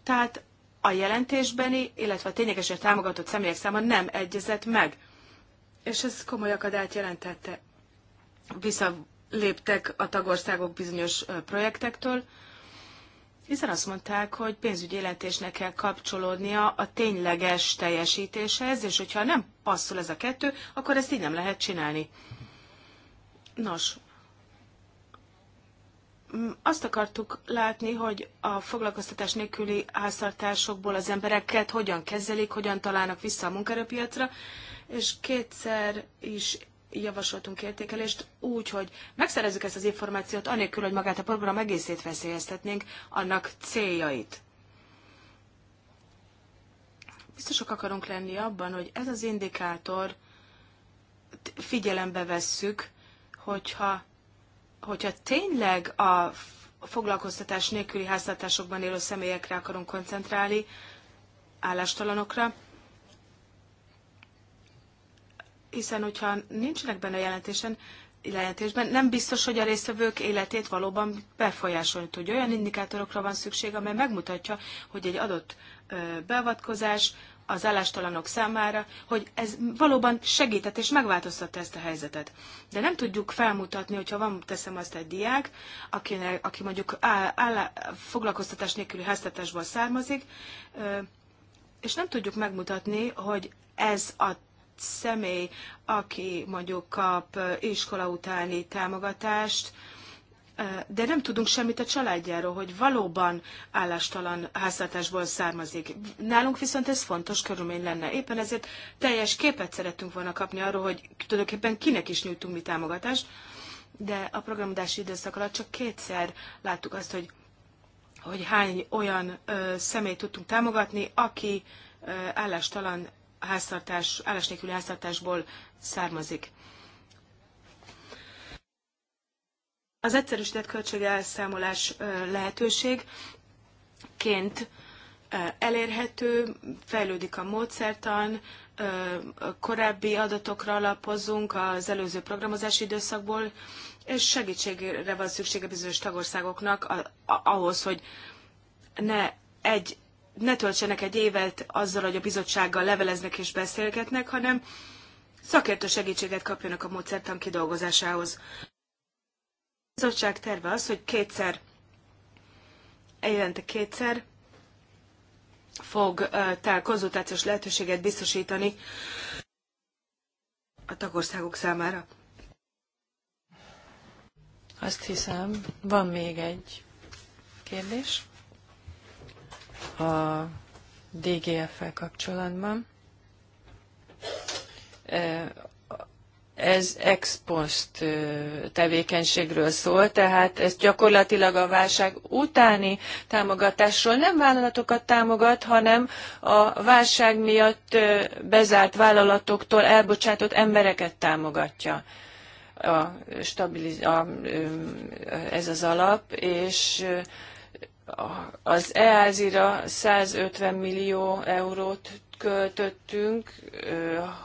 Tehát a jelentésbeni, illetve a ténylegesen támogatott személyek száma nem egyezett meg. És ez komoly akadályt jelentette. Visszaléptek a tagországok bizonyos projektektől, hiszen azt mondták, hogy pénzügyi jelentésnek kell kapcsolódnia a tényleges teljesítéshez, és hogyha nem passzol ez a kettő, akkor ezt így nem lehet csinálni. Nos, Mm, azt akartuk látni, hogy a foglalkoztatás nélküli háztartásokból az embereket hogyan kezelik, hogyan találnak vissza a munkerőpiacra, és kétszer is javasoltunk értékelést úgy, hogy megszerezzük ezt az információt, anélkül, hogy magát a program egészét veszélyeztetnénk, annak céljait. Biztosak akarunk lenni abban, hogy ez az indikátor figyelembe vesszük, hogyha hogyha tényleg a foglalkoztatás nélküli háztartásokban élő személyekre akarunk koncentrálni, állástalanokra, hiszen hogyha nincsenek benne a jelentésen, jelentésben, nem biztos, hogy a résztvevők életét valóban befolyásolni tudja. Olyan indikátorokra van szükség, amely megmutatja, hogy egy adott beavatkozás az állástalanok számára, hogy ez valóban segített és megváltoztatta ezt a helyzetet. De nem tudjuk felmutatni, hogyha van, teszem azt egy diák, akinek, aki mondjuk áll, áll, foglalkoztatás nélküli háztatásból származik, és nem tudjuk megmutatni, hogy ez a személy, aki mondjuk kap iskola utáni támogatást, de nem tudunk semmit a családjáról, hogy valóban állástalan háztartásból származik. Nálunk viszont ez fontos körülmény lenne. Éppen ezért teljes képet szerettünk volna kapni arról, hogy tulajdonképpen kinek is nyújtunk mi támogatást, de a programodási időszak alatt csak kétszer láttuk azt, hogy, hogy hány olyan ö, személyt tudtunk támogatni, aki ö, állástalan háztartás, állás nélküli háztartásból származik. Az egyszerűsített költségelszámolás lehetőségként elérhető, fejlődik a módszertan, korábbi adatokra alapozunk az előző programozási időszakból, és segítségre van szüksége bizonyos tagországoknak ahhoz, hogy ne egy ne töltsenek egy évet azzal, hogy a bizottsággal leveleznek és beszélgetnek, hanem szakértő segítséget kapjanak a módszertan kidolgozásához bizottság terve az, hogy kétszer, évente kétszer fog tehát konzultációs lehetőséget biztosítani a tagországok számára. Azt hiszem, van még egy kérdés a DGF-fel kapcsolatban ez ex post tevékenységről szól, tehát ez gyakorlatilag a válság utáni támogatásról nem vállalatokat támogat, hanem a válság miatt bezárt vállalatoktól elbocsátott embereket támogatja a stabiliz- a, ez az alap, és az EASI-ra 150 millió eurót költöttünk,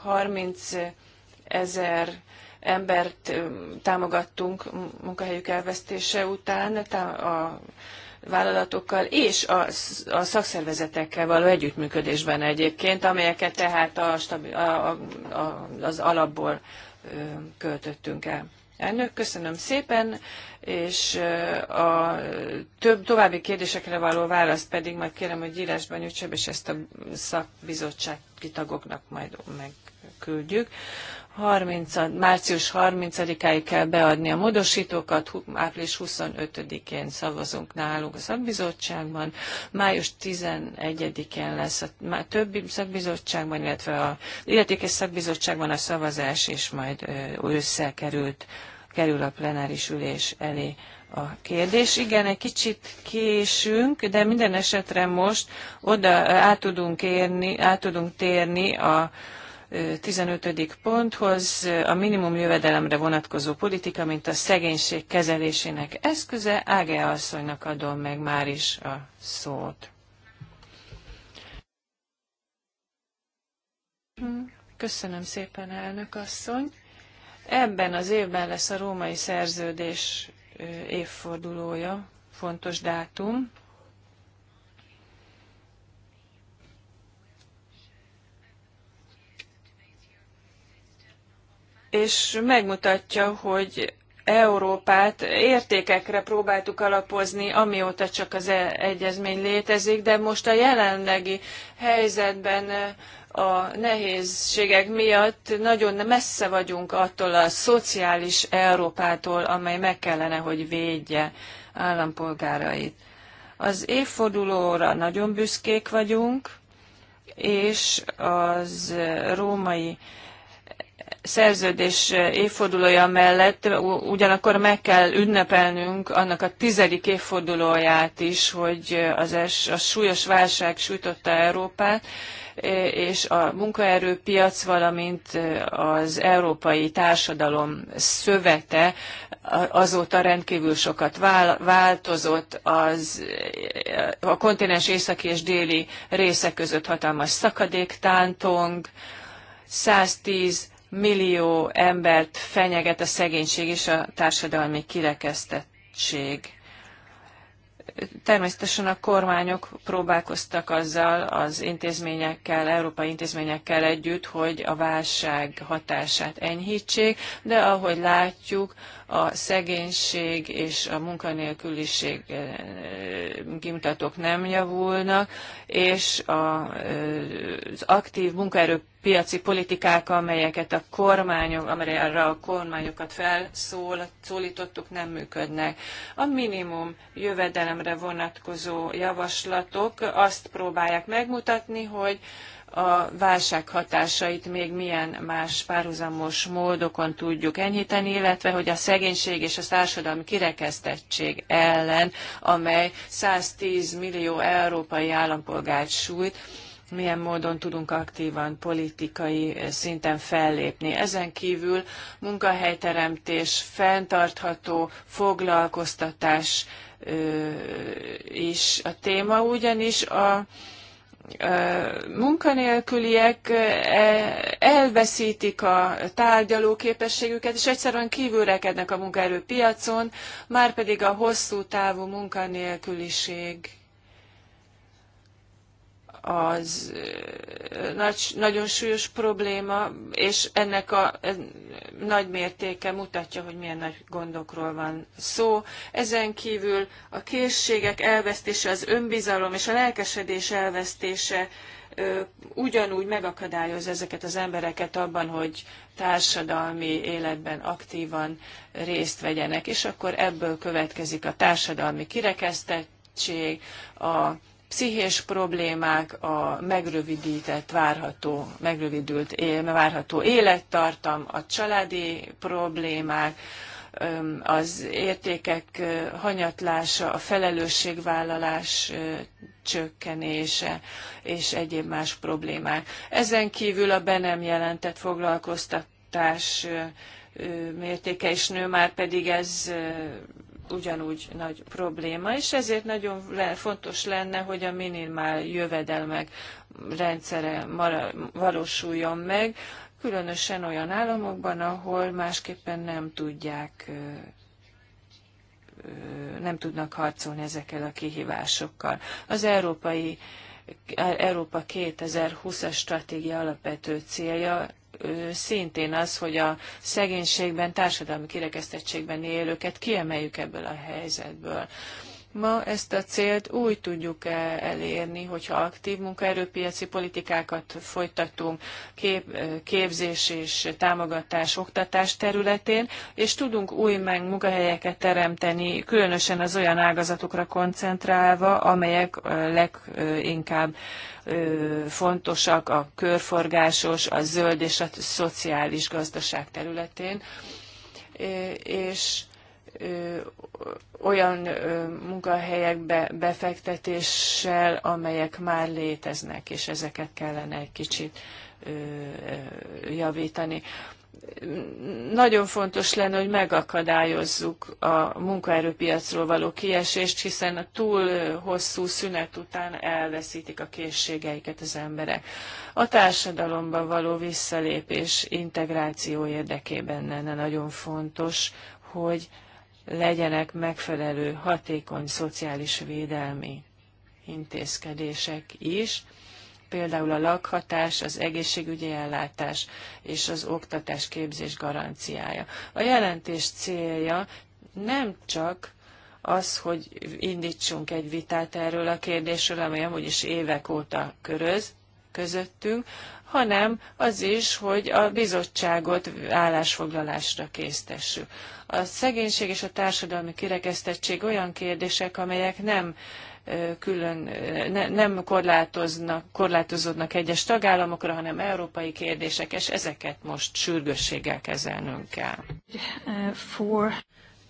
30 ezer embert támogattunk munkahelyük elvesztése után a vállalatokkal és a, a szakszervezetekkel való együttműködésben egyébként, amelyeket tehát a, stabil, a, a, az alapból költöttünk el. Elnök, köszönöm szépen, és a több további kérdésekre való választ pedig majd kérem, hogy írásban nyújtsab, és ezt a szakbizottság kitagoknak majd megküldjük. 30, március 30-áig kell beadni a módosítókat, április 25-én szavazunk nálunk a szakbizottságban, május 11-én lesz a többi szakbizottságban, illetve a illetékes szakbizottságban a szavazás, és majd ősszel került, kerül a plenáris ülés elé a kérdés. Igen, egy kicsit késünk, de minden esetre most oda át tudunk, érni, át tudunk térni a 15. ponthoz a minimum jövedelemre vonatkozó politika, mint a szegénység kezelésének eszköze. Áge asszonynak adom meg már is a szót. Köszönöm szépen, elnök asszony. Ebben az évben lesz a római szerződés évfordulója, fontos dátum. és megmutatja, hogy Európát értékekre próbáltuk alapozni, amióta csak az e- egyezmény létezik, de most a jelenlegi helyzetben eh, a nehézségek miatt nagyon messze vagyunk attól a szociális Európától, amely meg kellene, hogy védje állampolgárait. Az évfordulóra nagyon büszkék vagyunk, és az eh, római szerződés évfordulója mellett ugyanakkor meg kell ünnepelnünk annak a tizedik évfordulóját is, hogy az es, a súlyos válság sújtotta Európát, és a munkaerőpiac, valamint az európai társadalom szövete azóta rendkívül sokat változott, az, a kontinens északi és déli része között hatalmas szakadék tántong, 110 millió embert fenyeget a szegénység és a társadalmi kirekesztettség. Természetesen a kormányok próbálkoztak azzal az intézményekkel, európai intézményekkel együtt, hogy a válság hatását enyhítsék, de ahogy látjuk, a szegénység és a munkanélküliség eh, kimutatók nem javulnak, és eh, az aktív munkaerő piaci politikák, amelyeket a kormányok, amelyre a kormányokat felszólítottuk, nem működnek. A minimum jövedelemre vonatkozó javaslatok azt próbálják megmutatni, hogy a válság hatásait még milyen más párhuzamos módokon tudjuk enyhíteni, illetve hogy a szegénység és a társadalmi kirekesztettség ellen, amely 110 millió európai állampolgárt sújt, milyen módon tudunk aktívan politikai szinten fellépni. Ezen kívül munkahelyteremtés, fenntartható foglalkoztatás is a téma, ugyanis a munkanélküliek e, elveszítik a tárgyaló képességüket, és egyszerűen kívülrekednek a munkaerőpiacon, már pedig a hosszú távú munkanélküliség az nagy, nagyon súlyos probléma, és ennek a nagy mértéke mutatja, hogy milyen nagy gondokról van szó. Ezen kívül a készségek elvesztése, az önbizalom és a lelkesedés elvesztése ugyanúgy megakadályoz ezeket az embereket abban, hogy társadalmi életben aktívan részt vegyenek, és akkor ebből következik a társadalmi kirekesztettség, a pszichés problémák, a megrövidített, várható, megrövidült várható élettartam, a családi problémák, az értékek hanyatlása, a felelősségvállalás csökkenése és egyéb más problémák. Ezen kívül a be nem jelentett foglalkoztatás mértéke is nő, már pedig ez ugyanúgy nagy probléma, és ezért nagyon fontos lenne, hogy a minimál jövedelmek rendszere valósuljon meg, különösen olyan államokban, ahol másképpen nem tudják nem tudnak harcolni ezekkel a kihívásokkal. Az európai Európa 2020-as stratégia alapvető célja szintén az, hogy a szegénységben, társadalmi kirekesztettségben élőket kiemeljük ebből a helyzetből. Ma ezt a célt úgy tudjuk e, elérni, hogyha aktív munkaerőpiaci politikákat folytatunk kép, e, képzés és támogatás, oktatás területén, és tudunk új meg munkahelyeket teremteni, különösen az olyan ágazatokra koncentrálva, amelyek e, leginkább fontosak a körforgásos, a zöld és a szociális gazdaság területén. És olyan munkahelyekbe befektetéssel, amelyek már léteznek, és ezeket kellene egy kicsit javítani. Nagyon fontos lenne, hogy megakadályozzuk a munkaerőpiacról való kiesést, hiszen a túl hosszú szünet után elveszítik a készségeiket az emberek. A társadalomban való visszalépés integráció érdekében lenne nagyon fontos, hogy legyenek megfelelő hatékony szociális védelmi intézkedések is, például a lakhatás, az egészségügyi ellátás és az oktatás képzés garanciája. A jelentés célja nem csak az, hogy indítsunk egy vitát erről a kérdésről, ami amúgy is évek óta köröz, közöttünk, hanem az is, hogy a bizottságot állásfoglalásra késztessük. A szegénység és a társadalmi kirekesztettség olyan kérdések, amelyek nem külön ne, nem korlátoznak, korlátozódnak egyes tagállamokra, hanem európai kérdések, és ezeket most sürgősséggel kezelnünk kell. For...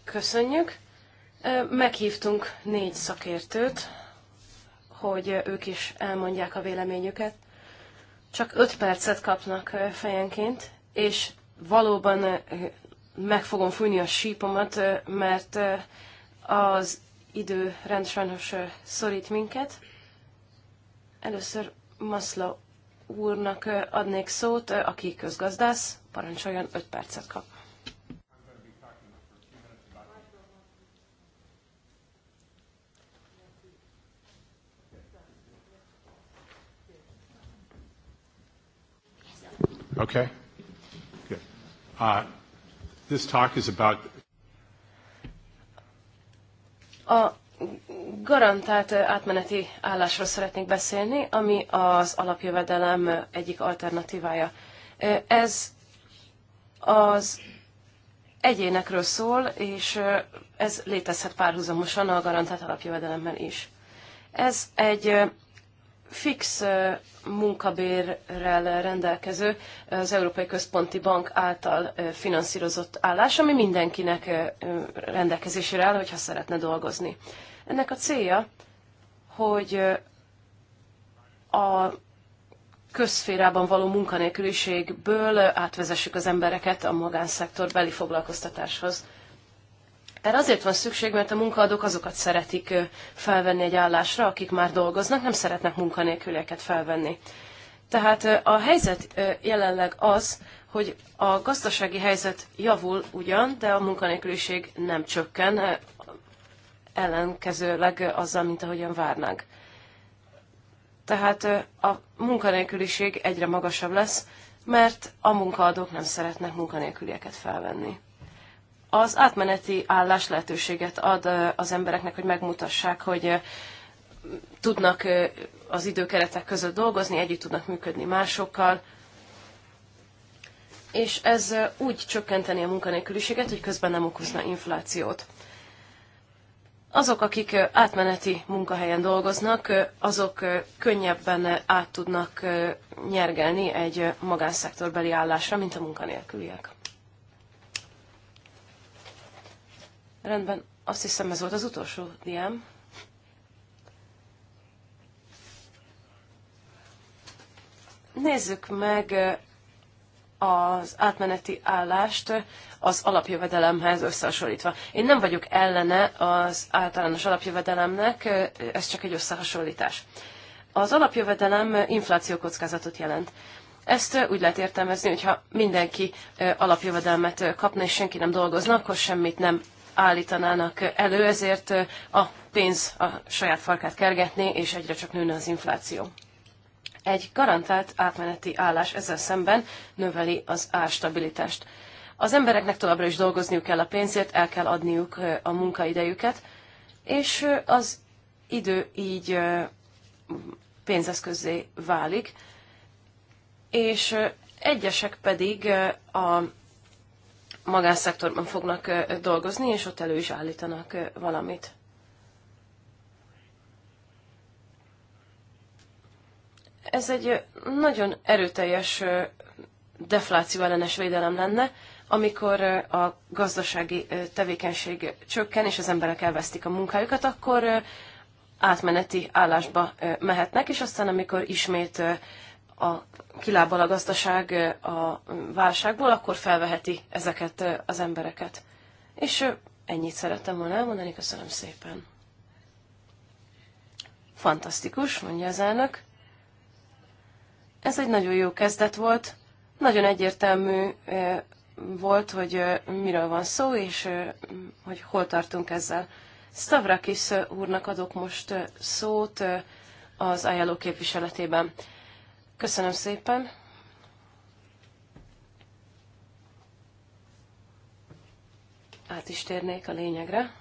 Köszönjük. Meghívtunk négy szakértőt, hogy ők is elmondják a véleményüket csak 5 percet kapnak fejenként, és valóban meg fogom fújni a sípomat, mert az idő rend sajnos szorít minket. Először Maszla úrnak adnék szót, aki közgazdász, parancsoljon 5 percet kap. Okay. Good. Uh, this talk is about a garantált átmeneti állásról szeretnék beszélni, ami az alapjövedelem egyik alternatívája. Ez az egyénekről szól, és ez létezhet párhuzamosan a garantált alapjövedelemmel is. Ez egy fix munkabérrel rendelkező az Európai Központi Bank által finanszírozott állás, ami mindenkinek rendelkezésére áll, hogyha szeretne dolgozni. Ennek a célja, hogy a közférában való munkanélküliségből átvezessük az embereket a magánszektor beli foglalkoztatáshoz. Erre azért van szükség, mert a munkaadók azokat szeretik felvenni egy állásra, akik már dolgoznak, nem szeretnek munkanélkülieket felvenni. Tehát a helyzet jelenleg az, hogy a gazdasági helyzet javul ugyan, de a munkanélküliség nem csökken, ellenkezőleg azzal, mint ahogyan várnánk. Tehát a munkanélküliség egyre magasabb lesz, mert a munkaadók nem szeretnek munkanélkülieket felvenni az átmeneti állás lehetőséget ad az embereknek, hogy megmutassák, hogy tudnak az időkeretek között dolgozni, együtt tudnak működni másokkal, és ez úgy csökkenteni a munkanélküliséget, hogy közben nem okozna inflációt. Azok, akik átmeneti munkahelyen dolgoznak, azok könnyebben át tudnak nyergelni egy magánszektorbeli állásra, mint a munkanélküliek. Rendben, azt hiszem ez volt az utolsó diám. Nézzük meg az átmeneti állást az alapjövedelemhez összehasonlítva. Én nem vagyok ellene az általános alapjövedelemnek, ez csak egy összehasonlítás. Az alapjövedelem kockázatot jelent. Ezt úgy lehet értelmezni, hogyha mindenki alapjövedelmet kapna, és senki nem dolgozna, akkor semmit nem állítanának elő, ezért a pénz a saját farkát kergetni, és egyre csak nőne az infláció. Egy garantált átmeneti állás ezzel szemben növeli az árstabilitást. Az embereknek továbbra is dolgozniuk kell a pénzért, el kell adniuk a munkaidejüket, és az idő így pénzeszközé válik, és egyesek pedig a magánszektorban fognak dolgozni, és ott elő is állítanak valamit. Ez egy nagyon erőteljes defláció ellenes védelem lenne, amikor a gazdasági tevékenység csökken, és az emberek elvesztik a munkájukat, akkor átmeneti állásba mehetnek, és aztán amikor ismét a kilábal a gazdaság a válságból, akkor felveheti ezeket az embereket. És ennyit szerettem volna elmondani, köszönöm szépen. Fantasztikus, mondja az elnök. Ez egy nagyon jó kezdet volt. Nagyon egyértelmű volt, hogy miről van szó, és hogy hol tartunk ezzel. Stavrakis úrnak adok most szót az ajánló képviseletében. Köszönöm szépen. Át is térnék a lényegre.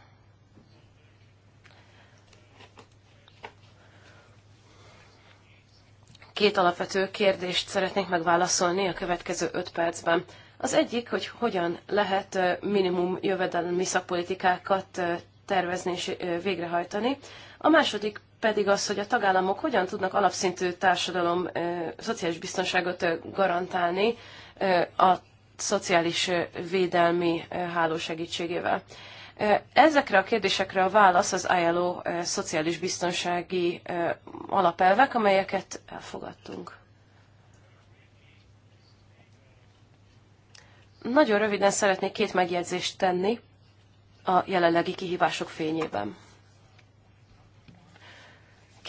Két alapvető kérdést szeretnék megválaszolni a következő öt percben. Az egyik, hogy hogyan lehet minimum jövedelmi szakpolitikákat tervezni és végrehajtani. A második pedig az, hogy a tagállamok hogyan tudnak alapszintű társadalom, szociális biztonságot garantálni a szociális védelmi háló segítségével. Ezekre a kérdésekre a válasz az ILO szociális biztonsági alapelvek, amelyeket elfogadtunk. Nagyon röviden szeretnék két megjegyzést tenni a jelenlegi kihívások fényében.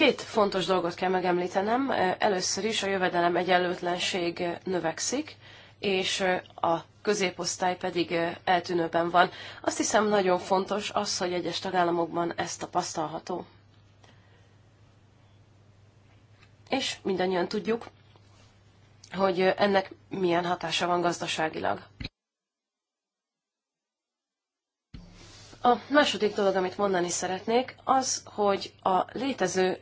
Két fontos dolgot kell megemlítenem. Először is a jövedelem egyenlőtlenség növekszik, és a középosztály pedig eltűnőben van. Azt hiszem nagyon fontos az, hogy egyes tagállamokban ezt tapasztalható. És mindannyian tudjuk, hogy ennek milyen hatása van gazdaságilag. A második dolog, amit mondani szeretnék, az, hogy a létező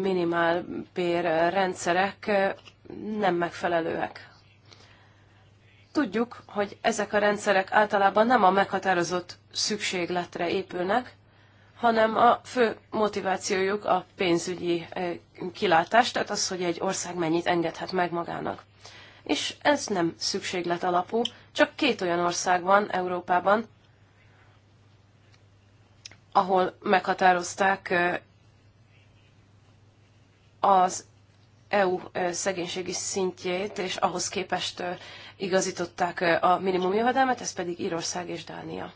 minimálbér rendszerek nem megfelelőek. Tudjuk, hogy ezek a rendszerek általában nem a meghatározott szükségletre épülnek, hanem a fő motivációjuk a pénzügyi kilátás, tehát az, hogy egy ország mennyit engedhet meg magának. És ez nem szükséglet alapú, csak két olyan ország van Európában, ahol meghatározták az EU szegénységi szintjét, és ahhoz képest igazították a minimum jövedelmet, ez pedig Írország és Dánia.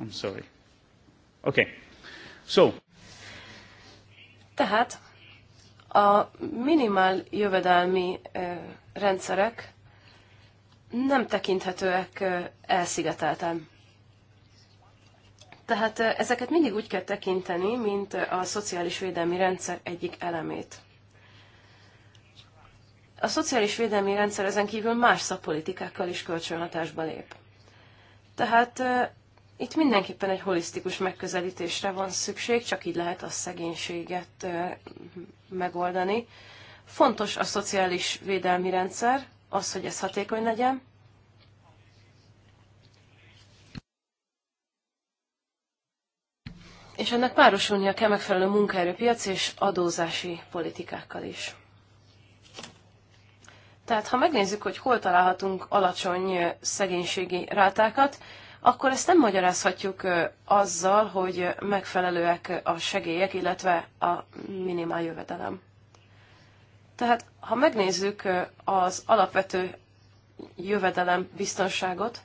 I'm sorry. Okay. So. Tehát a minimál jövedelmi rendszerek nem tekinthetőek elszigetelten. Tehát ezeket mindig úgy kell tekinteni, mint a szociális védelmi rendszer egyik elemét. A szociális védelmi rendszer ezen kívül más szakpolitikákkal is kölcsönhatásba lép. Tehát itt mindenképpen egy holisztikus megközelítésre van szükség, csak így lehet a szegénységet megoldani. Fontos a szociális védelmi rendszer, az, hogy ez hatékony legyen. És ennek párosulnia kell megfelelő munkaerőpiac és adózási politikákkal is. Tehát ha megnézzük, hogy hol találhatunk alacsony szegénységi rátákat, akkor ezt nem magyarázhatjuk azzal, hogy megfelelőek a segélyek, illetve a minimál jövedelem. Tehát, ha megnézzük az alapvető jövedelem biztonságot,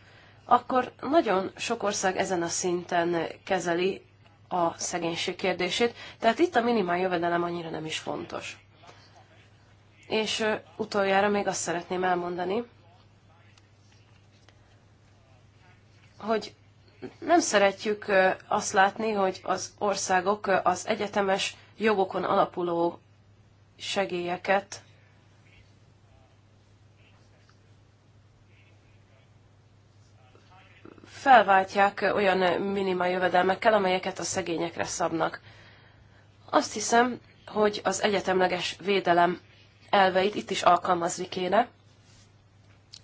akkor nagyon sok ország ezen a szinten kezeli a szegénység kérdését, tehát itt a minimál jövedelem annyira nem is fontos. És utoljára még azt szeretném elmondani, hogy nem szeretjük azt látni, hogy az országok az egyetemes jogokon alapuló segélyeket. Felváltják olyan minimál jövedelmekkel, amelyeket a szegényekre szabnak. Azt hiszem, hogy az egyetemleges védelem elveit itt is alkalmazni kéne,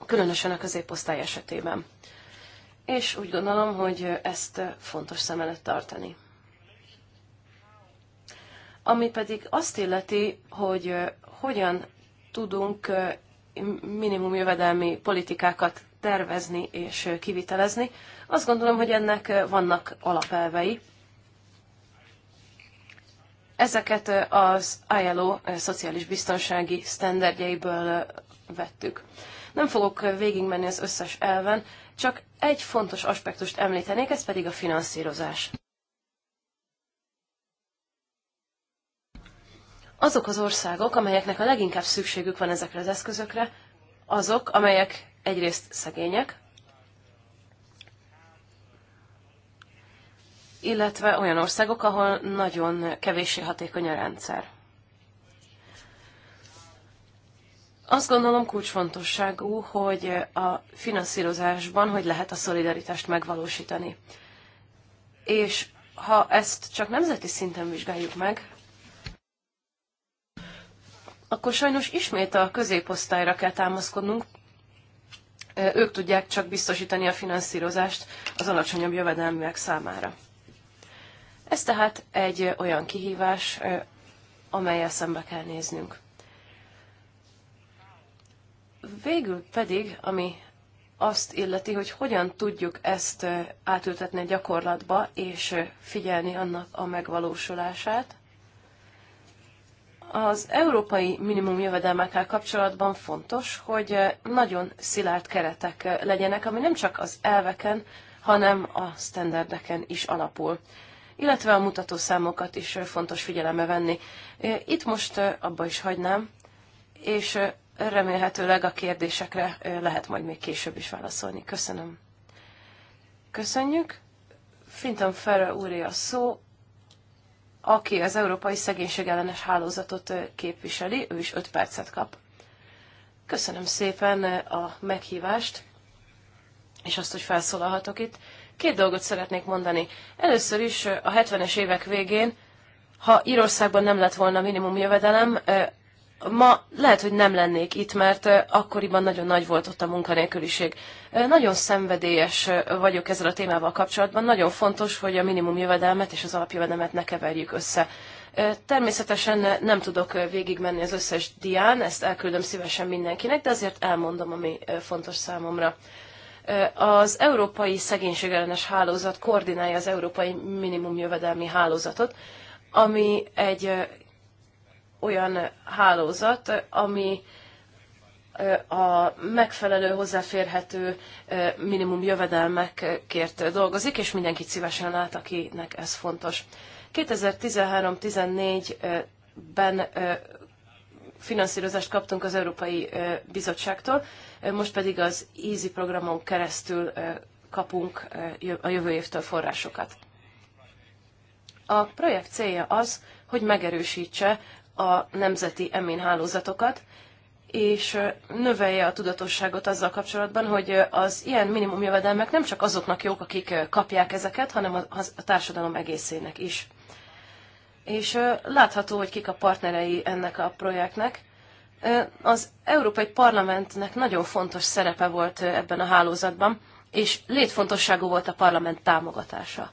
különösen a középosztály esetében. És úgy gondolom, hogy ezt fontos szem előtt tartani ami pedig azt illeti, hogy hogyan tudunk minimum jövedelmi politikákat tervezni és kivitelezni. Azt gondolom, hogy ennek vannak alapelvei. Ezeket az ILO szociális biztonsági sztenderdjeiből vettük. Nem fogok végigmenni az összes elven, csak egy fontos aspektust említenék, ez pedig a finanszírozás. azok az országok, amelyeknek a leginkább szükségük van ezekre az eszközökre, azok, amelyek egyrészt szegények, illetve olyan országok, ahol nagyon kevéssé hatékony a rendszer. Azt gondolom kulcsfontosságú, hogy a finanszírozásban hogy lehet a szolidaritást megvalósítani. És ha ezt csak nemzeti szinten vizsgáljuk meg, akkor sajnos ismét a középosztályra kell támaszkodnunk. Ők tudják csak biztosítani a finanszírozást az alacsonyabb jövedelműek számára. Ez tehát egy olyan kihívás, amelyel szembe kell néznünk. Végül pedig, ami azt illeti, hogy hogyan tudjuk ezt átültetni a gyakorlatba, és figyelni annak a megvalósulását. Az európai minimumjövedelmekkel kapcsolatban fontos, hogy eh, nagyon szilárd keretek eh, legyenek, ami nem csak az elveken, hanem a standardeken is alapul. Illetve a mutatószámokat is eh, fontos figyelembe venni. Itt most abba is hagynám, és remélhetőleg a kérdésekre lehet majd még később is válaszolni. Köszönöm. Köszönjük. Fintan Ferre úré a szó, aki az Európai Szegénység Ellenes Hálózatot képviseli, ő is 5 percet kap. Köszönöm szépen a meghívást, és azt, hogy felszólalhatok itt. Két dolgot szeretnék mondani. Először is a 70-es évek végén, ha Írországban nem lett volna minimum jövedelem, ma lehet, hogy nem lennék itt, mert akkoriban nagyon nagy volt ott a munkanélküliség. Nagyon szenvedélyes vagyok ezzel a témával kapcsolatban. Nagyon fontos, hogy a minimum jövedelmet és az alapjövedelmet ne keverjük össze. Természetesen nem tudok végigmenni az összes dián, ezt elküldöm szívesen mindenkinek, de azért elmondom, ami fontos számomra. Az Európai Szegénységellenes Hálózat koordinálja az Európai Minimum Jövedelmi Hálózatot, ami egy olyan hálózat, ami a megfelelő, hozzáférhető minimum jövedelmekért dolgozik, és mindenkit szívesen lát, akinek ez fontos. 2013-14-ben finanszírozást kaptunk az Európai Bizottságtól, most pedig az EASY programon keresztül kapunk a jövő évtől forrásokat. A projekt célja az, hogy megerősítse a nemzeti emin hálózatokat, és növelje a tudatosságot azzal kapcsolatban, hogy az ilyen minimumjövedelmek nem csak azoknak jók, akik kapják ezeket, hanem a társadalom egészének is. És látható, hogy kik a partnerei ennek a projektnek. Az Európai Parlamentnek nagyon fontos szerepe volt ebben a hálózatban, és létfontosságú volt a parlament támogatása.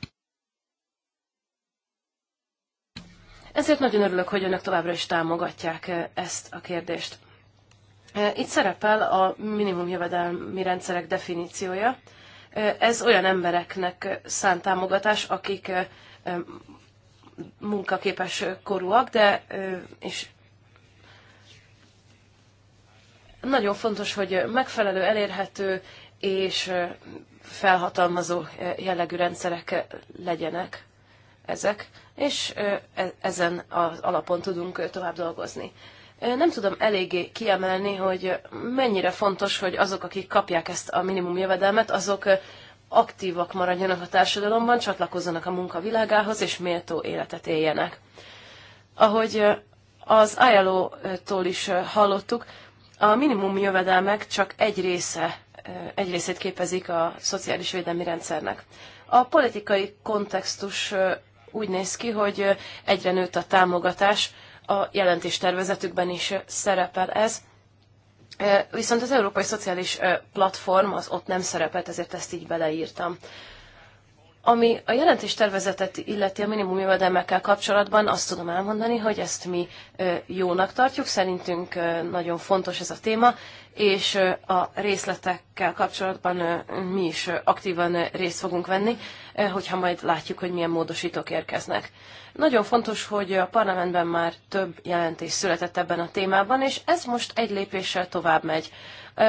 Ezért nagyon örülök, hogy önök továbbra is támogatják ezt a kérdést. Itt szerepel a minimum jövedelmi rendszerek definíciója. Ez olyan embereknek szánt támogatás, akik munkaképes korúak, de és nagyon fontos, hogy megfelelő, elérhető és felhatalmazó jellegű rendszerek legyenek ezek, és e-, ezen az alapon tudunk tovább dolgozni. Nem tudom eléggé kiemelni, hogy mennyire fontos, hogy azok, akik kapják ezt a minimum jövedelmet, azok aktívak maradjanak a társadalomban, csatlakozzanak a munkavilágához, és méltó életet éljenek. Ahogy az ILO-tól is hallottuk, a minimum jövedelmek csak egy része, egy részét képezik a szociális védelmi rendszernek. A politikai kontextus úgy néz ki, hogy egyre nőtt a támogatás a jelentéstervezetükben is szerepel ez. Viszont az Európai Szociális Platform az ott nem szerepelt, ezért ezt így beleírtam. Ami a jelentéstervezetet illeti a minimum jövedelmekkel kapcsolatban, azt tudom elmondani, hogy ezt mi jónak tartjuk, szerintünk nagyon fontos ez a téma, és a részletekkel kapcsolatban mi is aktívan részt fogunk venni, hogyha majd látjuk, hogy milyen módosítók érkeznek. Nagyon fontos, hogy a parlamentben már több jelentés született ebben a témában, és ez most egy lépéssel tovább megy.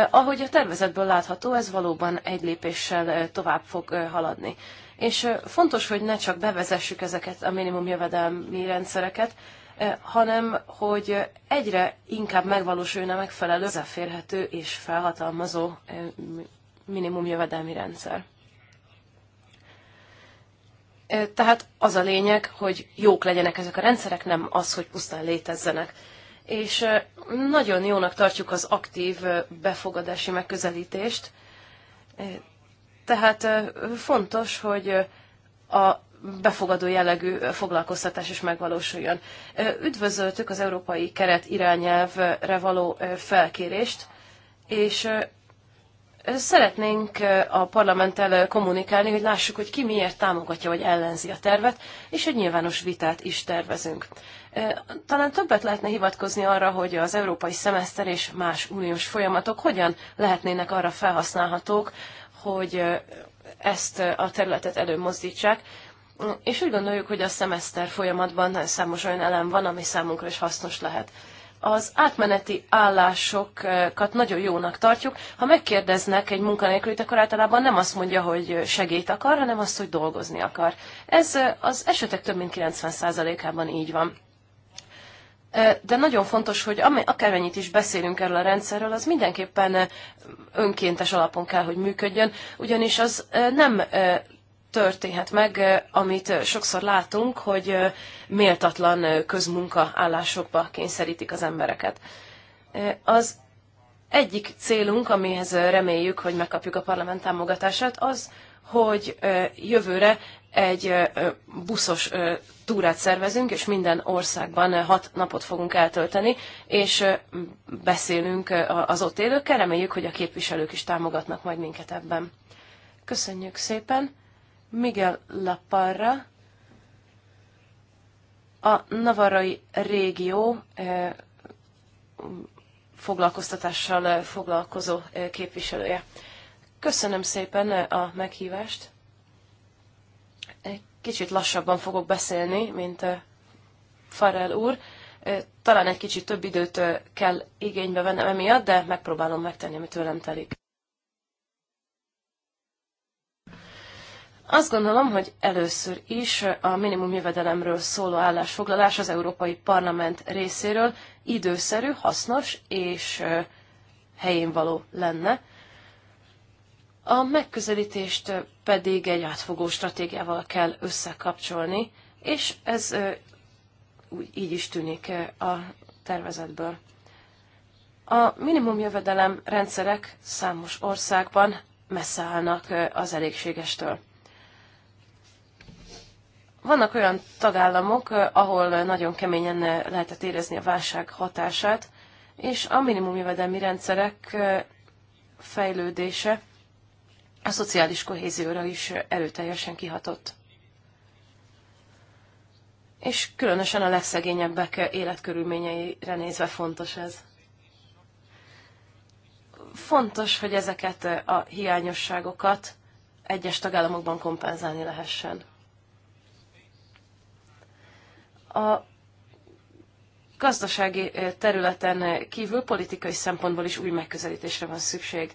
Ahogy a tervezetből látható, ez valóban egy lépéssel tovább fog haladni. És fontos, hogy ne csak bevezessük ezeket a minimum jövedelmi rendszereket, Eh, hanem hogy egyre inkább megvalósulna megfelelő, hozzáférhető és felhatalmazó eh, minimum jövedelmi rendszer. Eh, tehát az a lényeg, hogy jók legyenek ezek a rendszerek, nem az, hogy pusztán létezzenek. És nagyon jónak tartjuk az aktív befogadási megközelítést. Tehát fontos, hogy a befogadó jellegű foglalkoztatás is megvalósuljon. Üdvözöltük az európai keret irányelvre való felkérést, és Szeretnénk a parlamenttel kommunikálni, hogy lássuk, hogy ki miért támogatja vagy ellenzi a tervet, és egy nyilvános vitát is tervezünk. Talán többet lehetne hivatkozni arra, hogy az európai szemeszter és más uniós folyamatok hogyan lehetnének arra felhasználhatók, hogy ezt a területet előmozdítsák, és úgy gondoljuk, hogy a szemeszter folyamatban számos olyan elem van, ami számunkra is hasznos lehet. Az átmeneti állásokat nagyon jónak tartjuk. Ha megkérdeznek egy munkanélkülit, akkor általában nem azt mondja, hogy segít akar, hanem azt, hogy dolgozni akar. Ez az esetek több mint 90%-ában így van. De nagyon fontos, hogy akármennyit is beszélünk erről a rendszerről, az mindenképpen önkéntes alapon kell, hogy működjön, ugyanis az nem történhet meg, amit sokszor látunk, hogy méltatlan közmunkaállásokba kényszerítik az embereket. Az egyik célunk, amihez reméljük, hogy megkapjuk a parlament támogatását, az, hogy jövőre egy buszos túrát szervezünk, és minden országban hat napot fogunk eltölteni, és beszélünk az ott élőkkel, reméljük, hogy a képviselők is támogatnak majd minket ebben. Köszönjük szépen! Miguel Laparra, a navarrai régió foglalkoztatással foglalkozó képviselője. Köszönöm szépen a meghívást. Egy kicsit lassabban fogok beszélni, mint Farrell úr. Talán egy kicsit több időt kell igénybe vennem emiatt, de megpróbálom megtenni, amit tőlem telik. Azt gondolom, hogy először is a minimum jövedelemről szóló állásfoglalás az Európai Parlament részéről időszerű, hasznos és helyén való lenne. A megközelítést pedig egy átfogó stratégiával kell összekapcsolni, és ez így is tűnik a tervezetből. A minimum jövedelem rendszerek számos országban messze állnak az elégségestől. Vannak olyan tagállamok, eh, ahol nagyon keményen eh, lehetett érezni a válság hatását, és a minimum jövedelmi rendszerek eh, fejlődése a szociális kohézióra is erőteljesen kihatott. És különösen a legszegényebbek életkörülményeire nézve fontos ez. Fontos, hogy ezeket a hiányosságokat egyes tagállamokban kompenzálni lehessen a gazdasági területen kívül politikai szempontból is új megközelítésre van szükség.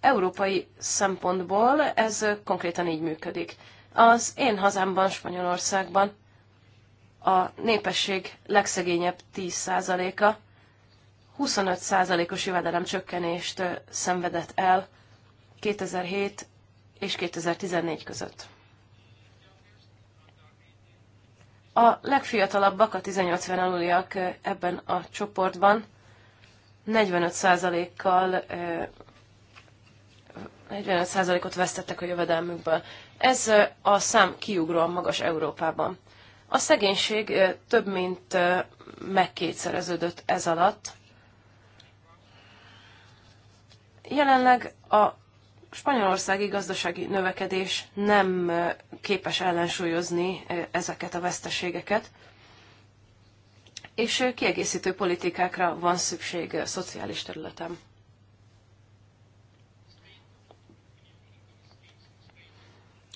Európai szempontból ez konkrétan így működik. Az én hazámban, Spanyolországban a népesség legszegényebb 10%-a 25%-os csökkenést szenvedett el 2007 és 2014 között. A legfiatalabbak, a 18-50 aluliak ebben a csoportban 45%-kal 45%-ot vesztettek a jövedelmükből. Ez a szám kiugróan magas Európában. A szegénység több mint megkétszereződött ez alatt. Jelenleg a spanyolországi gazdasági növekedés nem képes ellensúlyozni ezeket a veszteségeket, és kiegészítő politikákra van szükség a szociális területen.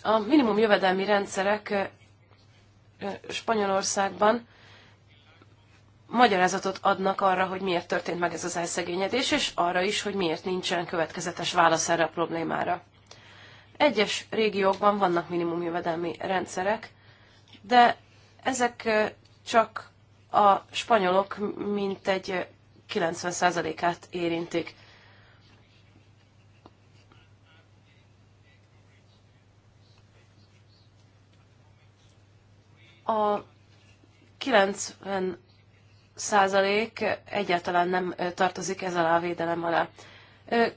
A minimum jövedelmi rendszerek Spanyolországban magyarázatot adnak arra, hogy miért történt meg ez az elszegényedés, és arra is, hogy miért nincsen következetes válasz erre a problémára. Egyes régiókban vannak minimumjövedelmi rendszerek, de ezek csak a spanyolok mintegy 90%-át érintik. A 90 százalék egyáltalán nem tartozik ez alá a védelem alá.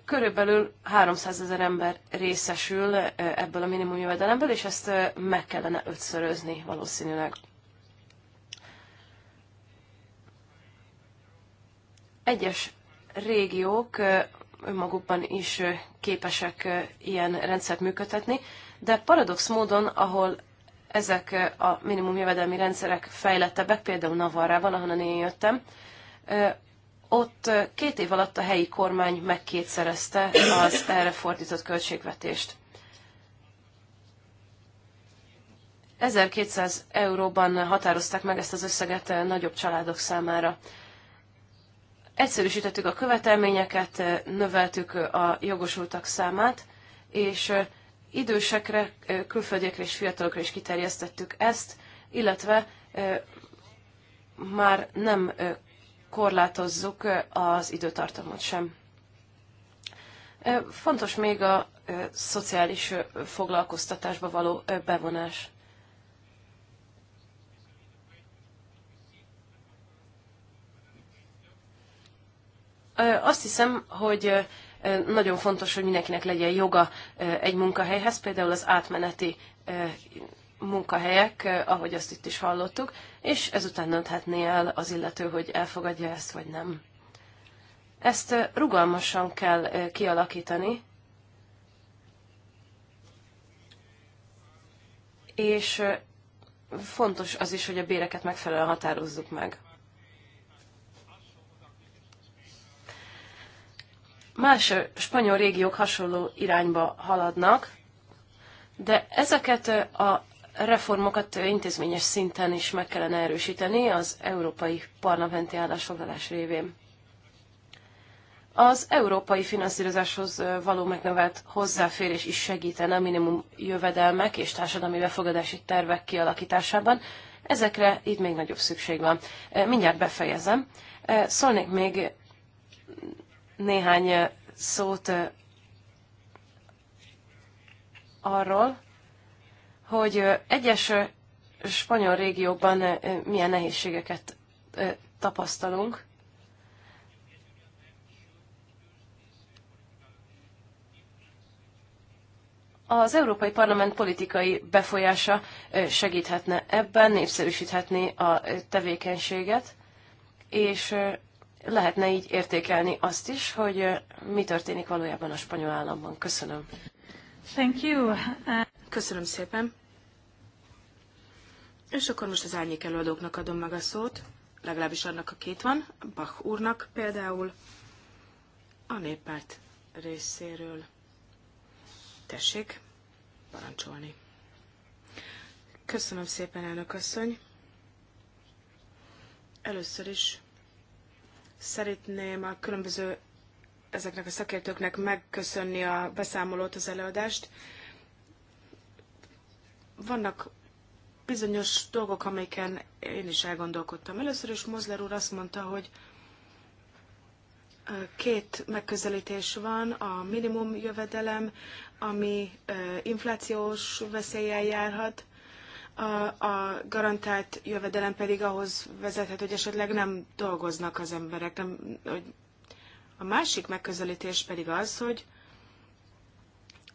Körülbelül 300 ezer ember részesül ebből a minimum jövedelemből, és ezt meg kellene ötszörözni valószínűleg. Egyes régiók önmagukban is képesek ilyen rendszert működtetni, de paradox módon, ahol ezek eh, a minimum jövedelmi rendszerek fejlettebbek, például Navarrában, ahonnan én jöttem. Eh, ott eh, két év alatt a helyi kormány megkétszerezte az erre fordított költségvetést. 1200 euróban határozták meg ezt az összeget nagyobb családok számára. Egyszerűsítettük a követelményeket, növeltük a jogosultak számát, és idősekre, külföldiekre és fiatalokra is kiterjesztettük ezt, illetve már nem korlátozzuk az időtartamot sem. Fontos még a szociális foglalkoztatásba való bevonás. Azt hiszem, hogy nagyon fontos, hogy mindenkinek legyen joga egy munkahelyhez, például az átmeneti munkahelyek, ahogy azt itt is hallottuk, és ezután dönthetné el az illető, hogy elfogadja ezt vagy nem. Ezt rugalmasan kell kialakítani, és fontos az is, hogy a béreket megfelelően határozzuk meg. Más spanyol régiók hasonló irányba haladnak, de ezeket a reformokat intézményes szinten is meg kellene erősíteni az európai parlamenti állásfoglalás révén. Az európai finanszírozáshoz való megnövelt hozzáférés is segítene a minimum jövedelmek és társadalmi befogadási tervek kialakításában. Ezekre itt még nagyobb szükség van. Mindjárt befejezem. Szólnék még néhány szót arról, hogy egyes spanyol régiókban milyen nehézségeket tapasztalunk. Az Európai Parlament politikai befolyása segíthetne ebben, népszerűsíthetné a tevékenységet, és lehetne így értékelni azt is, hogy mi történik valójában a spanyol államban. Köszönöm. Thank you. Köszönöm szépen. És akkor most az árnyék előadóknak adom meg a szót, legalábbis annak a két van, Bach úrnak például, a néppárt részéről. Tessék parancsolni. Köszönöm szépen, elnök asszony. Először is Szeretném a különböző ezeknek a szakértőknek megköszönni a beszámolót, az előadást. Vannak bizonyos dolgok, amelyeken én is elgondolkodtam. Először is Mozler úr azt mondta, hogy két megközelítés van, a minimum jövedelem, ami inflációs veszéllyel járhat, a garantált jövedelem pedig ahhoz vezethet, hogy esetleg nem dolgoznak az emberek. Nem, hogy a másik megközelítés pedig az, hogy,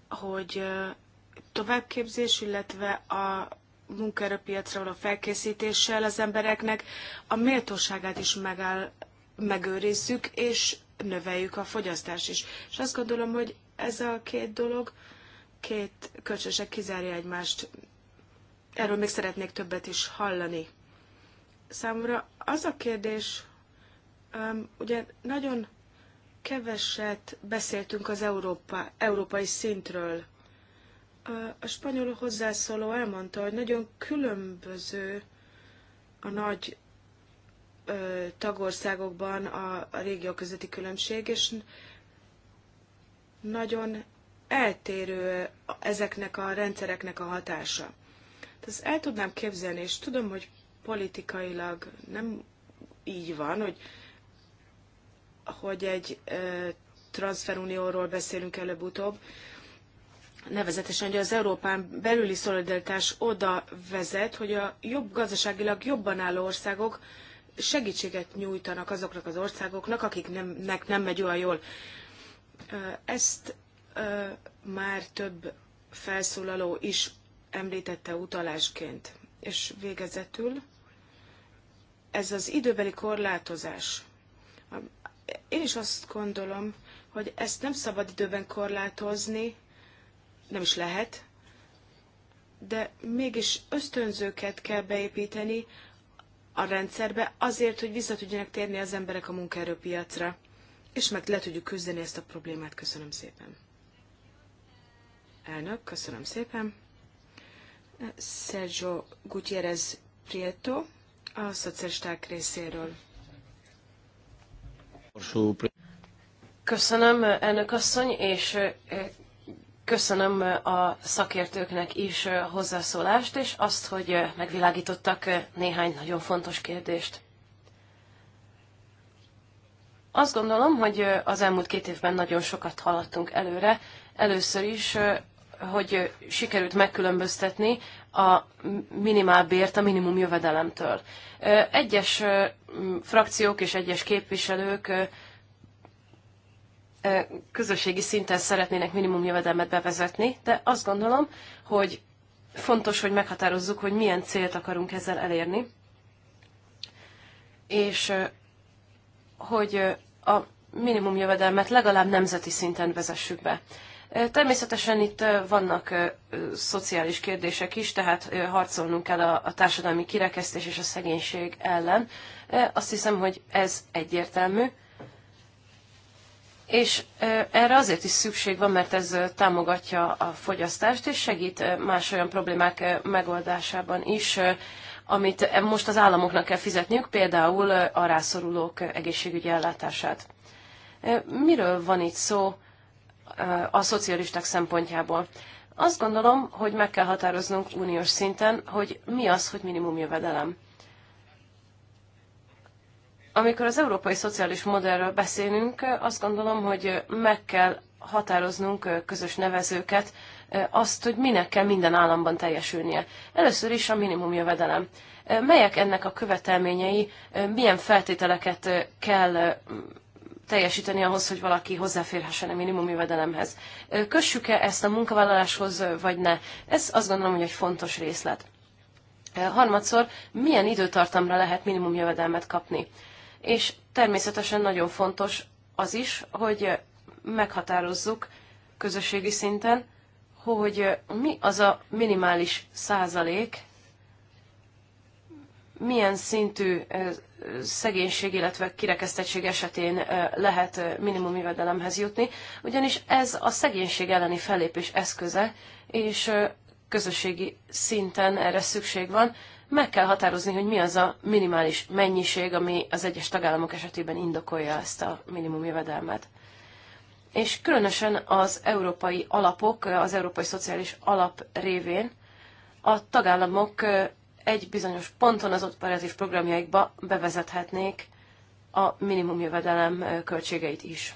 hogy továbbképzés, illetve a munkaerőpiacra való felkészítéssel az embereknek a méltóságát is megáll, megőrizzük, és növeljük a fogyasztást is. És azt gondolom, hogy ez a két dolog, két kölcsösek kizárja egymást erről még szeretnék többet is hallani. Számomra az a kérdés, ugye nagyon keveset beszéltünk az Európa, európai szintről. A spanyol hozzászóló elmondta, hogy nagyon különböző a nagy ö, tagországokban a, a régió közötti különbség, és nagyon eltérő ezeknek a rendszereknek a hatása. Hát ezt el tudnám képzelni, és tudom, hogy politikailag nem így van, hogy, hogy egy ö, transferunióról beszélünk előbb-utóbb, nevezetesen, hogy az Európán belüli szolidaritás oda vezet, hogy a jobb gazdaságilag jobban álló országok segítséget nyújtanak azoknak az országoknak, akiknek nem megy olyan jól. Ezt ö, már több felszólaló is említette utalásként. És végezetül ez az időbeli korlátozás. Én is azt gondolom, hogy ezt nem szabad időben korlátozni, nem is lehet, de mégis ösztönzőket kell beépíteni a rendszerbe azért, hogy vissza tudjanak térni az emberek a munkaerőpiacra, és meg le tudjuk küzdeni ezt a problémát. Köszönöm szépen. Elnök, köszönöm szépen. Sergio Gutierrez Prieto a szocialisták részéről. Köszönöm, elnök asszony, és köszönöm a szakértőknek is hozzászólást, és azt, hogy megvilágítottak néhány nagyon fontos kérdést. Azt gondolom, hogy az elmúlt két évben nagyon sokat haladtunk előre. Először is hogy sikerült megkülönböztetni a minimálbért a minimum jövedelemtől. Egyes frakciók és egyes képviselők közösségi szinten szeretnének minimum jövedelmet bevezetni, de azt gondolom, hogy fontos, hogy meghatározzuk, hogy milyen célt akarunk ezzel elérni, és hogy a minimum jövedelmet legalább nemzeti szinten vezessük be. Természetesen itt vannak szociális kérdések is, tehát harcolnunk kell a társadalmi kirekesztés és a szegénység ellen. Azt hiszem, hogy ez egyértelmű. És erre azért is szükség van, mert ez támogatja a fogyasztást, és segít más olyan problémák megoldásában is, amit most az államoknak kell fizetniük, például a rászorulók egészségügyi ellátását. Miről van itt szó? a szocialisták szempontjából. Azt gondolom, hogy meg kell határoznunk uniós szinten, hogy mi az, hogy minimum jövedelem. Amikor az európai szociális modellről beszélünk, azt gondolom, hogy meg kell határoznunk közös nevezőket, azt, hogy minek kell minden államban teljesülnie. Először is a minimum jövedelem. Melyek ennek a követelményei, milyen feltételeket kell teljesíteni ahhoz, hogy valaki hozzáférhessen a minimum jövedelemhez. Kössük-e ezt a munkavállaláshoz, vagy ne? Ez azt gondolom, hogy egy fontos részlet. Harmadszor, milyen időtartamra lehet minimum jövedelmet kapni? És természetesen nagyon fontos az is, hogy meghatározzuk közösségi szinten, hogy mi az a minimális százalék, milyen szintű szegénység, illetve kirekesztettség esetén lehet minimum jövedelemhez jutni, ugyanis ez a szegénység elleni fellépés eszköze, és közösségi szinten erre szükség van. Meg kell határozni, hogy mi az a minimális mennyiség, ami az egyes tagállamok esetében indokolja ezt a minimum jövedelmet. És különösen az európai alapok, az európai szociális alap révén a tagállamok egy bizonyos ponton az parázis programjaikba bevezethetnék a minimum jövedelem költségeit is.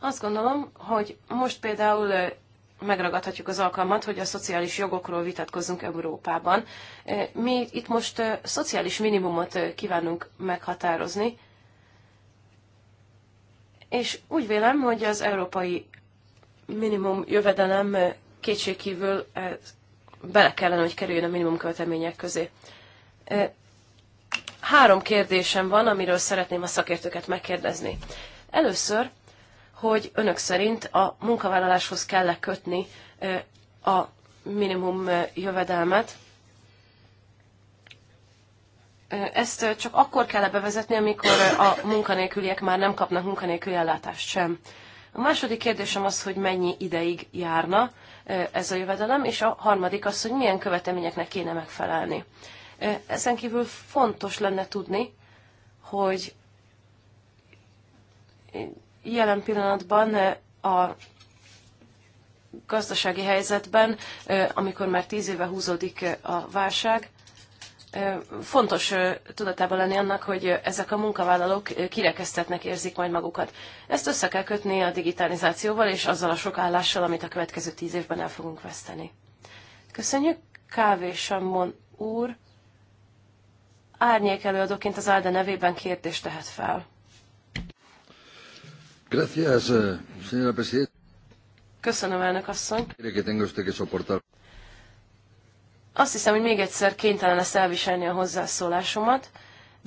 Azt gondolom, hogy most például megragadhatjuk az alkalmat, hogy a szociális jogokról vitatkozzunk Európában. Mi itt most szociális minimumot kívánunk meghatározni, és úgy vélem, hogy az európai minimum jövedelem kétségkívül eh, bele kellene, hogy kerüljön a minimum követelmények közé. Eh, három kérdésem van, amiről szeretném a szakértőket megkérdezni. Először, hogy önök szerint a munkavállaláshoz kell -e kötni eh, a minimum jövedelmet. Ezt csak akkor kell -e bevezetni, amikor a munkanélküliek már nem kapnak munkanélküli ellátást sem. A második kérdésem az, hogy mennyi ideig járna, ez a jövedelem, és a harmadik az, hogy milyen követelményeknek kéne megfelelni. Ezen kívül fontos lenne tudni, hogy jelen pillanatban a gazdasági helyzetben, amikor már tíz éve húzódik a válság, fontos tudatában lenni annak, hogy ezek a munkavállalók kirekesztetnek érzik majd magukat. Ezt össze kell kötni a digitalizációval és azzal a sok állással, amit a következő tíz évben el fogunk veszteni. Köszönjük, Kávé Sammon úr. Árnyék előadóként az Álda nevében kérdést tehet fel. Gracias, eh, Köszönöm, elnök asszony. Azt hiszem, hogy még egyszer kénytelen lesz elviselni a hozzászólásomat,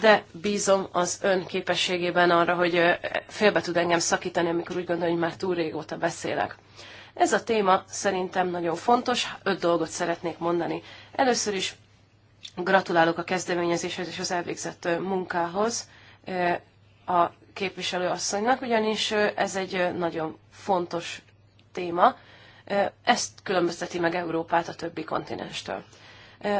de bízom az ön képességében arra, hogy félbe tud engem szakítani, amikor úgy gondolom, hogy már túl régóta beszélek. Ez a téma szerintem nagyon fontos, öt dolgot szeretnék mondani. Először is gratulálok a kezdeményezéshez és az elvégzett munkához a képviselőasszonynak, ugyanis ez egy nagyon fontos téma, ezt különbözteti meg Európát a többi kontinenstől.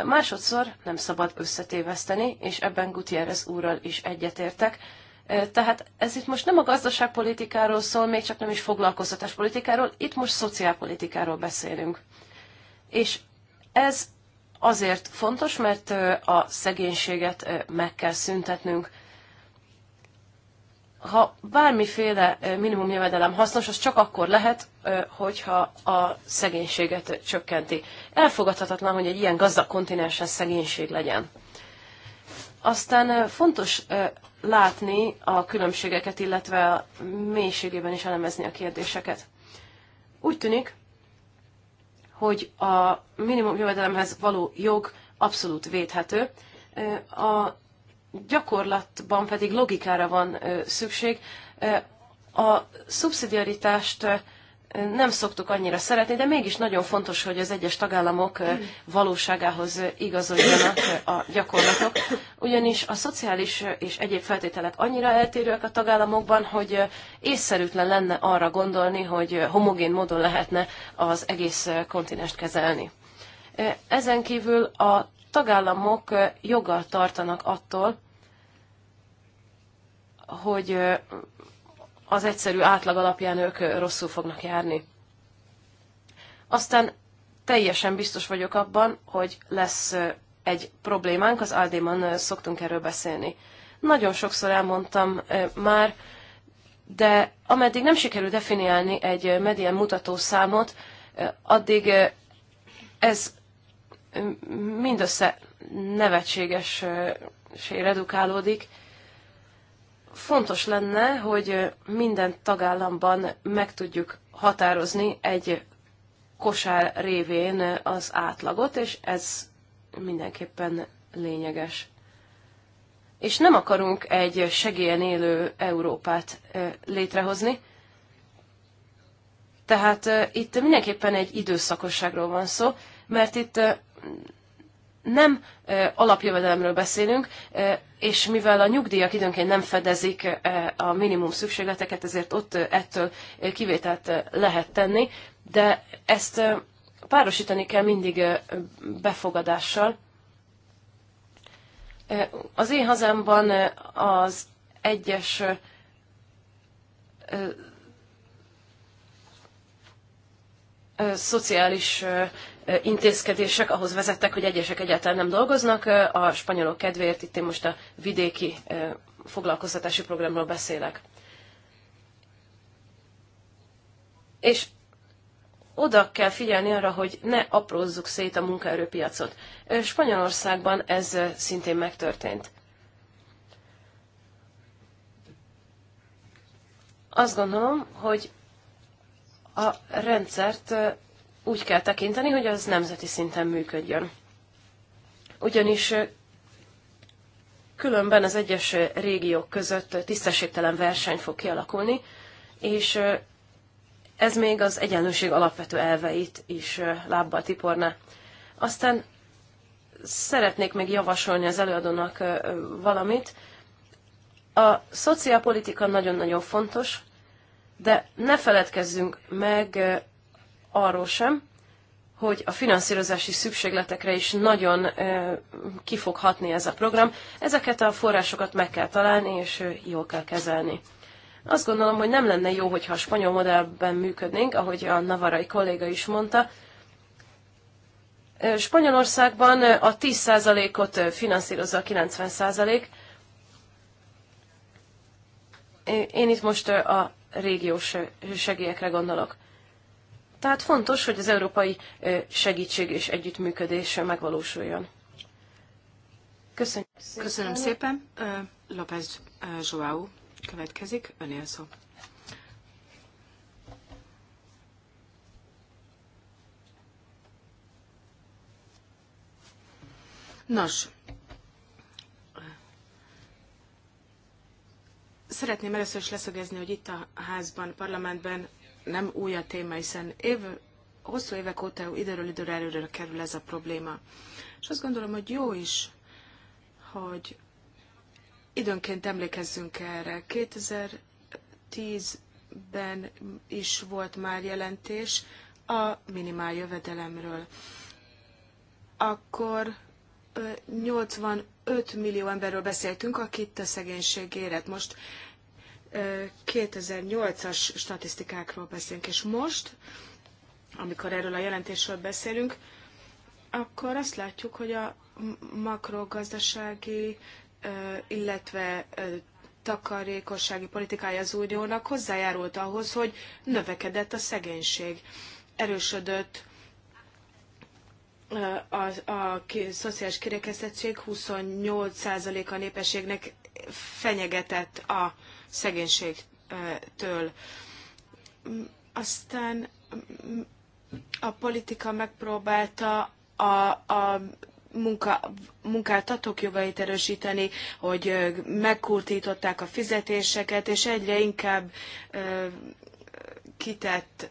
Másodszor nem szabad összetéveszteni, és ebben Gutierrez úrral is egyetértek, tehát ez itt most nem a gazdaságpolitikáról szól, még csak nem is foglalkoztatáspolitikáról, itt most szociálpolitikáról beszélünk. És ez azért fontos, mert a szegénységet meg kell szüntetnünk. Ha bármiféle minimum jövedelem hasznos, az csak akkor lehet, hogyha a szegénységet csökkenti. Elfogadhatatlan, hogy egy ilyen gazdag kontinensen szegénység legyen. Aztán fontos látni a különbségeket, illetve a mélységében is elemezni a kérdéseket. Úgy tűnik, hogy a minimum jövedelemhez való jog abszolút védhető. A gyakorlatban pedig logikára van szükség. A szubszidiaritást nem szoktuk annyira szeretni, de mégis nagyon fontos, hogy az egyes tagállamok valóságához igazodjanak a gyakorlatok, ugyanis a szociális és egyéb feltételek annyira eltérőek a tagállamokban, hogy észszerűtlen lenne arra gondolni, hogy homogén módon lehetne az egész kontinest kezelni. Ezen kívül a tagállamok joggal tartanak attól, hogy az egyszerű átlag alapján ők rosszul fognak járni. Aztán teljesen biztos vagyok abban, hogy lesz egy problémánk, az Aldéman szoktunk erről beszélni. Nagyon sokszor elmondtam már, de ameddig nem sikerül definiálni egy medien mutató számot, addig ez mindössze nevetséges redukálódik, fontos lenne, hogy minden tagállamban meg tudjuk határozni egy kosár révén az átlagot, és ez mindenképpen lényeges. És nem akarunk egy segélyen élő Európát létrehozni, tehát itt mindenképpen egy időszakosságról van szó, mert itt nem alapjövedelemről beszélünk, és mivel a nyugdíjak időnként nem fedezik a minimum szükségleteket, ezért ott ettől kivételt lehet tenni, de ezt párosítani kell mindig befogadással. Az én hazámban az egyes szociális intézkedések ahhoz vezettek, hogy egyesek egyáltalán nem dolgoznak. A spanyolok kedvéért itt én most a vidéki foglalkoztatási programról beszélek. És oda kell figyelni arra, hogy ne aprózzuk szét a munkaerőpiacot. Spanyolországban ez szintén megtörtént. Azt gondolom, hogy a rendszert úgy kell tekinteni, hogy az nemzeti szinten működjön. Ugyanis különben az egyes régiók között tisztességtelen verseny fog kialakulni, és ez még az egyenlőség alapvető elveit is lábbal tiporna. Aztán szeretnék még javasolni az előadónak valamit. A szociálpolitika nagyon-nagyon fontos, de ne feledkezzünk meg arról sem, hogy a finanszírozási szükségletekre is nagyon kifoghatni ez a program. Ezeket a forrásokat meg kell találni, és jól kell kezelni. Azt gondolom, hogy nem lenne jó, hogyha a spanyol modellben működnénk, ahogy a navarai kolléga is mondta. Spanyolországban a 10%-ot finanszírozza a 90%. Én itt most a régiós segélyekre gondolok. Tehát fontos, hogy az európai segítség és együttműködés megvalósuljon. Köszönöm. Köszönöm szépen. López Joao következik. Önél szó. Nos, szeretném először is leszögezni, hogy itt a házban, a parlamentben nem új a téma, hiszen év, hosszú évek óta időről időre előre kerül ez a probléma. És azt gondolom, hogy jó is, hogy időnként emlékezzünk erre. 2010-ben is volt már jelentés a minimál jövedelemről. Akkor 85 millió emberről beszéltünk, akit a szegénység érett. Most 2008-as statisztikákról beszélünk, és most, amikor erről a jelentésről beszélünk, akkor azt látjuk, hogy a makrogazdasági, illetve takarékossági politikája az uniónak hozzájárult ahhoz, hogy növekedett a szegénység, erősödött a, a szociális kirekesztettség 28% a népességnek fenyegetett a szegénységtől. Aztán a politika megpróbálta a, a munka, munkáltatók jogait erősíteni, hogy megkurtították a fizetéseket, és egyre inkább kitett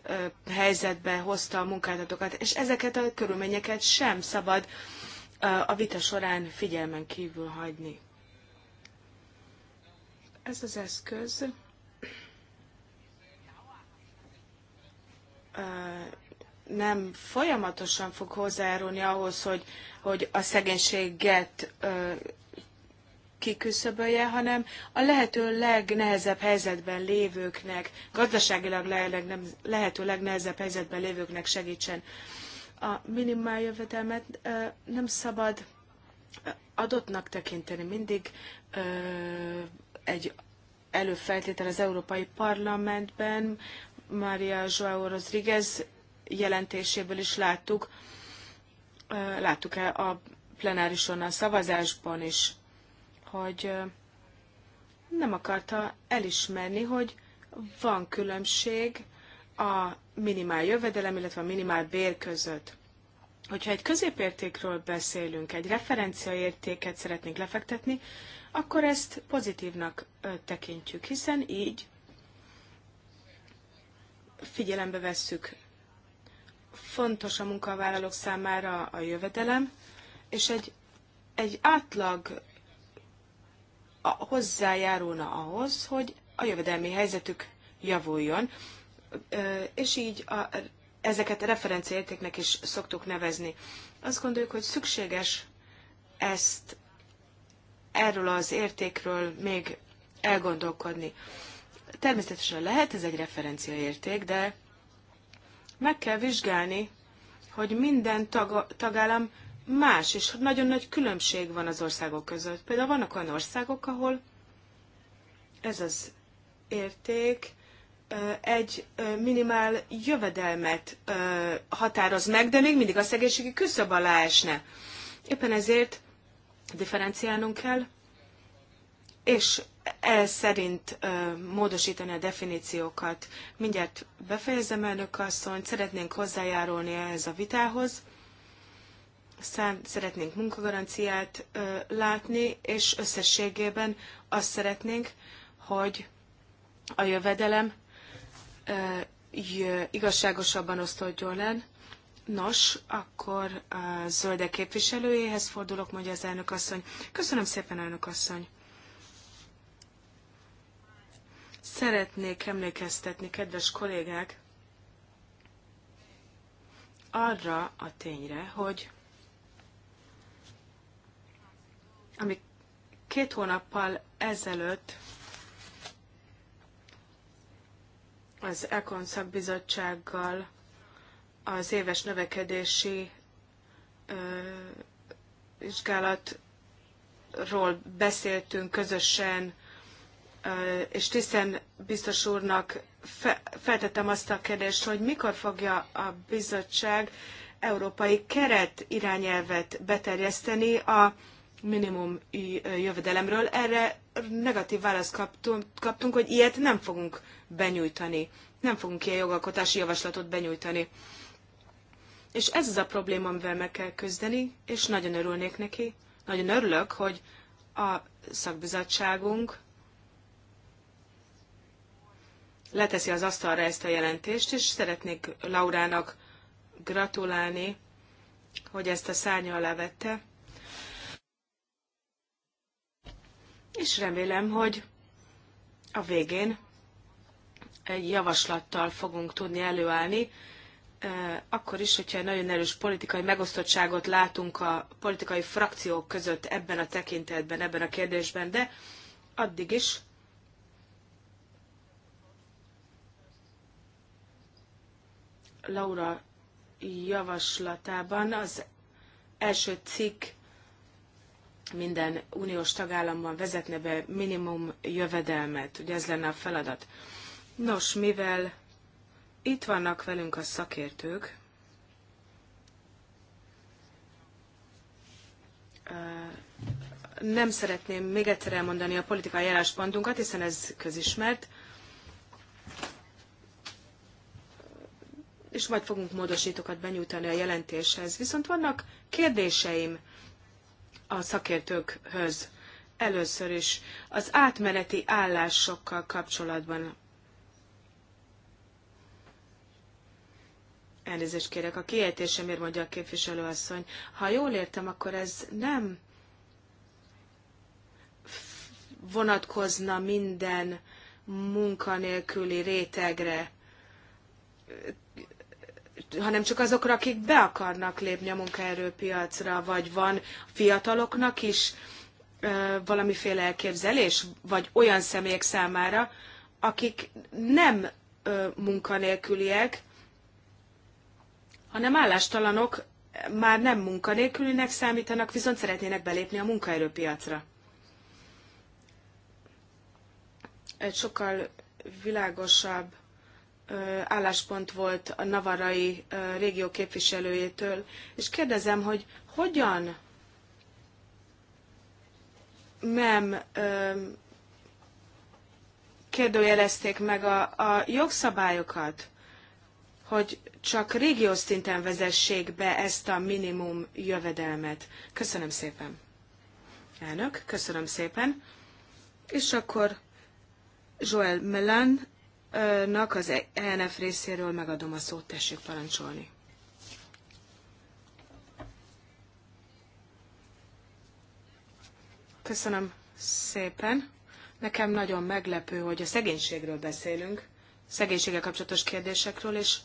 helyzetbe hozta a munkáltatókat, és ezeket a körülményeket sem szabad a vita során figyelmen kívül hagyni. Ez az eszköz nem folyamatosan fog hozzájárulni ahhoz, hogy, hogy a szegénységet kiküszöbölje, hanem a lehető legnehezebb helyzetben lévőknek, gazdaságilag nem, lehető legnehezebb helyzetben lévőknek segítsen. A minimál jövedelmet nem szabad adottnak tekinteni, mindig egy előfeltétel az Európai Parlamentben, Maria João Rodriguez jelentéséből is láttuk, láttuk el a plenárison, a szavazásban is, hogy nem akarta elismerni, hogy van különbség a minimál jövedelem, illetve a minimál bér között hogyha egy középértékről beszélünk, egy referenciaértéket szeretnénk lefektetni, akkor ezt pozitívnak tekintjük, hiszen így figyelembe vesszük. Fontos a munkavállalók számára a jövedelem, és egy, egy átlag a, hozzájárulna ahhoz, hogy a jövedelmi helyzetük javuljon, és így a ezeket referenciaértéknek is szoktuk nevezni. Azt gondoljuk, hogy szükséges ezt erről az értékről még elgondolkodni. Természetesen lehet ez egy referenciaérték, de meg kell vizsgálni, hogy minden tag, tagállam más, és nagyon nagy különbség van az országok között. Például vannak olyan országok, ahol ez az érték egy minimál jövedelmet határoz meg, de még mindig a szegénységi küszöb alá esne. Éppen ezért differenciálnunk kell, és ez szerint módosítani a definíciókat. Mindjárt befejezem, elnök asszony, szeretnénk hozzájárulni ehhez a vitához, szeretnénk munkagaranciát látni, és összességében azt szeretnénk, hogy a jövedelem igazságosabban osztódjon len. Nos, akkor a zölde képviselőjéhez fordulok, mondja az elnök asszony. Köszönöm szépen, elnök asszony. Szeretnék emlékeztetni, kedves kollégák, arra a tényre, hogy ami két hónappal ezelőtt az Econ szakbizottsággal az éves növekedési ö, vizsgálatról beszéltünk közösen, ö, és Tiszen biztos úrnak fe, feltettem azt a kérdést, hogy mikor fogja a bizottság európai keret irányelvet beterjeszteni a minimum jövedelemről. Erre negatív választ kaptunk, kaptunk, hogy ilyet nem fogunk benyújtani. Nem fogunk ilyen jogalkotási javaslatot benyújtani. És ez az a probléma, amivel meg kell küzdeni, és nagyon örülnék neki. Nagyon örülök, hogy a szakbizottságunk leteszi az asztalra ezt a jelentést, és szeretnék Laurának gratulálni, hogy ezt a szárnya alá vette és remélem, hogy a végén egy javaslattal fogunk tudni előállni, eh, akkor is, hogyha nagyon erős politikai megosztottságot látunk a politikai frakciók között ebben a tekintetben, ebben a kérdésben, de addig is Laura javaslatában az első cikk minden uniós tagállamban vezetne be minimum jövedelmet. Ugye ez lenne a feladat. Nos, mivel itt vannak velünk a szakértők, nem szeretném még egyszer elmondani a politikai álláspontunkat, hiszen ez közismert, és majd fogunk módosítókat benyújtani a jelentéshez. Viszont vannak kérdéseim a szakértőkhöz először is az átmeneti állásokkal kapcsolatban. Elnézést kérek, a kiejtésemért mondja a képviselőasszony. Ha jól értem, akkor ez nem vonatkozna minden munkanélküli rétegre hanem csak azokra, akik be akarnak lépni a munkaerőpiacra, vagy van fiataloknak is valamiféle elképzelés, vagy olyan személyek számára, akik nem munkanélküliek, hanem állástalanok, már nem munkanélkülinek számítanak, viszont szeretnének belépni a munkaerőpiacra. Egy sokkal világosabb álláspont volt a navarai régió képviselőjétől, és kérdezem, hogy hogyan nem kérdőjelezték meg a, a jogszabályokat, hogy csak régiós szinten vezessék be ezt a minimum jövedelmet. Köszönöm szépen. Elnök, köszönöm szépen. És akkor Joel Melan nak az ENF részéről megadom a szót, tessék parancsolni. Köszönöm szépen. Nekem nagyon meglepő, hogy a szegénységről beszélünk, szegénységgel kapcsolatos kérdésekről, és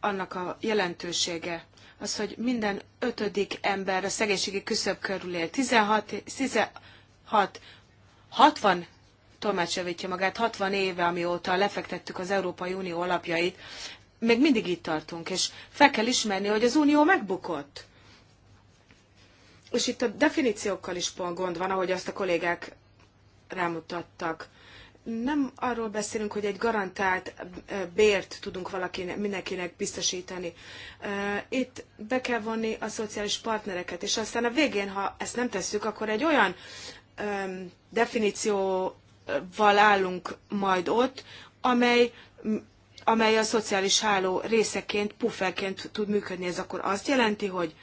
annak a jelentősége az, hogy minden ötödik ember a szegénységi küszöb körül él. 16, 16 60 tolmács magát, 60 éve, amióta lefektettük az Európai Unió alapjait, még mindig itt tartunk, és fel kell ismerni, hogy az Unió megbukott. És itt a definíciókkal is pont gond van, ahogy azt a kollégák rámutattak. Nem arról beszélünk, hogy egy garantált eh, bért tudunk valakinek, mindenkinek biztosítani. Eh, itt be kell vonni a szociális partnereket, és aztán a végén, ha ezt nem tesszük, akkor egy olyan ehm, definíció val állunk majd ott, amely, amely a szociális háló részeként, pufferként tud működni. Ez akkor azt jelenti, hogy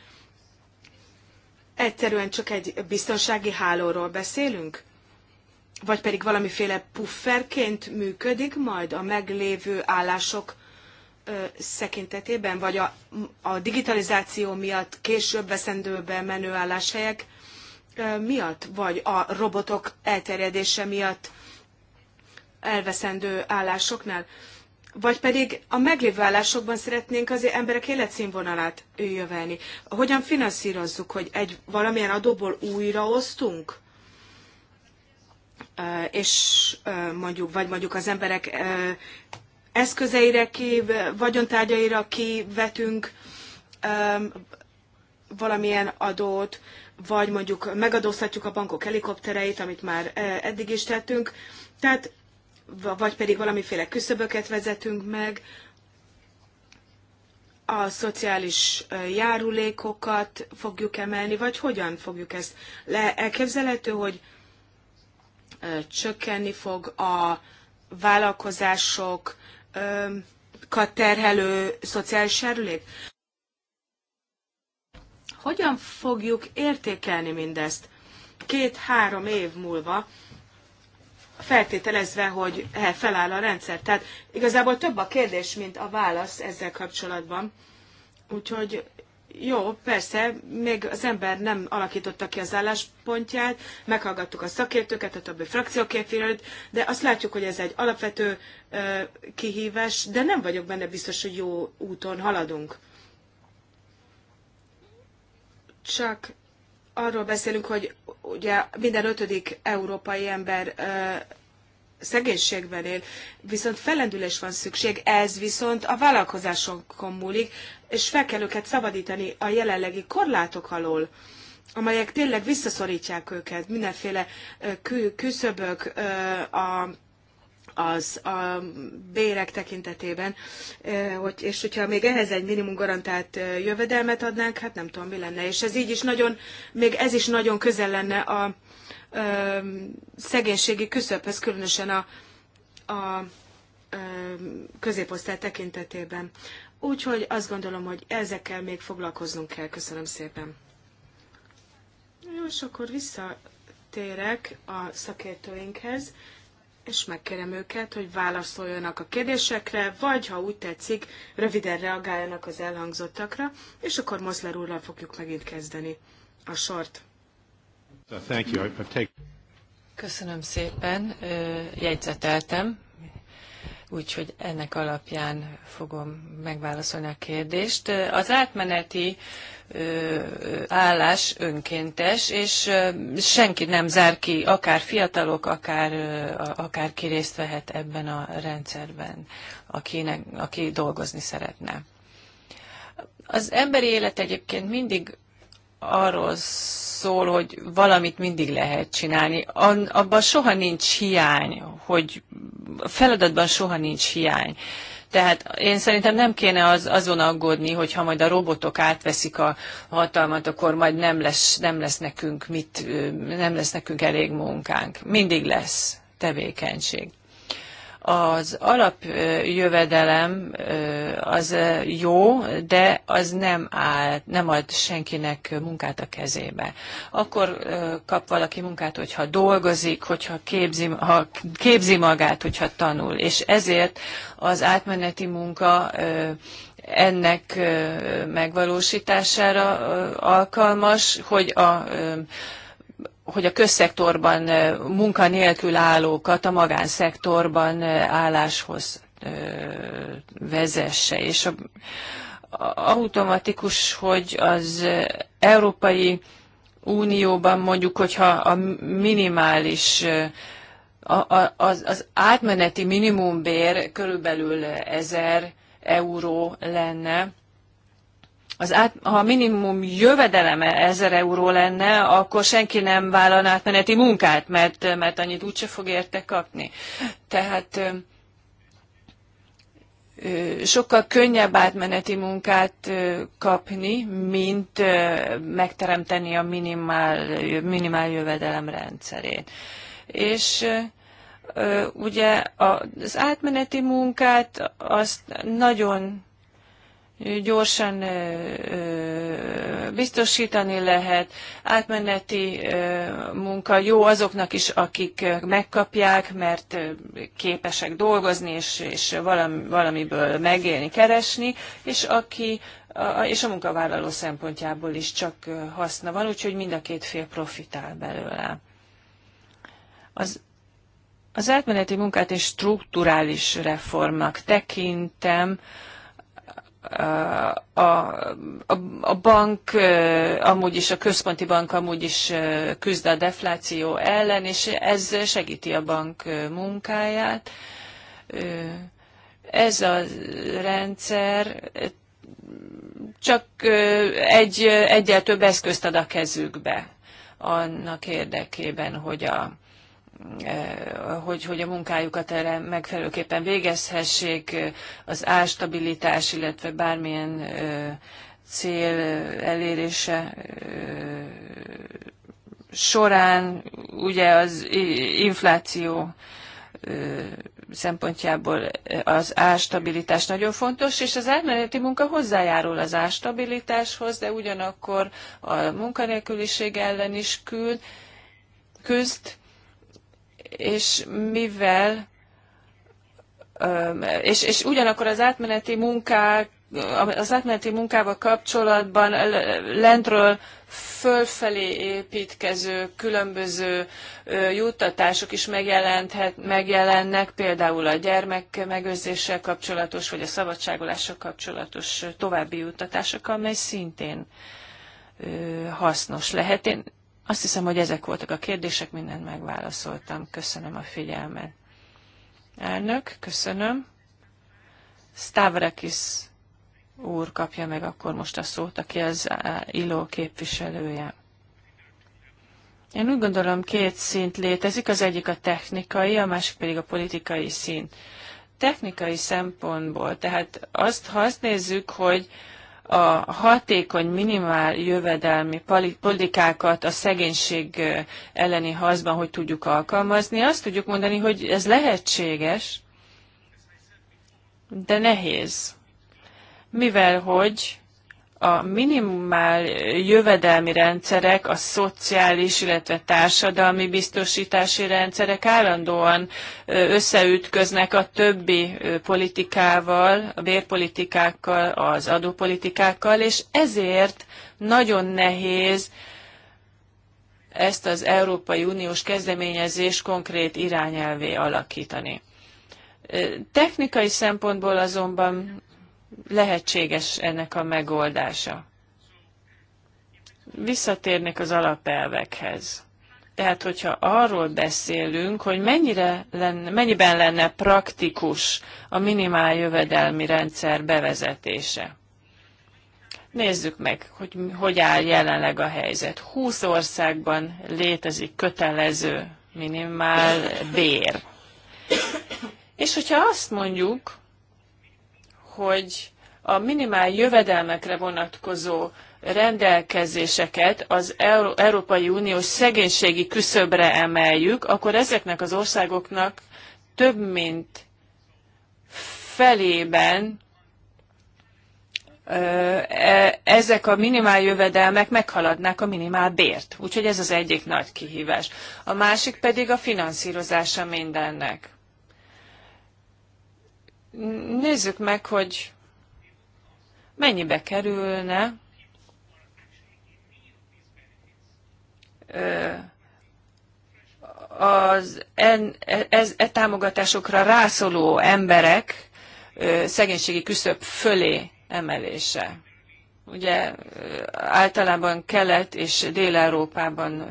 egyszerűen csak egy biztonsági hálóról beszélünk? Vagy pedig valamiféle pufferként működik majd a meglévő állások szekintetében, vagy a, a digitalizáció miatt később veszendőbe menő álláshelyek miatt, vagy a robotok elterjedése miatt elveszendő állásoknál, vagy pedig a meglévő állásokban szeretnénk az emberek életszínvonalát jövelni. Hogyan finanszírozzuk, hogy egy valamilyen adóból újraosztunk? és mondjuk, vagy mondjuk az emberek eszközeire ki, vagyontárgyaira kivetünk valamilyen adót, vagy mondjuk megadóztatjuk a bankok helikoptereit, amit már e, eddig is tettünk, tehát vagy pedig valamiféle küszöböket vezetünk meg, a szociális e, járulékokat fogjuk emelni, vagy hogyan fogjuk ezt le? Elképzelhető, hogy e, csökkenni fog a vállalkozásokat terhelő szociális járulék? Hogyan fogjuk értékelni mindezt? Két-három év múlva, feltételezve, hogy e, feláll a rendszer. Tehát igazából több a kérdés, mint a válasz ezzel kapcsolatban. Úgyhogy jó, persze, még az ember nem alakította ki az álláspontját, meghallgattuk a szakértőket, a többi frakcióképviselőt, de azt látjuk, hogy ez egy alapvető ö, kihívás, de nem vagyok benne biztos, hogy jó úton haladunk csak arról beszélünk, hogy ugye minden ötödik európai ember szegénységben él, viszont fellendülés van szükség, ez viszont a vállalkozásokon múlik, és fel kell őket szabadítani a jelenlegi korlátok alól amelyek tényleg visszaszorítják őket, mindenféle kü- küszöbök, a az a bérek tekintetében, hogy, és hogyha még ehhez egy minimum garantált jövedelmet adnánk, hát nem tudom, mi lenne. És ez így is nagyon, még ez is nagyon közel lenne a ö, szegénységi küszöbhöz, különösen a, a középosztály tekintetében. Úgyhogy azt gondolom, hogy ezekkel még foglalkoznunk kell. Köszönöm szépen. Jó, és akkor visszatérek a szakértőinkhez, és megkérem őket, hogy válaszoljanak a kérdésekre, vagy ha úgy tetszik, röviden reagáljanak az elhangzottakra, és akkor Moszler úrral fogjuk megint kezdeni a sort. Köszönöm szépen, jegyzeteltem úgyhogy ennek alapján fogom megválaszolni a kérdést. Az átmeneti állás önkéntes, és senki nem zár ki, akár fiatalok, akár, akár ki részt vehet ebben a rendszerben, akinek, aki dolgozni szeretne. Az emberi élet egyébként mindig arról szól, hogy valamit mindig lehet csinálni. Abban soha nincs hiány, hogy feladatban soha nincs hiány. Tehát én szerintem nem kéne az, azon aggódni, hogy ha majd a robotok átveszik a hatalmat, akkor majd nem lesz, nem lesz nekünk mit, nem lesz nekünk elég munkánk. Mindig lesz tevékenység az alapjövedelem az jó, de az nem, áll, nem ad senkinek munkát a kezébe. Akkor kap valaki munkát, hogyha dolgozik, hogyha képzi, ha képzi magát, hogyha tanul. És ezért az átmeneti munka ennek megvalósítására alkalmas, hogy a hogy a közszektorban munkanélkül állókat a magánszektorban álláshoz vezesse. És a, automatikus, hogy az Európai Unióban mondjuk, hogyha a minimális, a, a, az, az átmeneti minimumbér körülbelül 1000 euró lenne, az át, ha a minimum jövedeleme 1000 euró lenne, akkor senki nem vállal átmeneti munkát, mert, mert annyit úgyse fog érte kapni. Tehát sokkal könnyebb átmeneti munkát kapni, mint megteremteni a minimál, minimál jövedelem rendszerét. És ugye az átmeneti munkát azt nagyon gyorsan biztosítani lehet, átmeneti munka jó azoknak is, akik megkapják, mert képesek dolgozni és, és valami, valamiből megélni, keresni, és aki és a munkavállaló szempontjából is csak haszna van, úgyhogy mind a két fél profitál belőle. Az az átmeneti munkát és strukturális reformnak tekintem, a, a, a bank, amúgy is a központi bank amúgy is küzd a defláció ellen, és ez segíti a bank munkáját. Ez a rendszer csak egy, egyel több eszközt ad a kezükbe annak érdekében, hogy a, Eh, hogy, hogy a munkájukat erre megfelelőképpen végezhessék, az ástabilitás, illetve bármilyen eh, cél elérése eh, során ugye az infláció szempontjából az ástabilitás nagyon fontos, és az átmeneti munka hozzájárul az ástabilitáshoz, de ugyanakkor a munkanélküliség ellen is küld, küzd, és mivel és, és ugyanakkor az átmeneti munkák az átmeneti munkával kapcsolatban lentről fölfelé építkező különböző juttatások is megjelenthet, megjelennek, például a gyermek megőrzéssel kapcsolatos, vagy a szabadságolással kapcsolatos további juttatások, amely szintén hasznos lehet. Én azt hiszem, hogy ezek voltak a kérdések, mindent megválaszoltam. Köszönöm a figyelmet. Elnök, köszönöm. Stavrakis úr kapja meg akkor most a szót, aki az eh, ILO képviselője. Én úgy gondolom, két szint létezik, az egyik a technikai, a másik pedig a politikai szint. Technikai szempontból, tehát azt, ha azt nézzük, hogy a hatékony minimál jövedelmi politikákat a szegénység elleni harcban hogy tudjuk alkalmazni. Azt tudjuk mondani, hogy ez lehetséges, de nehéz. Mivel hogy a minimál jövedelmi rendszerek, a szociális, illetve társadalmi biztosítási rendszerek állandóan összeütköznek a többi politikával, a bérpolitikákkal, az adópolitikákkal, és ezért nagyon nehéz ezt az Európai Uniós kezdeményezés konkrét irányelvé alakítani. Technikai szempontból azonban lehetséges ennek a megoldása. Visszatérnék az alapelvekhez. Tehát, hogyha arról beszélünk, hogy mennyire lenne, mennyiben lenne praktikus a minimál jövedelmi rendszer bevezetése. Nézzük meg, hogy hogy áll jelenleg a helyzet. 20 országban létezik kötelező minimál bér. És hogyha azt mondjuk, hogy a minimál jövedelmekre vonatkozó rendelkezéseket az Európai Uniós szegénységi küszöbre emeljük, akkor ezeknek az országoknak több mint felében e, ezek a minimál jövedelmek meghaladnák a minimál bért. Úgyhogy ez az egyik nagy kihívás. A másik pedig a finanszírozása mindennek. Nézzük meg, hogy mennyibe kerülne az en, e, ez, e támogatásokra rászoló emberek szegénységi küszöb fölé emelése. Ugye általában Kelet és Dél-Európában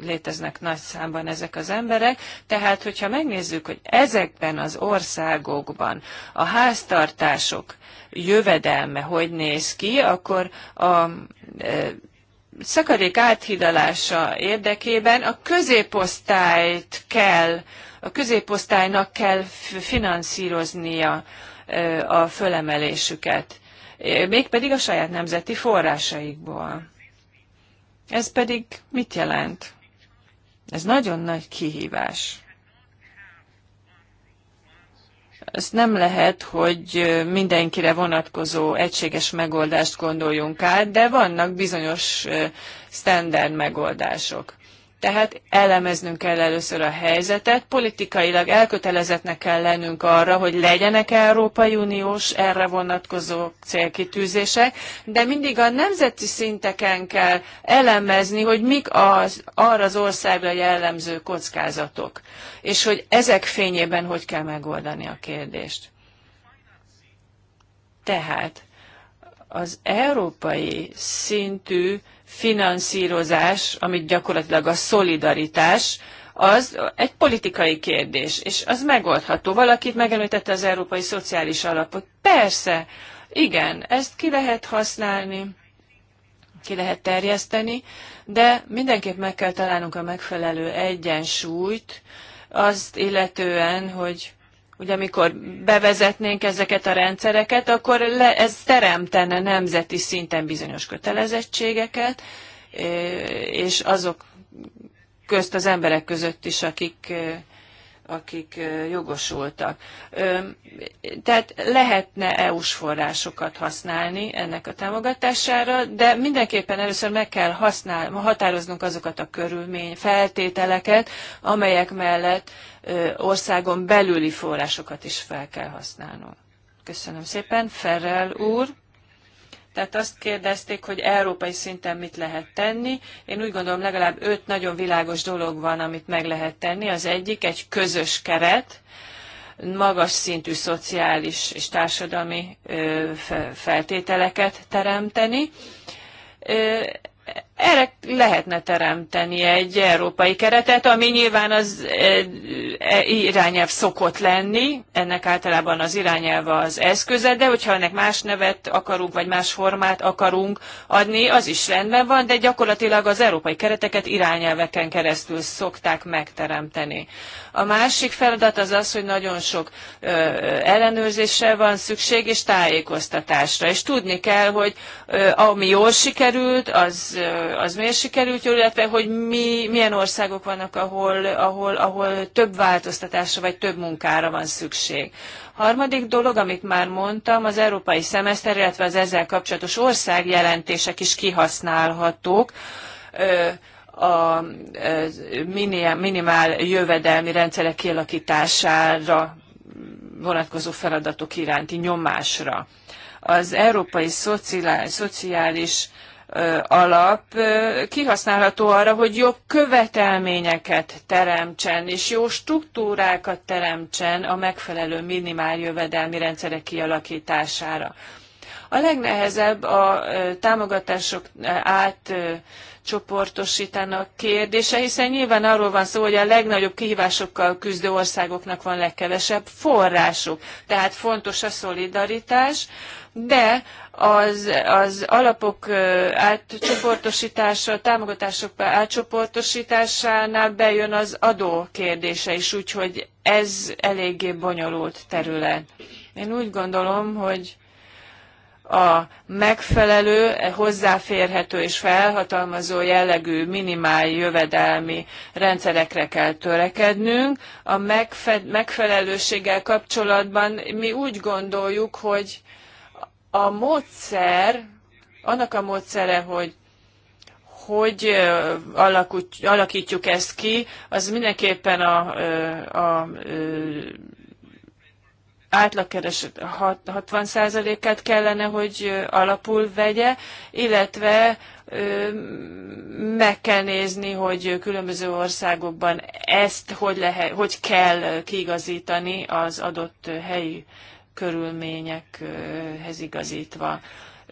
léteznek nagy számban ezek az emberek, tehát hogyha megnézzük, hogy ezekben az országokban a háztartások jövedelme hogy néz ki, akkor a szakadék áthidalása érdekében a középosztályt kell, a középosztálynak kell finanszíroznia a fölemelésüket mégpedig a saját nemzeti forrásaikból. Ez pedig mit jelent? Ez nagyon nagy kihívás. Ezt nem lehet, hogy mindenkire vonatkozó egységes megoldást gondoljunk át, de vannak bizonyos standard megoldások. Tehát elemeznünk kell először a helyzetet, politikailag elkötelezettnek kell lennünk arra, hogy legyenek Európai Uniós erre vonatkozó célkitűzések, de mindig a nemzeti szinteken kell elemezni, hogy mik az, arra az országra jellemző kockázatok, és hogy ezek fényében hogy kell megoldani a kérdést. Tehát az európai szintű finanszírozás, amit gyakorlatilag a szolidaritás, az egy politikai kérdés, és az megoldható. Valakit megemlítette az Európai Szociális Alapot. Persze, igen, ezt ki lehet használni, ki lehet terjeszteni, de mindenképp meg kell találnunk a megfelelő egyensúlyt, azt illetően, hogy hogy amikor bevezetnénk ezeket a rendszereket, akkor le, ez teremtene nemzeti szinten bizonyos kötelezettségeket, eh, és azok közt az emberek között is, akik eh, akik jogosultak. Tehát lehetne EU-s forrásokat használni ennek a támogatására, de mindenképpen először meg kell használ, határoznunk azokat a körülmény, feltételeket, amelyek mellett országon belüli forrásokat is fel kell használnunk. Köszönöm szépen. Ferrel úr. Tehát azt kérdezték, hogy európai szinten mit lehet tenni. Én úgy gondolom, legalább öt nagyon világos dolog van, amit meg lehet tenni. Az egyik egy közös keret, magas szintű szociális és társadalmi feltételeket teremteni erre lehetne teremteni egy európai keretet, ami nyilván az eh, eh, irányelv szokott lenni, ennek általában az irányelve az eszköze, de hogyha ennek más nevet akarunk, vagy más formát akarunk adni, az is rendben van, de gyakorlatilag az európai kereteket irányelveken keresztül szokták megteremteni. A másik feladat az az, hogy nagyon sok ellenőrzésre van szükség, és tájékoztatásra. És tudni kell, hogy ami jól sikerült, az az miért sikerült jól, illetve hogy mi, milyen országok vannak, ahol, ahol, ahol több változtatásra vagy több munkára van szükség. Harmadik dolog, amit már mondtam, az európai szemeszter, illetve az ezzel kapcsolatos országjelentések is kihasználhatók a minimál jövedelmi rendszerek kialakítására vonatkozó feladatok iránti nyomásra. Az európai szociális, szociális alap kihasználható arra, hogy jobb követelményeket teremtsen, és jó struktúrákat teremtsen a megfelelő minimál jövedelmi rendszerek kialakítására. A legnehezebb a támogatások átcsoportosítának kérdése, hiszen nyilván arról van szó, hogy a legnagyobb kihívásokkal küzdő országoknak van legkevesebb forrásuk. Tehát fontos a szolidaritás, de az, az alapok átcsoportosítása, támogatások átcsoportosításánál bejön az adó kérdése is, úgyhogy ez eléggé bonyolult terület. Én úgy gondolom, hogy a megfelelő, hozzáférhető és felhatalmazó jellegű minimál jövedelmi rendszerekre kell törekednünk. A megfelelőséggel kapcsolatban mi úgy gondoljuk, hogy a módszer, annak a módszere, hogy hogy alakítjuk ezt ki, az mindenképpen a, a, a átlagkereset 60%-át kellene, hogy alapul vegye, illetve meg kell nézni, hogy különböző országokban ezt hogy, lehet, hogy kell kiigazítani az adott helyi körülményekhez igazítva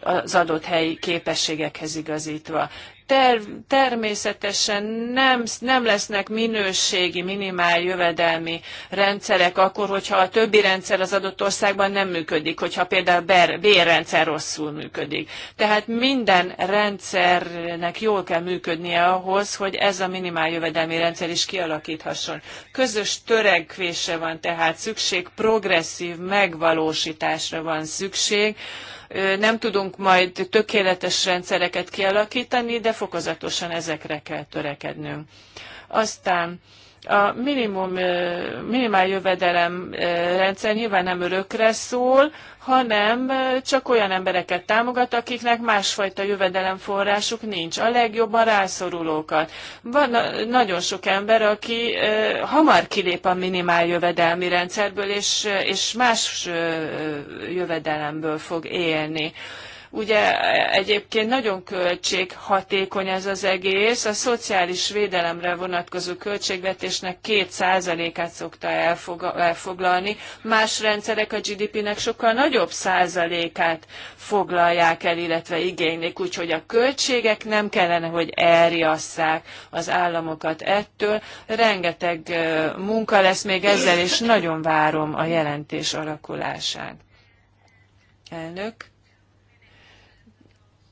az adott helyi képességekhez igazítva. Ter, természetesen nem, nem lesznek minőségi, minimál jövedelmi rendszerek akkor, hogyha a többi rendszer az adott országban nem működik, hogyha például a bérrendszer rosszul működik. Tehát minden rendszernek jól kell működnie ahhoz, hogy ez a minimál jövedelmi rendszer is kialakíthasson. Közös törekvése van tehát szükség, progresszív megvalósításra van szükség, nem tudunk majd tökéletes rendszereket kialakítani, de fokozatosan ezekre kell törekednünk. Aztán a minimum, minimál jövedelem rendszer nyilván nem örökre szól, hanem csak olyan embereket támogat, akiknek másfajta jövedelemforrásuk nincs. A legjobban rászorulókat. Van nagyon sok ember, aki hamar kilép a minimál jövedelmi rendszerből, és, és más jövedelemből fog élni. Ugye egyébként nagyon költséghatékony ez az egész. A szociális védelemre vonatkozó költségvetésnek 2%-át szokta elfoglalni. Más rendszerek a GDP-nek sokkal nagyobb százalékát foglalják el, illetve igénylik, úgyhogy a költségek nem kellene, hogy elriasszák az államokat ettől. Rengeteg munka lesz még ezzel, és nagyon várom a jelentés alakulását. Elnök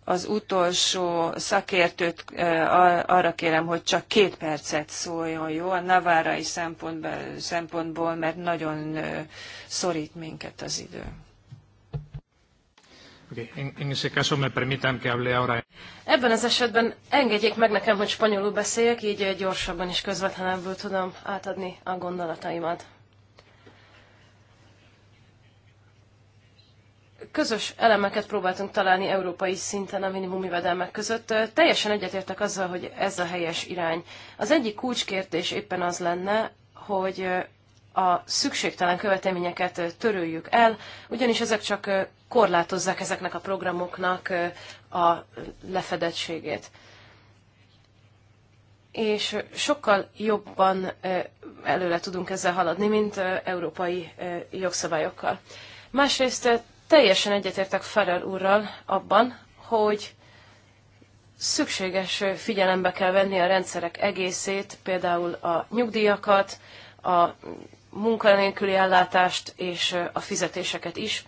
az utolsó szakértőt arra kérem, hogy csak két percet szóljon, jó? A navárai szempontból, mert nagyon szorít minket az idő. Ebben az esetben engedjék meg nekem, hogy spanyolul beszéljek, így gyorsabban és közvetlenebbül tudom átadni a gondolataimat. közös elemeket próbáltunk találni európai szinten a jövedelmek között. Teljesen egyetértek azzal, hogy ez a helyes irány. Az egyik kulcskérdés éppen az lenne, hogy a szükségtelen követelményeket töröljük el, ugyanis ezek csak korlátozzák ezeknek a programoknak a lefedettségét. És sokkal jobban előre tudunk ezzel haladni, mint európai jogszabályokkal. Másrészt Teljesen egyetértek Ferel úrral abban, hogy szükséges figyelembe kell venni a rendszerek egészét, például a nyugdíjakat, a munkanélküli ellátást és a fizetéseket is,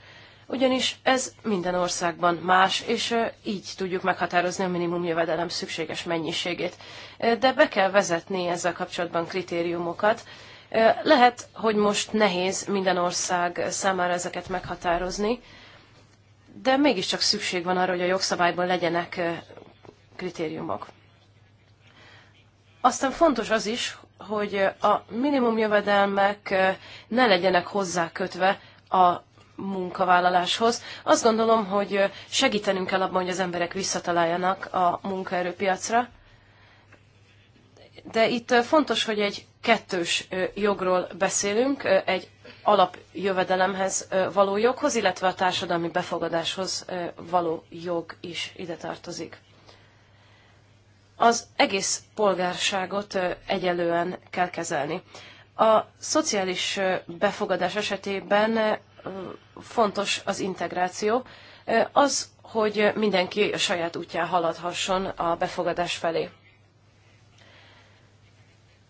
ugyanis ez minden országban más, és így tudjuk meghatározni a minimum jövedelem szükséges mennyiségét. De be kell vezetni ezzel kapcsolatban kritériumokat, lehet, hogy most nehéz minden ország számára ezeket meghatározni, de mégiscsak szükség van arra, hogy a jogszabályban legyenek kritériumok. Aztán fontos az is, hogy a minimum jövedelmek ne legyenek hozzákötve a munkavállaláshoz. Azt gondolom, hogy segítenünk kell abban, hogy az emberek visszataláljanak a munkaerőpiacra. De itt fontos, hogy egy kettős jogról beszélünk, egy alapjövedelemhez való joghoz, illetve a társadalmi befogadáshoz való jog is ide tartozik. Az egész polgárságot egyelően kell kezelni. A szociális befogadás esetében fontos az integráció, az, hogy mindenki a saját útján haladhasson a befogadás felé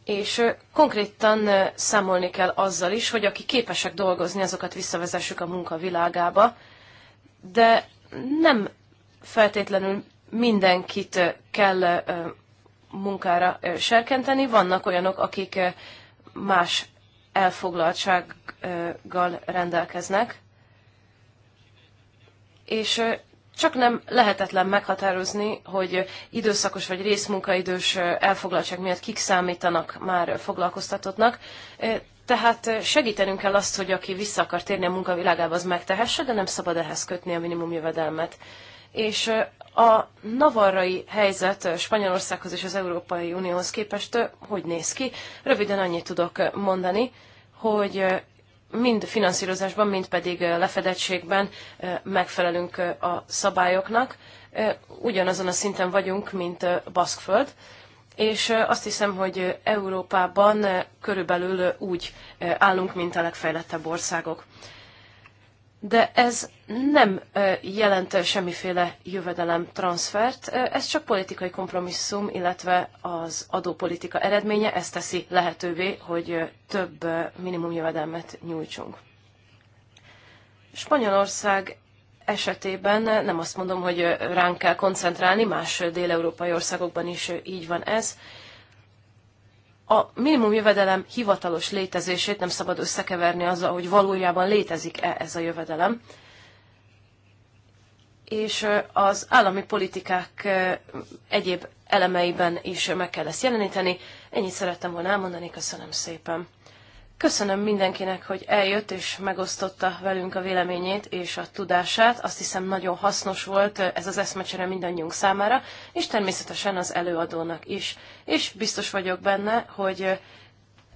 és konkrétan számolni kell azzal is, hogy akik képesek dolgozni, azokat visszavezessük a munka világába, de nem feltétlenül mindenkit kell munkára serkenteni. Vannak olyanok, akik más elfoglaltsággal rendelkeznek, és csak nem lehetetlen meghatározni, hogy időszakos vagy részmunkaidős elfoglaltság miatt kik számítanak már foglalkoztatottnak. Tehát segítenünk kell azt, hogy aki vissza akar térni a munkavilágába, az megtehesse, de nem szabad ehhez kötni a minimum jövedelmet. És a navarrai helyzet Spanyolországhoz és az Európai Unióhoz képest hogy néz ki? Röviden annyit tudok mondani, hogy mind finanszírozásban, mind pedig lefedettségben megfelelünk a szabályoknak. Ugyanazon a szinten vagyunk, mint Baszkföld, és azt hiszem, hogy Európában körülbelül úgy állunk, mint a legfejlettebb országok de ez nem jelent semmiféle jövedelem transfert, ez csak politikai kompromisszum, illetve az adópolitika eredménye ezt teszi lehetővé, hogy több minimumjövedelmet nyújtsunk. Spanyolország esetében nem azt mondom, hogy ránk kell koncentrálni, más déleurópai országokban is így van ez, a minimum jövedelem hivatalos létezését nem szabad összekeverni azzal, hogy valójában létezik-e ez a jövedelem. És az állami politikák egyéb elemeiben is meg kell ezt jeleníteni. Ennyit szerettem volna elmondani, köszönöm szépen. Köszönöm mindenkinek, hogy eljött és megosztotta velünk a véleményét és a tudását. Azt hiszem nagyon hasznos volt ez az eszmecsere mindannyiunk számára, és természetesen az előadónak is. És biztos vagyok benne, hogy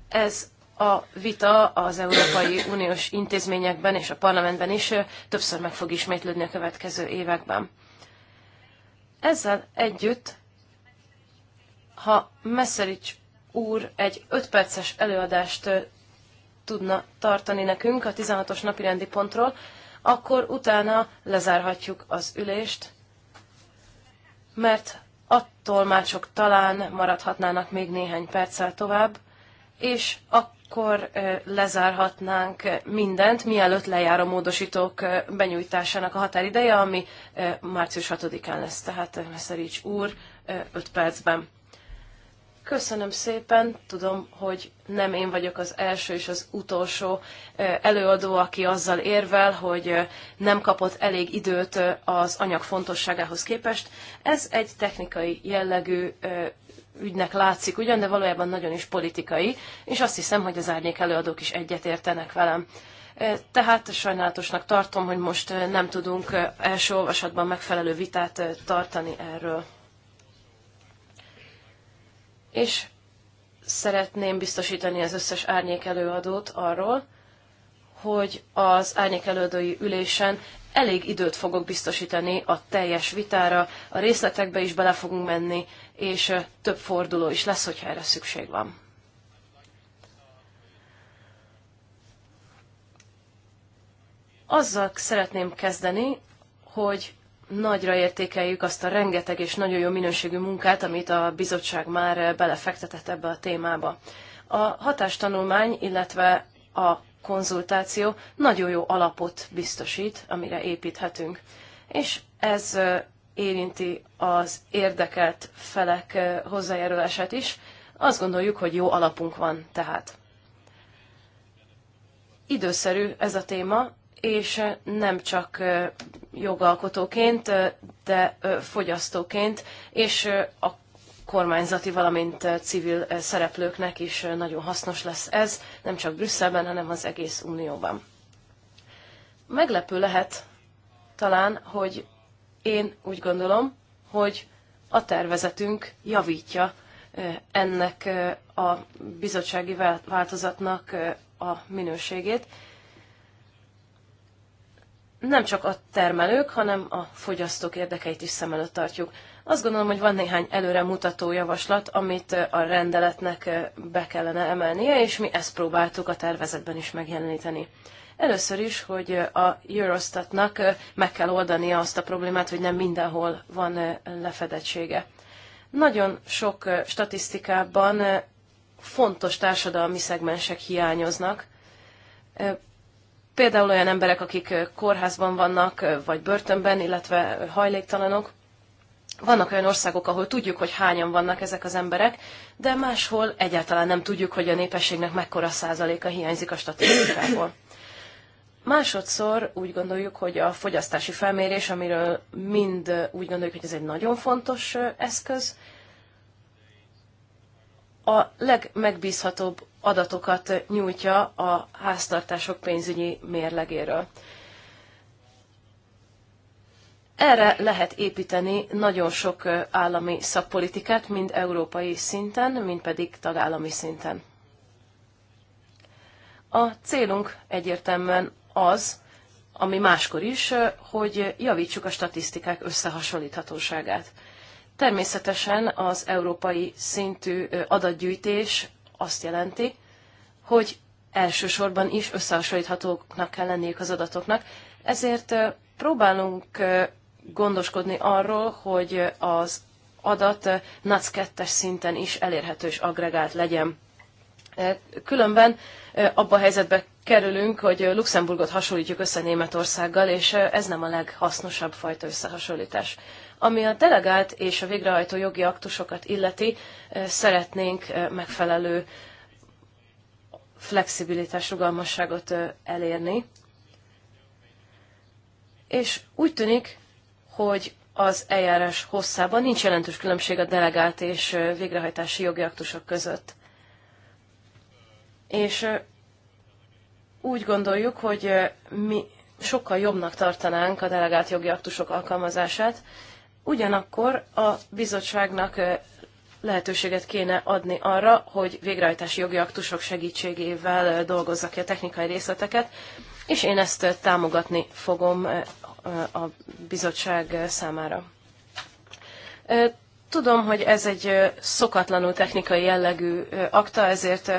ez a vita az Európai Uniós intézményekben és a parlamentben is többször meg fog ismétlődni a következő években. Ezzel együtt, ha Meszerics úr egy ötperces perces előadást tudna tartani nekünk a 16-os napirendi pontról, akkor utána lezárhatjuk az ülést, mert attól már csak talán maradhatnának még néhány perccel tovább, és akkor lezárhatnánk mindent, mielőtt lejár a módosítók benyújtásának a határideje, ami március 6-án lesz, tehát Meszerics úr 5 percben. Köszönöm szépen, tudom, hogy nem én vagyok az első és az utolsó előadó, aki azzal érvel, hogy nem kapott elég időt az anyag fontosságához képest. Ez egy technikai jellegű ügynek látszik ugyan, de valójában nagyon is politikai, és azt hiszem, hogy az árnyék előadók is egyetértenek velem. Tehát sajnálatosnak tartom, hogy most nem tudunk első olvasatban megfelelő vitát tartani erről és szeretném biztosítani az összes árnyék előadót arról, hogy az árnyék előadói ülésen elég időt fogok biztosítani a teljes vitára, a részletekbe is bele fogunk menni, és több forduló is lesz, hogyha erre szükség van. Azzal szeretném kezdeni, hogy nagyra értékeljük azt a rengeteg és nagyon jó minőségű munkát, amit a bizottság már belefektetett ebbe a témába. A hatástanulmány, illetve a konzultáció nagyon jó alapot biztosít, amire építhetünk. És ez érinti az érdekelt felek hozzájárulását is. Azt gondoljuk, hogy jó alapunk van tehát. Időszerű ez a téma, és nem csak jogalkotóként, de fogyasztóként, és a kormányzati, valamint civil szereplőknek is nagyon hasznos lesz ez, nem csak Brüsszelben, hanem az egész Unióban. Meglepő lehet talán, hogy én úgy gondolom, hogy a tervezetünk javítja ennek a bizottsági változatnak a minőségét, nem csak a termelők, hanem a fogyasztók érdekeit is szem előtt tartjuk. Azt gondolom, hogy van néhány előremutató javaslat, amit a rendeletnek be kellene emelnie, és mi ezt próbáltuk a tervezetben is megjeleníteni. Először is, hogy a Eurostatnak meg kell oldania azt a problémát, hogy nem mindenhol van lefedettsége. Nagyon sok statisztikában fontos társadalmi szegmensek hiányoznak, Például olyan emberek, akik kórházban vannak, vagy börtönben, illetve hajléktalanok. Vannak olyan országok, ahol tudjuk, hogy hányan vannak ezek az emberek, de máshol egyáltalán nem tudjuk, hogy a népességnek mekkora százaléka hiányzik a statisztikából. Másodszor úgy gondoljuk, hogy a fogyasztási felmérés, amiről mind úgy gondoljuk, hogy ez egy nagyon fontos eszköz, a legmegbízhatóbb adatokat nyújtja a háztartások pénzügyi mérlegéről. Erre lehet építeni nagyon sok állami szakpolitikát, mind európai szinten, mind pedig tagállami szinten. A célunk egyértelműen az, ami máskor is, hogy javítsuk a statisztikák összehasonlíthatóságát. Természetesen az európai szintű adatgyűjtés azt jelenti, hogy elsősorban is összehasonlíthatóknak kell lenniük az adatoknak, ezért próbálunk gondoskodni arról, hogy az adat NAC 2 szinten is elérhető és agregált legyen. Különben abba a helyzetbe kerülünk, hogy Luxemburgot hasonlítjuk össze Németországgal, és ez nem a leghasznosabb fajta összehasonlítás. Ami a delegált és a végrehajtó jogi aktusokat illeti, szeretnénk megfelelő flexibilitás, rugalmasságot elérni. És úgy tűnik, hogy az eljárás hosszában nincs jelentős különbség a delegált és végrehajtási jogi aktusok között. És úgy gondoljuk, hogy mi sokkal jobbnak tartanánk a delegált jogi aktusok alkalmazását, Ugyanakkor a bizottságnak lehetőséget kéne adni arra, hogy végrehajtási jogi aktusok segítségével dolgozza ki a technikai részleteket, és én ezt támogatni fogom a bizottság számára. Tudom, hogy ez egy szokatlanul technikai jellegű akta, ezért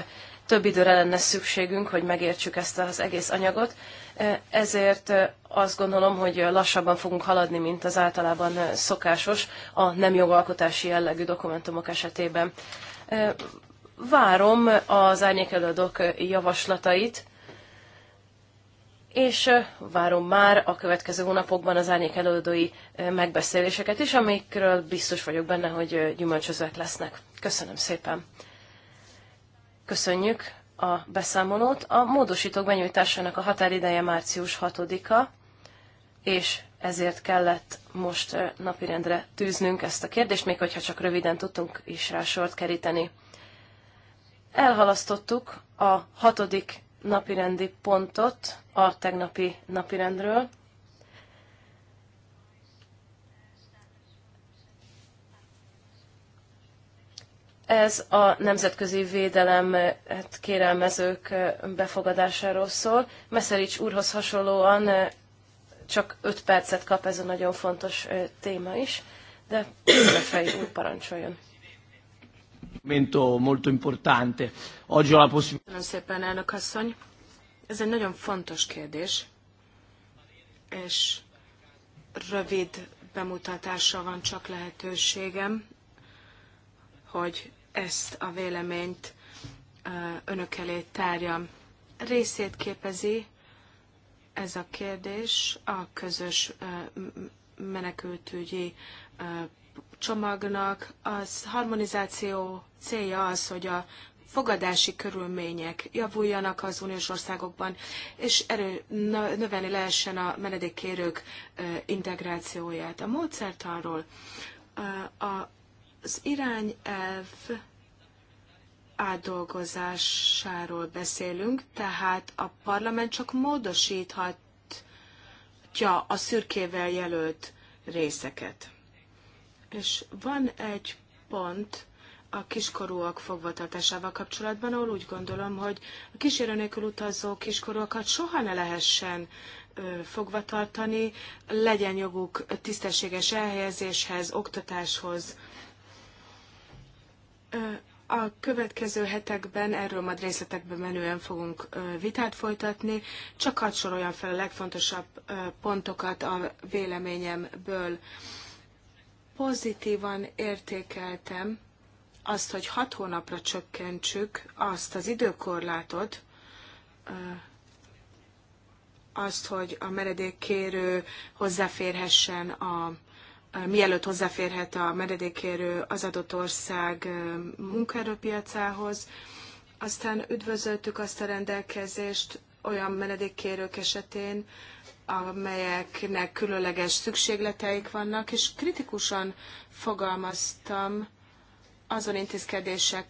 több időre lenne szükségünk, hogy megértsük ezt az egész anyagot, E, ezért e, azt gondolom, hogy lassabban fogunk haladni, mint az általában e, szokásos a nem jogalkotási jellegű dokumentumok esetében. Várom az árnyékelődők javaslatait, és várom már a következő hónapokban az árnyékelődői megbeszéléseket is, amikről biztos vagyok benne, hogy gyümölcsözőek lesznek. Köszönöm szépen! Köszönjük! a beszámolót. A módosítók benyújtásának a határideje március 6-a, és ezért kellett most eh, napirendre tűznünk ezt a kérdést, még hogyha csak röviden tudtunk is rá sort keríteni. Elhalasztottuk a hatodik napirendi pontot a tegnapi napirendről, Ez a nemzetközi védelem hát kérelmezők befogadásáról szól. Meszerics úrhoz hasonlóan eh, csak 5 percet kap ez a nagyon fontos eh, téma is, de Lefej úr parancsoljon. Molto importante. Oggi la Köszönöm szépen, elnök asszony. Ez egy nagyon fontos kérdés, és rövid bemutatásra van csak lehetőségem, hogy ezt a véleményt önök elé tárjam. Részét képezi ez a kérdés a közös menekültügyi csomagnak. Az harmonizáció célja az, hogy a fogadási körülmények javuljanak az uniós országokban, és erő növelni lehessen a menedékkérők integrációját. A módszertanról a az irányelv átdolgozásáról beszélünk, tehát a parlament csak módosíthatja a szürkével jelölt részeket. És van egy pont a kiskorúak fogvatartásával kapcsolatban, ahol úgy gondolom, hogy a kísérő nélkül utazó kiskorúakat soha ne lehessen fogvatartani, legyen joguk tisztességes elhelyezéshez, oktatáshoz, a következő hetekben erről majd részletekben menően fogunk vitát folytatni, csak hadd soroljam fel a legfontosabb pontokat a véleményemből. Pozitívan értékeltem azt, hogy hat hónapra csökkentsük azt az időkorlátot, azt, hogy a meredékkérő hozzáférhessen a mielőtt hozzáférhet a meredékérő az adott ország munkaerőpiacához. Aztán üdvözöltük azt a rendelkezést olyan menedékkérők esetén, amelyeknek különleges szükségleteik vannak, és kritikusan fogalmaztam azon intézkedések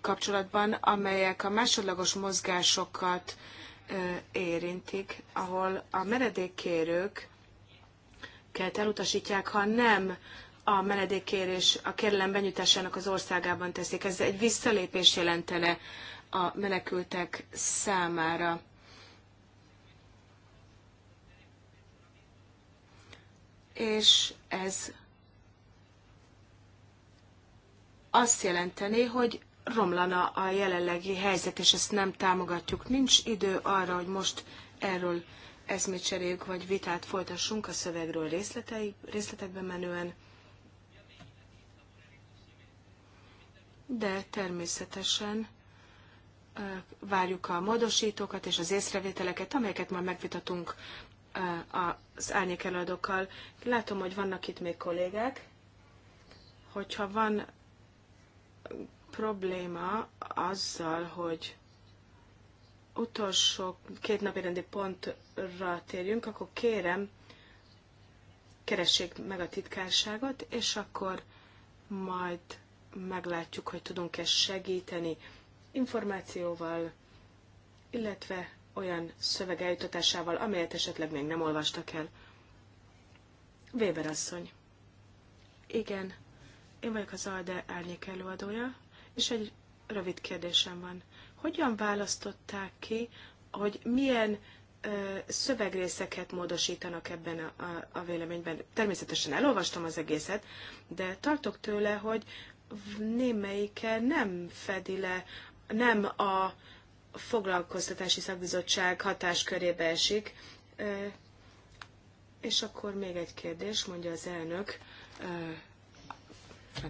kapcsolatban, amelyek a másodlagos mozgásokat érintik, ahol a meredékkérők őket elutasítják, ha nem a menedékkérés a kérelem benyújtásának az országában teszik. Ez egy visszalépés jelentene a menekültek számára. És ez azt jelenteni, hogy romlana a jelenlegi helyzet, és ezt nem támogatjuk. Nincs idő arra, hogy most erről eszmét cseréljük, vagy vitát folytassunk a szövegről részletei, részletekben menően, de természetesen várjuk a módosítókat és az észrevételeket, amelyeket majd megvitatunk az árnyék előadókkal. Látom, hogy vannak itt még kollégák. Hogyha van probléma azzal, hogy utolsó két napi rendi pontra térjünk, akkor kérem, keressék meg a titkárságot, és akkor majd meglátjuk, hogy tudunk-e segíteni információval, illetve olyan szöveg eljutatásával, amelyet esetleg még nem olvastak el. Weber asszony. Igen, én vagyok az ALDE árnyék előadója, és egy rövid kérdésem van hogyan választották ki, hogy milyen szövegrészeket módosítanak ebben a, a, a véleményben. Természetesen elolvastam az egészet, de tartok tőle, hogy némelyike nem fedi le, nem a foglalkoztatási szakbizottság hatáskörébe esik. És akkor még egy kérdés, mondja az elnök.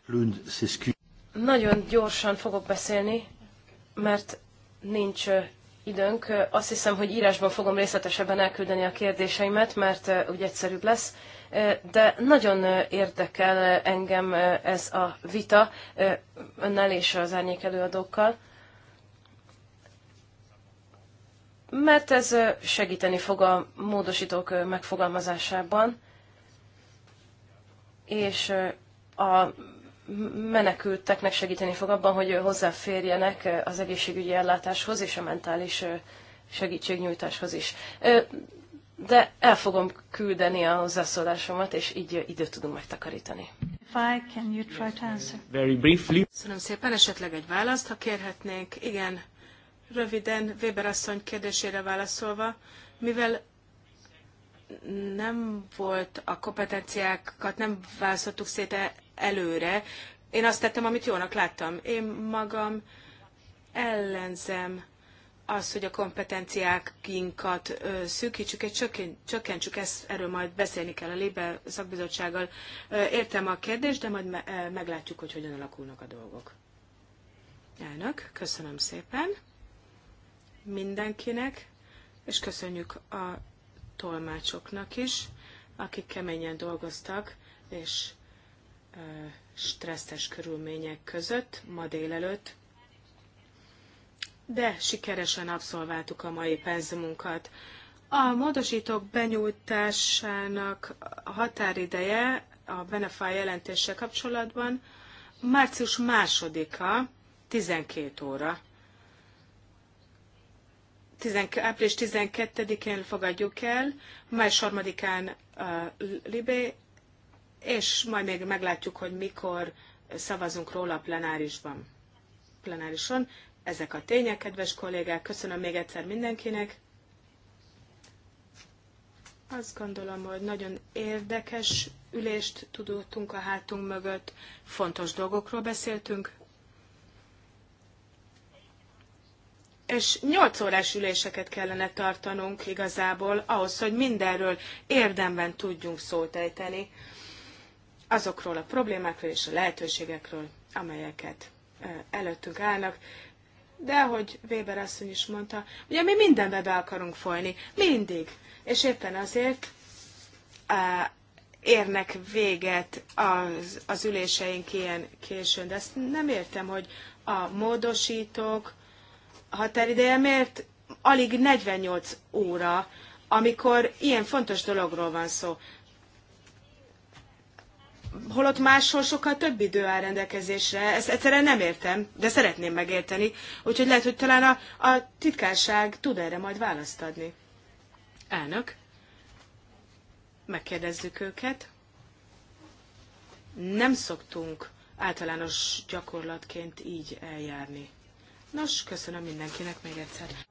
Lund, Nagyon gyorsan fogok beszélni mert nincs időnk. Azt hiszem, hogy írásban fogom részletesebben elküldeni a kérdéseimet, mert úgy egyszerűbb lesz. De nagyon érdekel engem ez a vita önnel és az árnyék előadókkal, mert ez segíteni fog a módosítók megfogalmazásában, és a menekülteknek segíteni fog abban, hogy hozzáférjenek az egészségügyi ellátáshoz és a mentális segítségnyújtáshoz is. De el fogom küldeni a hozzászólásomat, és így időt tudunk megtakarítani. Very briefly. Köszönöm szépen, esetleg egy választ, ha kérhetnénk. Igen, röviden Weber asszony kérdésére válaszolva, mivel nem volt a kompetenciákat, nem választottuk szét e- előre. Én azt tettem, amit jónak láttam. Én magam ellenzem azt, hogy a kompetenciákinkat ö, szűkítsük, és csökkentsük, ezt, erről majd beszélni kell a Lébe szakbizottsággal. Ö, értem a kérdést, de majd me, ö, meglátjuk, hogy hogyan alakulnak a dolgok. Elnök, köszönöm szépen mindenkinek, és köszönjük a tolmácsoknak is, akik keményen dolgoztak, és stresszes körülmények között ma délelőtt, de sikeresen abszolváltuk a mai penzumunkat. A módosítók benyújtásának határideje a Benefáj jelentéssel kapcsolatban március másodika, 12 óra. 10, április 12-én fogadjuk el, május 3-án uh, Libé, és majd még meglátjuk, hogy mikor szavazunk róla a plenárisban. Plenárison. Ezek a tények, kedves kollégák. Köszönöm még egyszer mindenkinek. Azt gondolom, hogy nagyon érdekes ülést tudottunk a hátunk mögött, fontos dolgokról beszéltünk. És 8 órás üléseket kellene tartanunk igazából ahhoz, hogy mindenről érdemben tudjunk szót ejteni azokról a problémákról és a lehetőségekről, amelyeket előttünk állnak, de hogy Weber asszony is mondta, ugye mi mindenbe be akarunk folyni, mindig. És éppen azért á, érnek véget az, az üléseink ilyen későn, de ezt nem értem, hogy a módosítók határideje miért alig 48 óra, amikor ilyen fontos dologról van szó holott máshol sokkal több idő áll rendelkezésre. Ezt egyszerűen nem értem, de szeretném megérteni. Úgyhogy lehet, hogy talán a, a titkárság tud erre majd választ adni. Elnök. Megkérdezzük őket. Nem szoktunk általános gyakorlatként így eljárni. Nos, köszönöm mindenkinek még egyszer.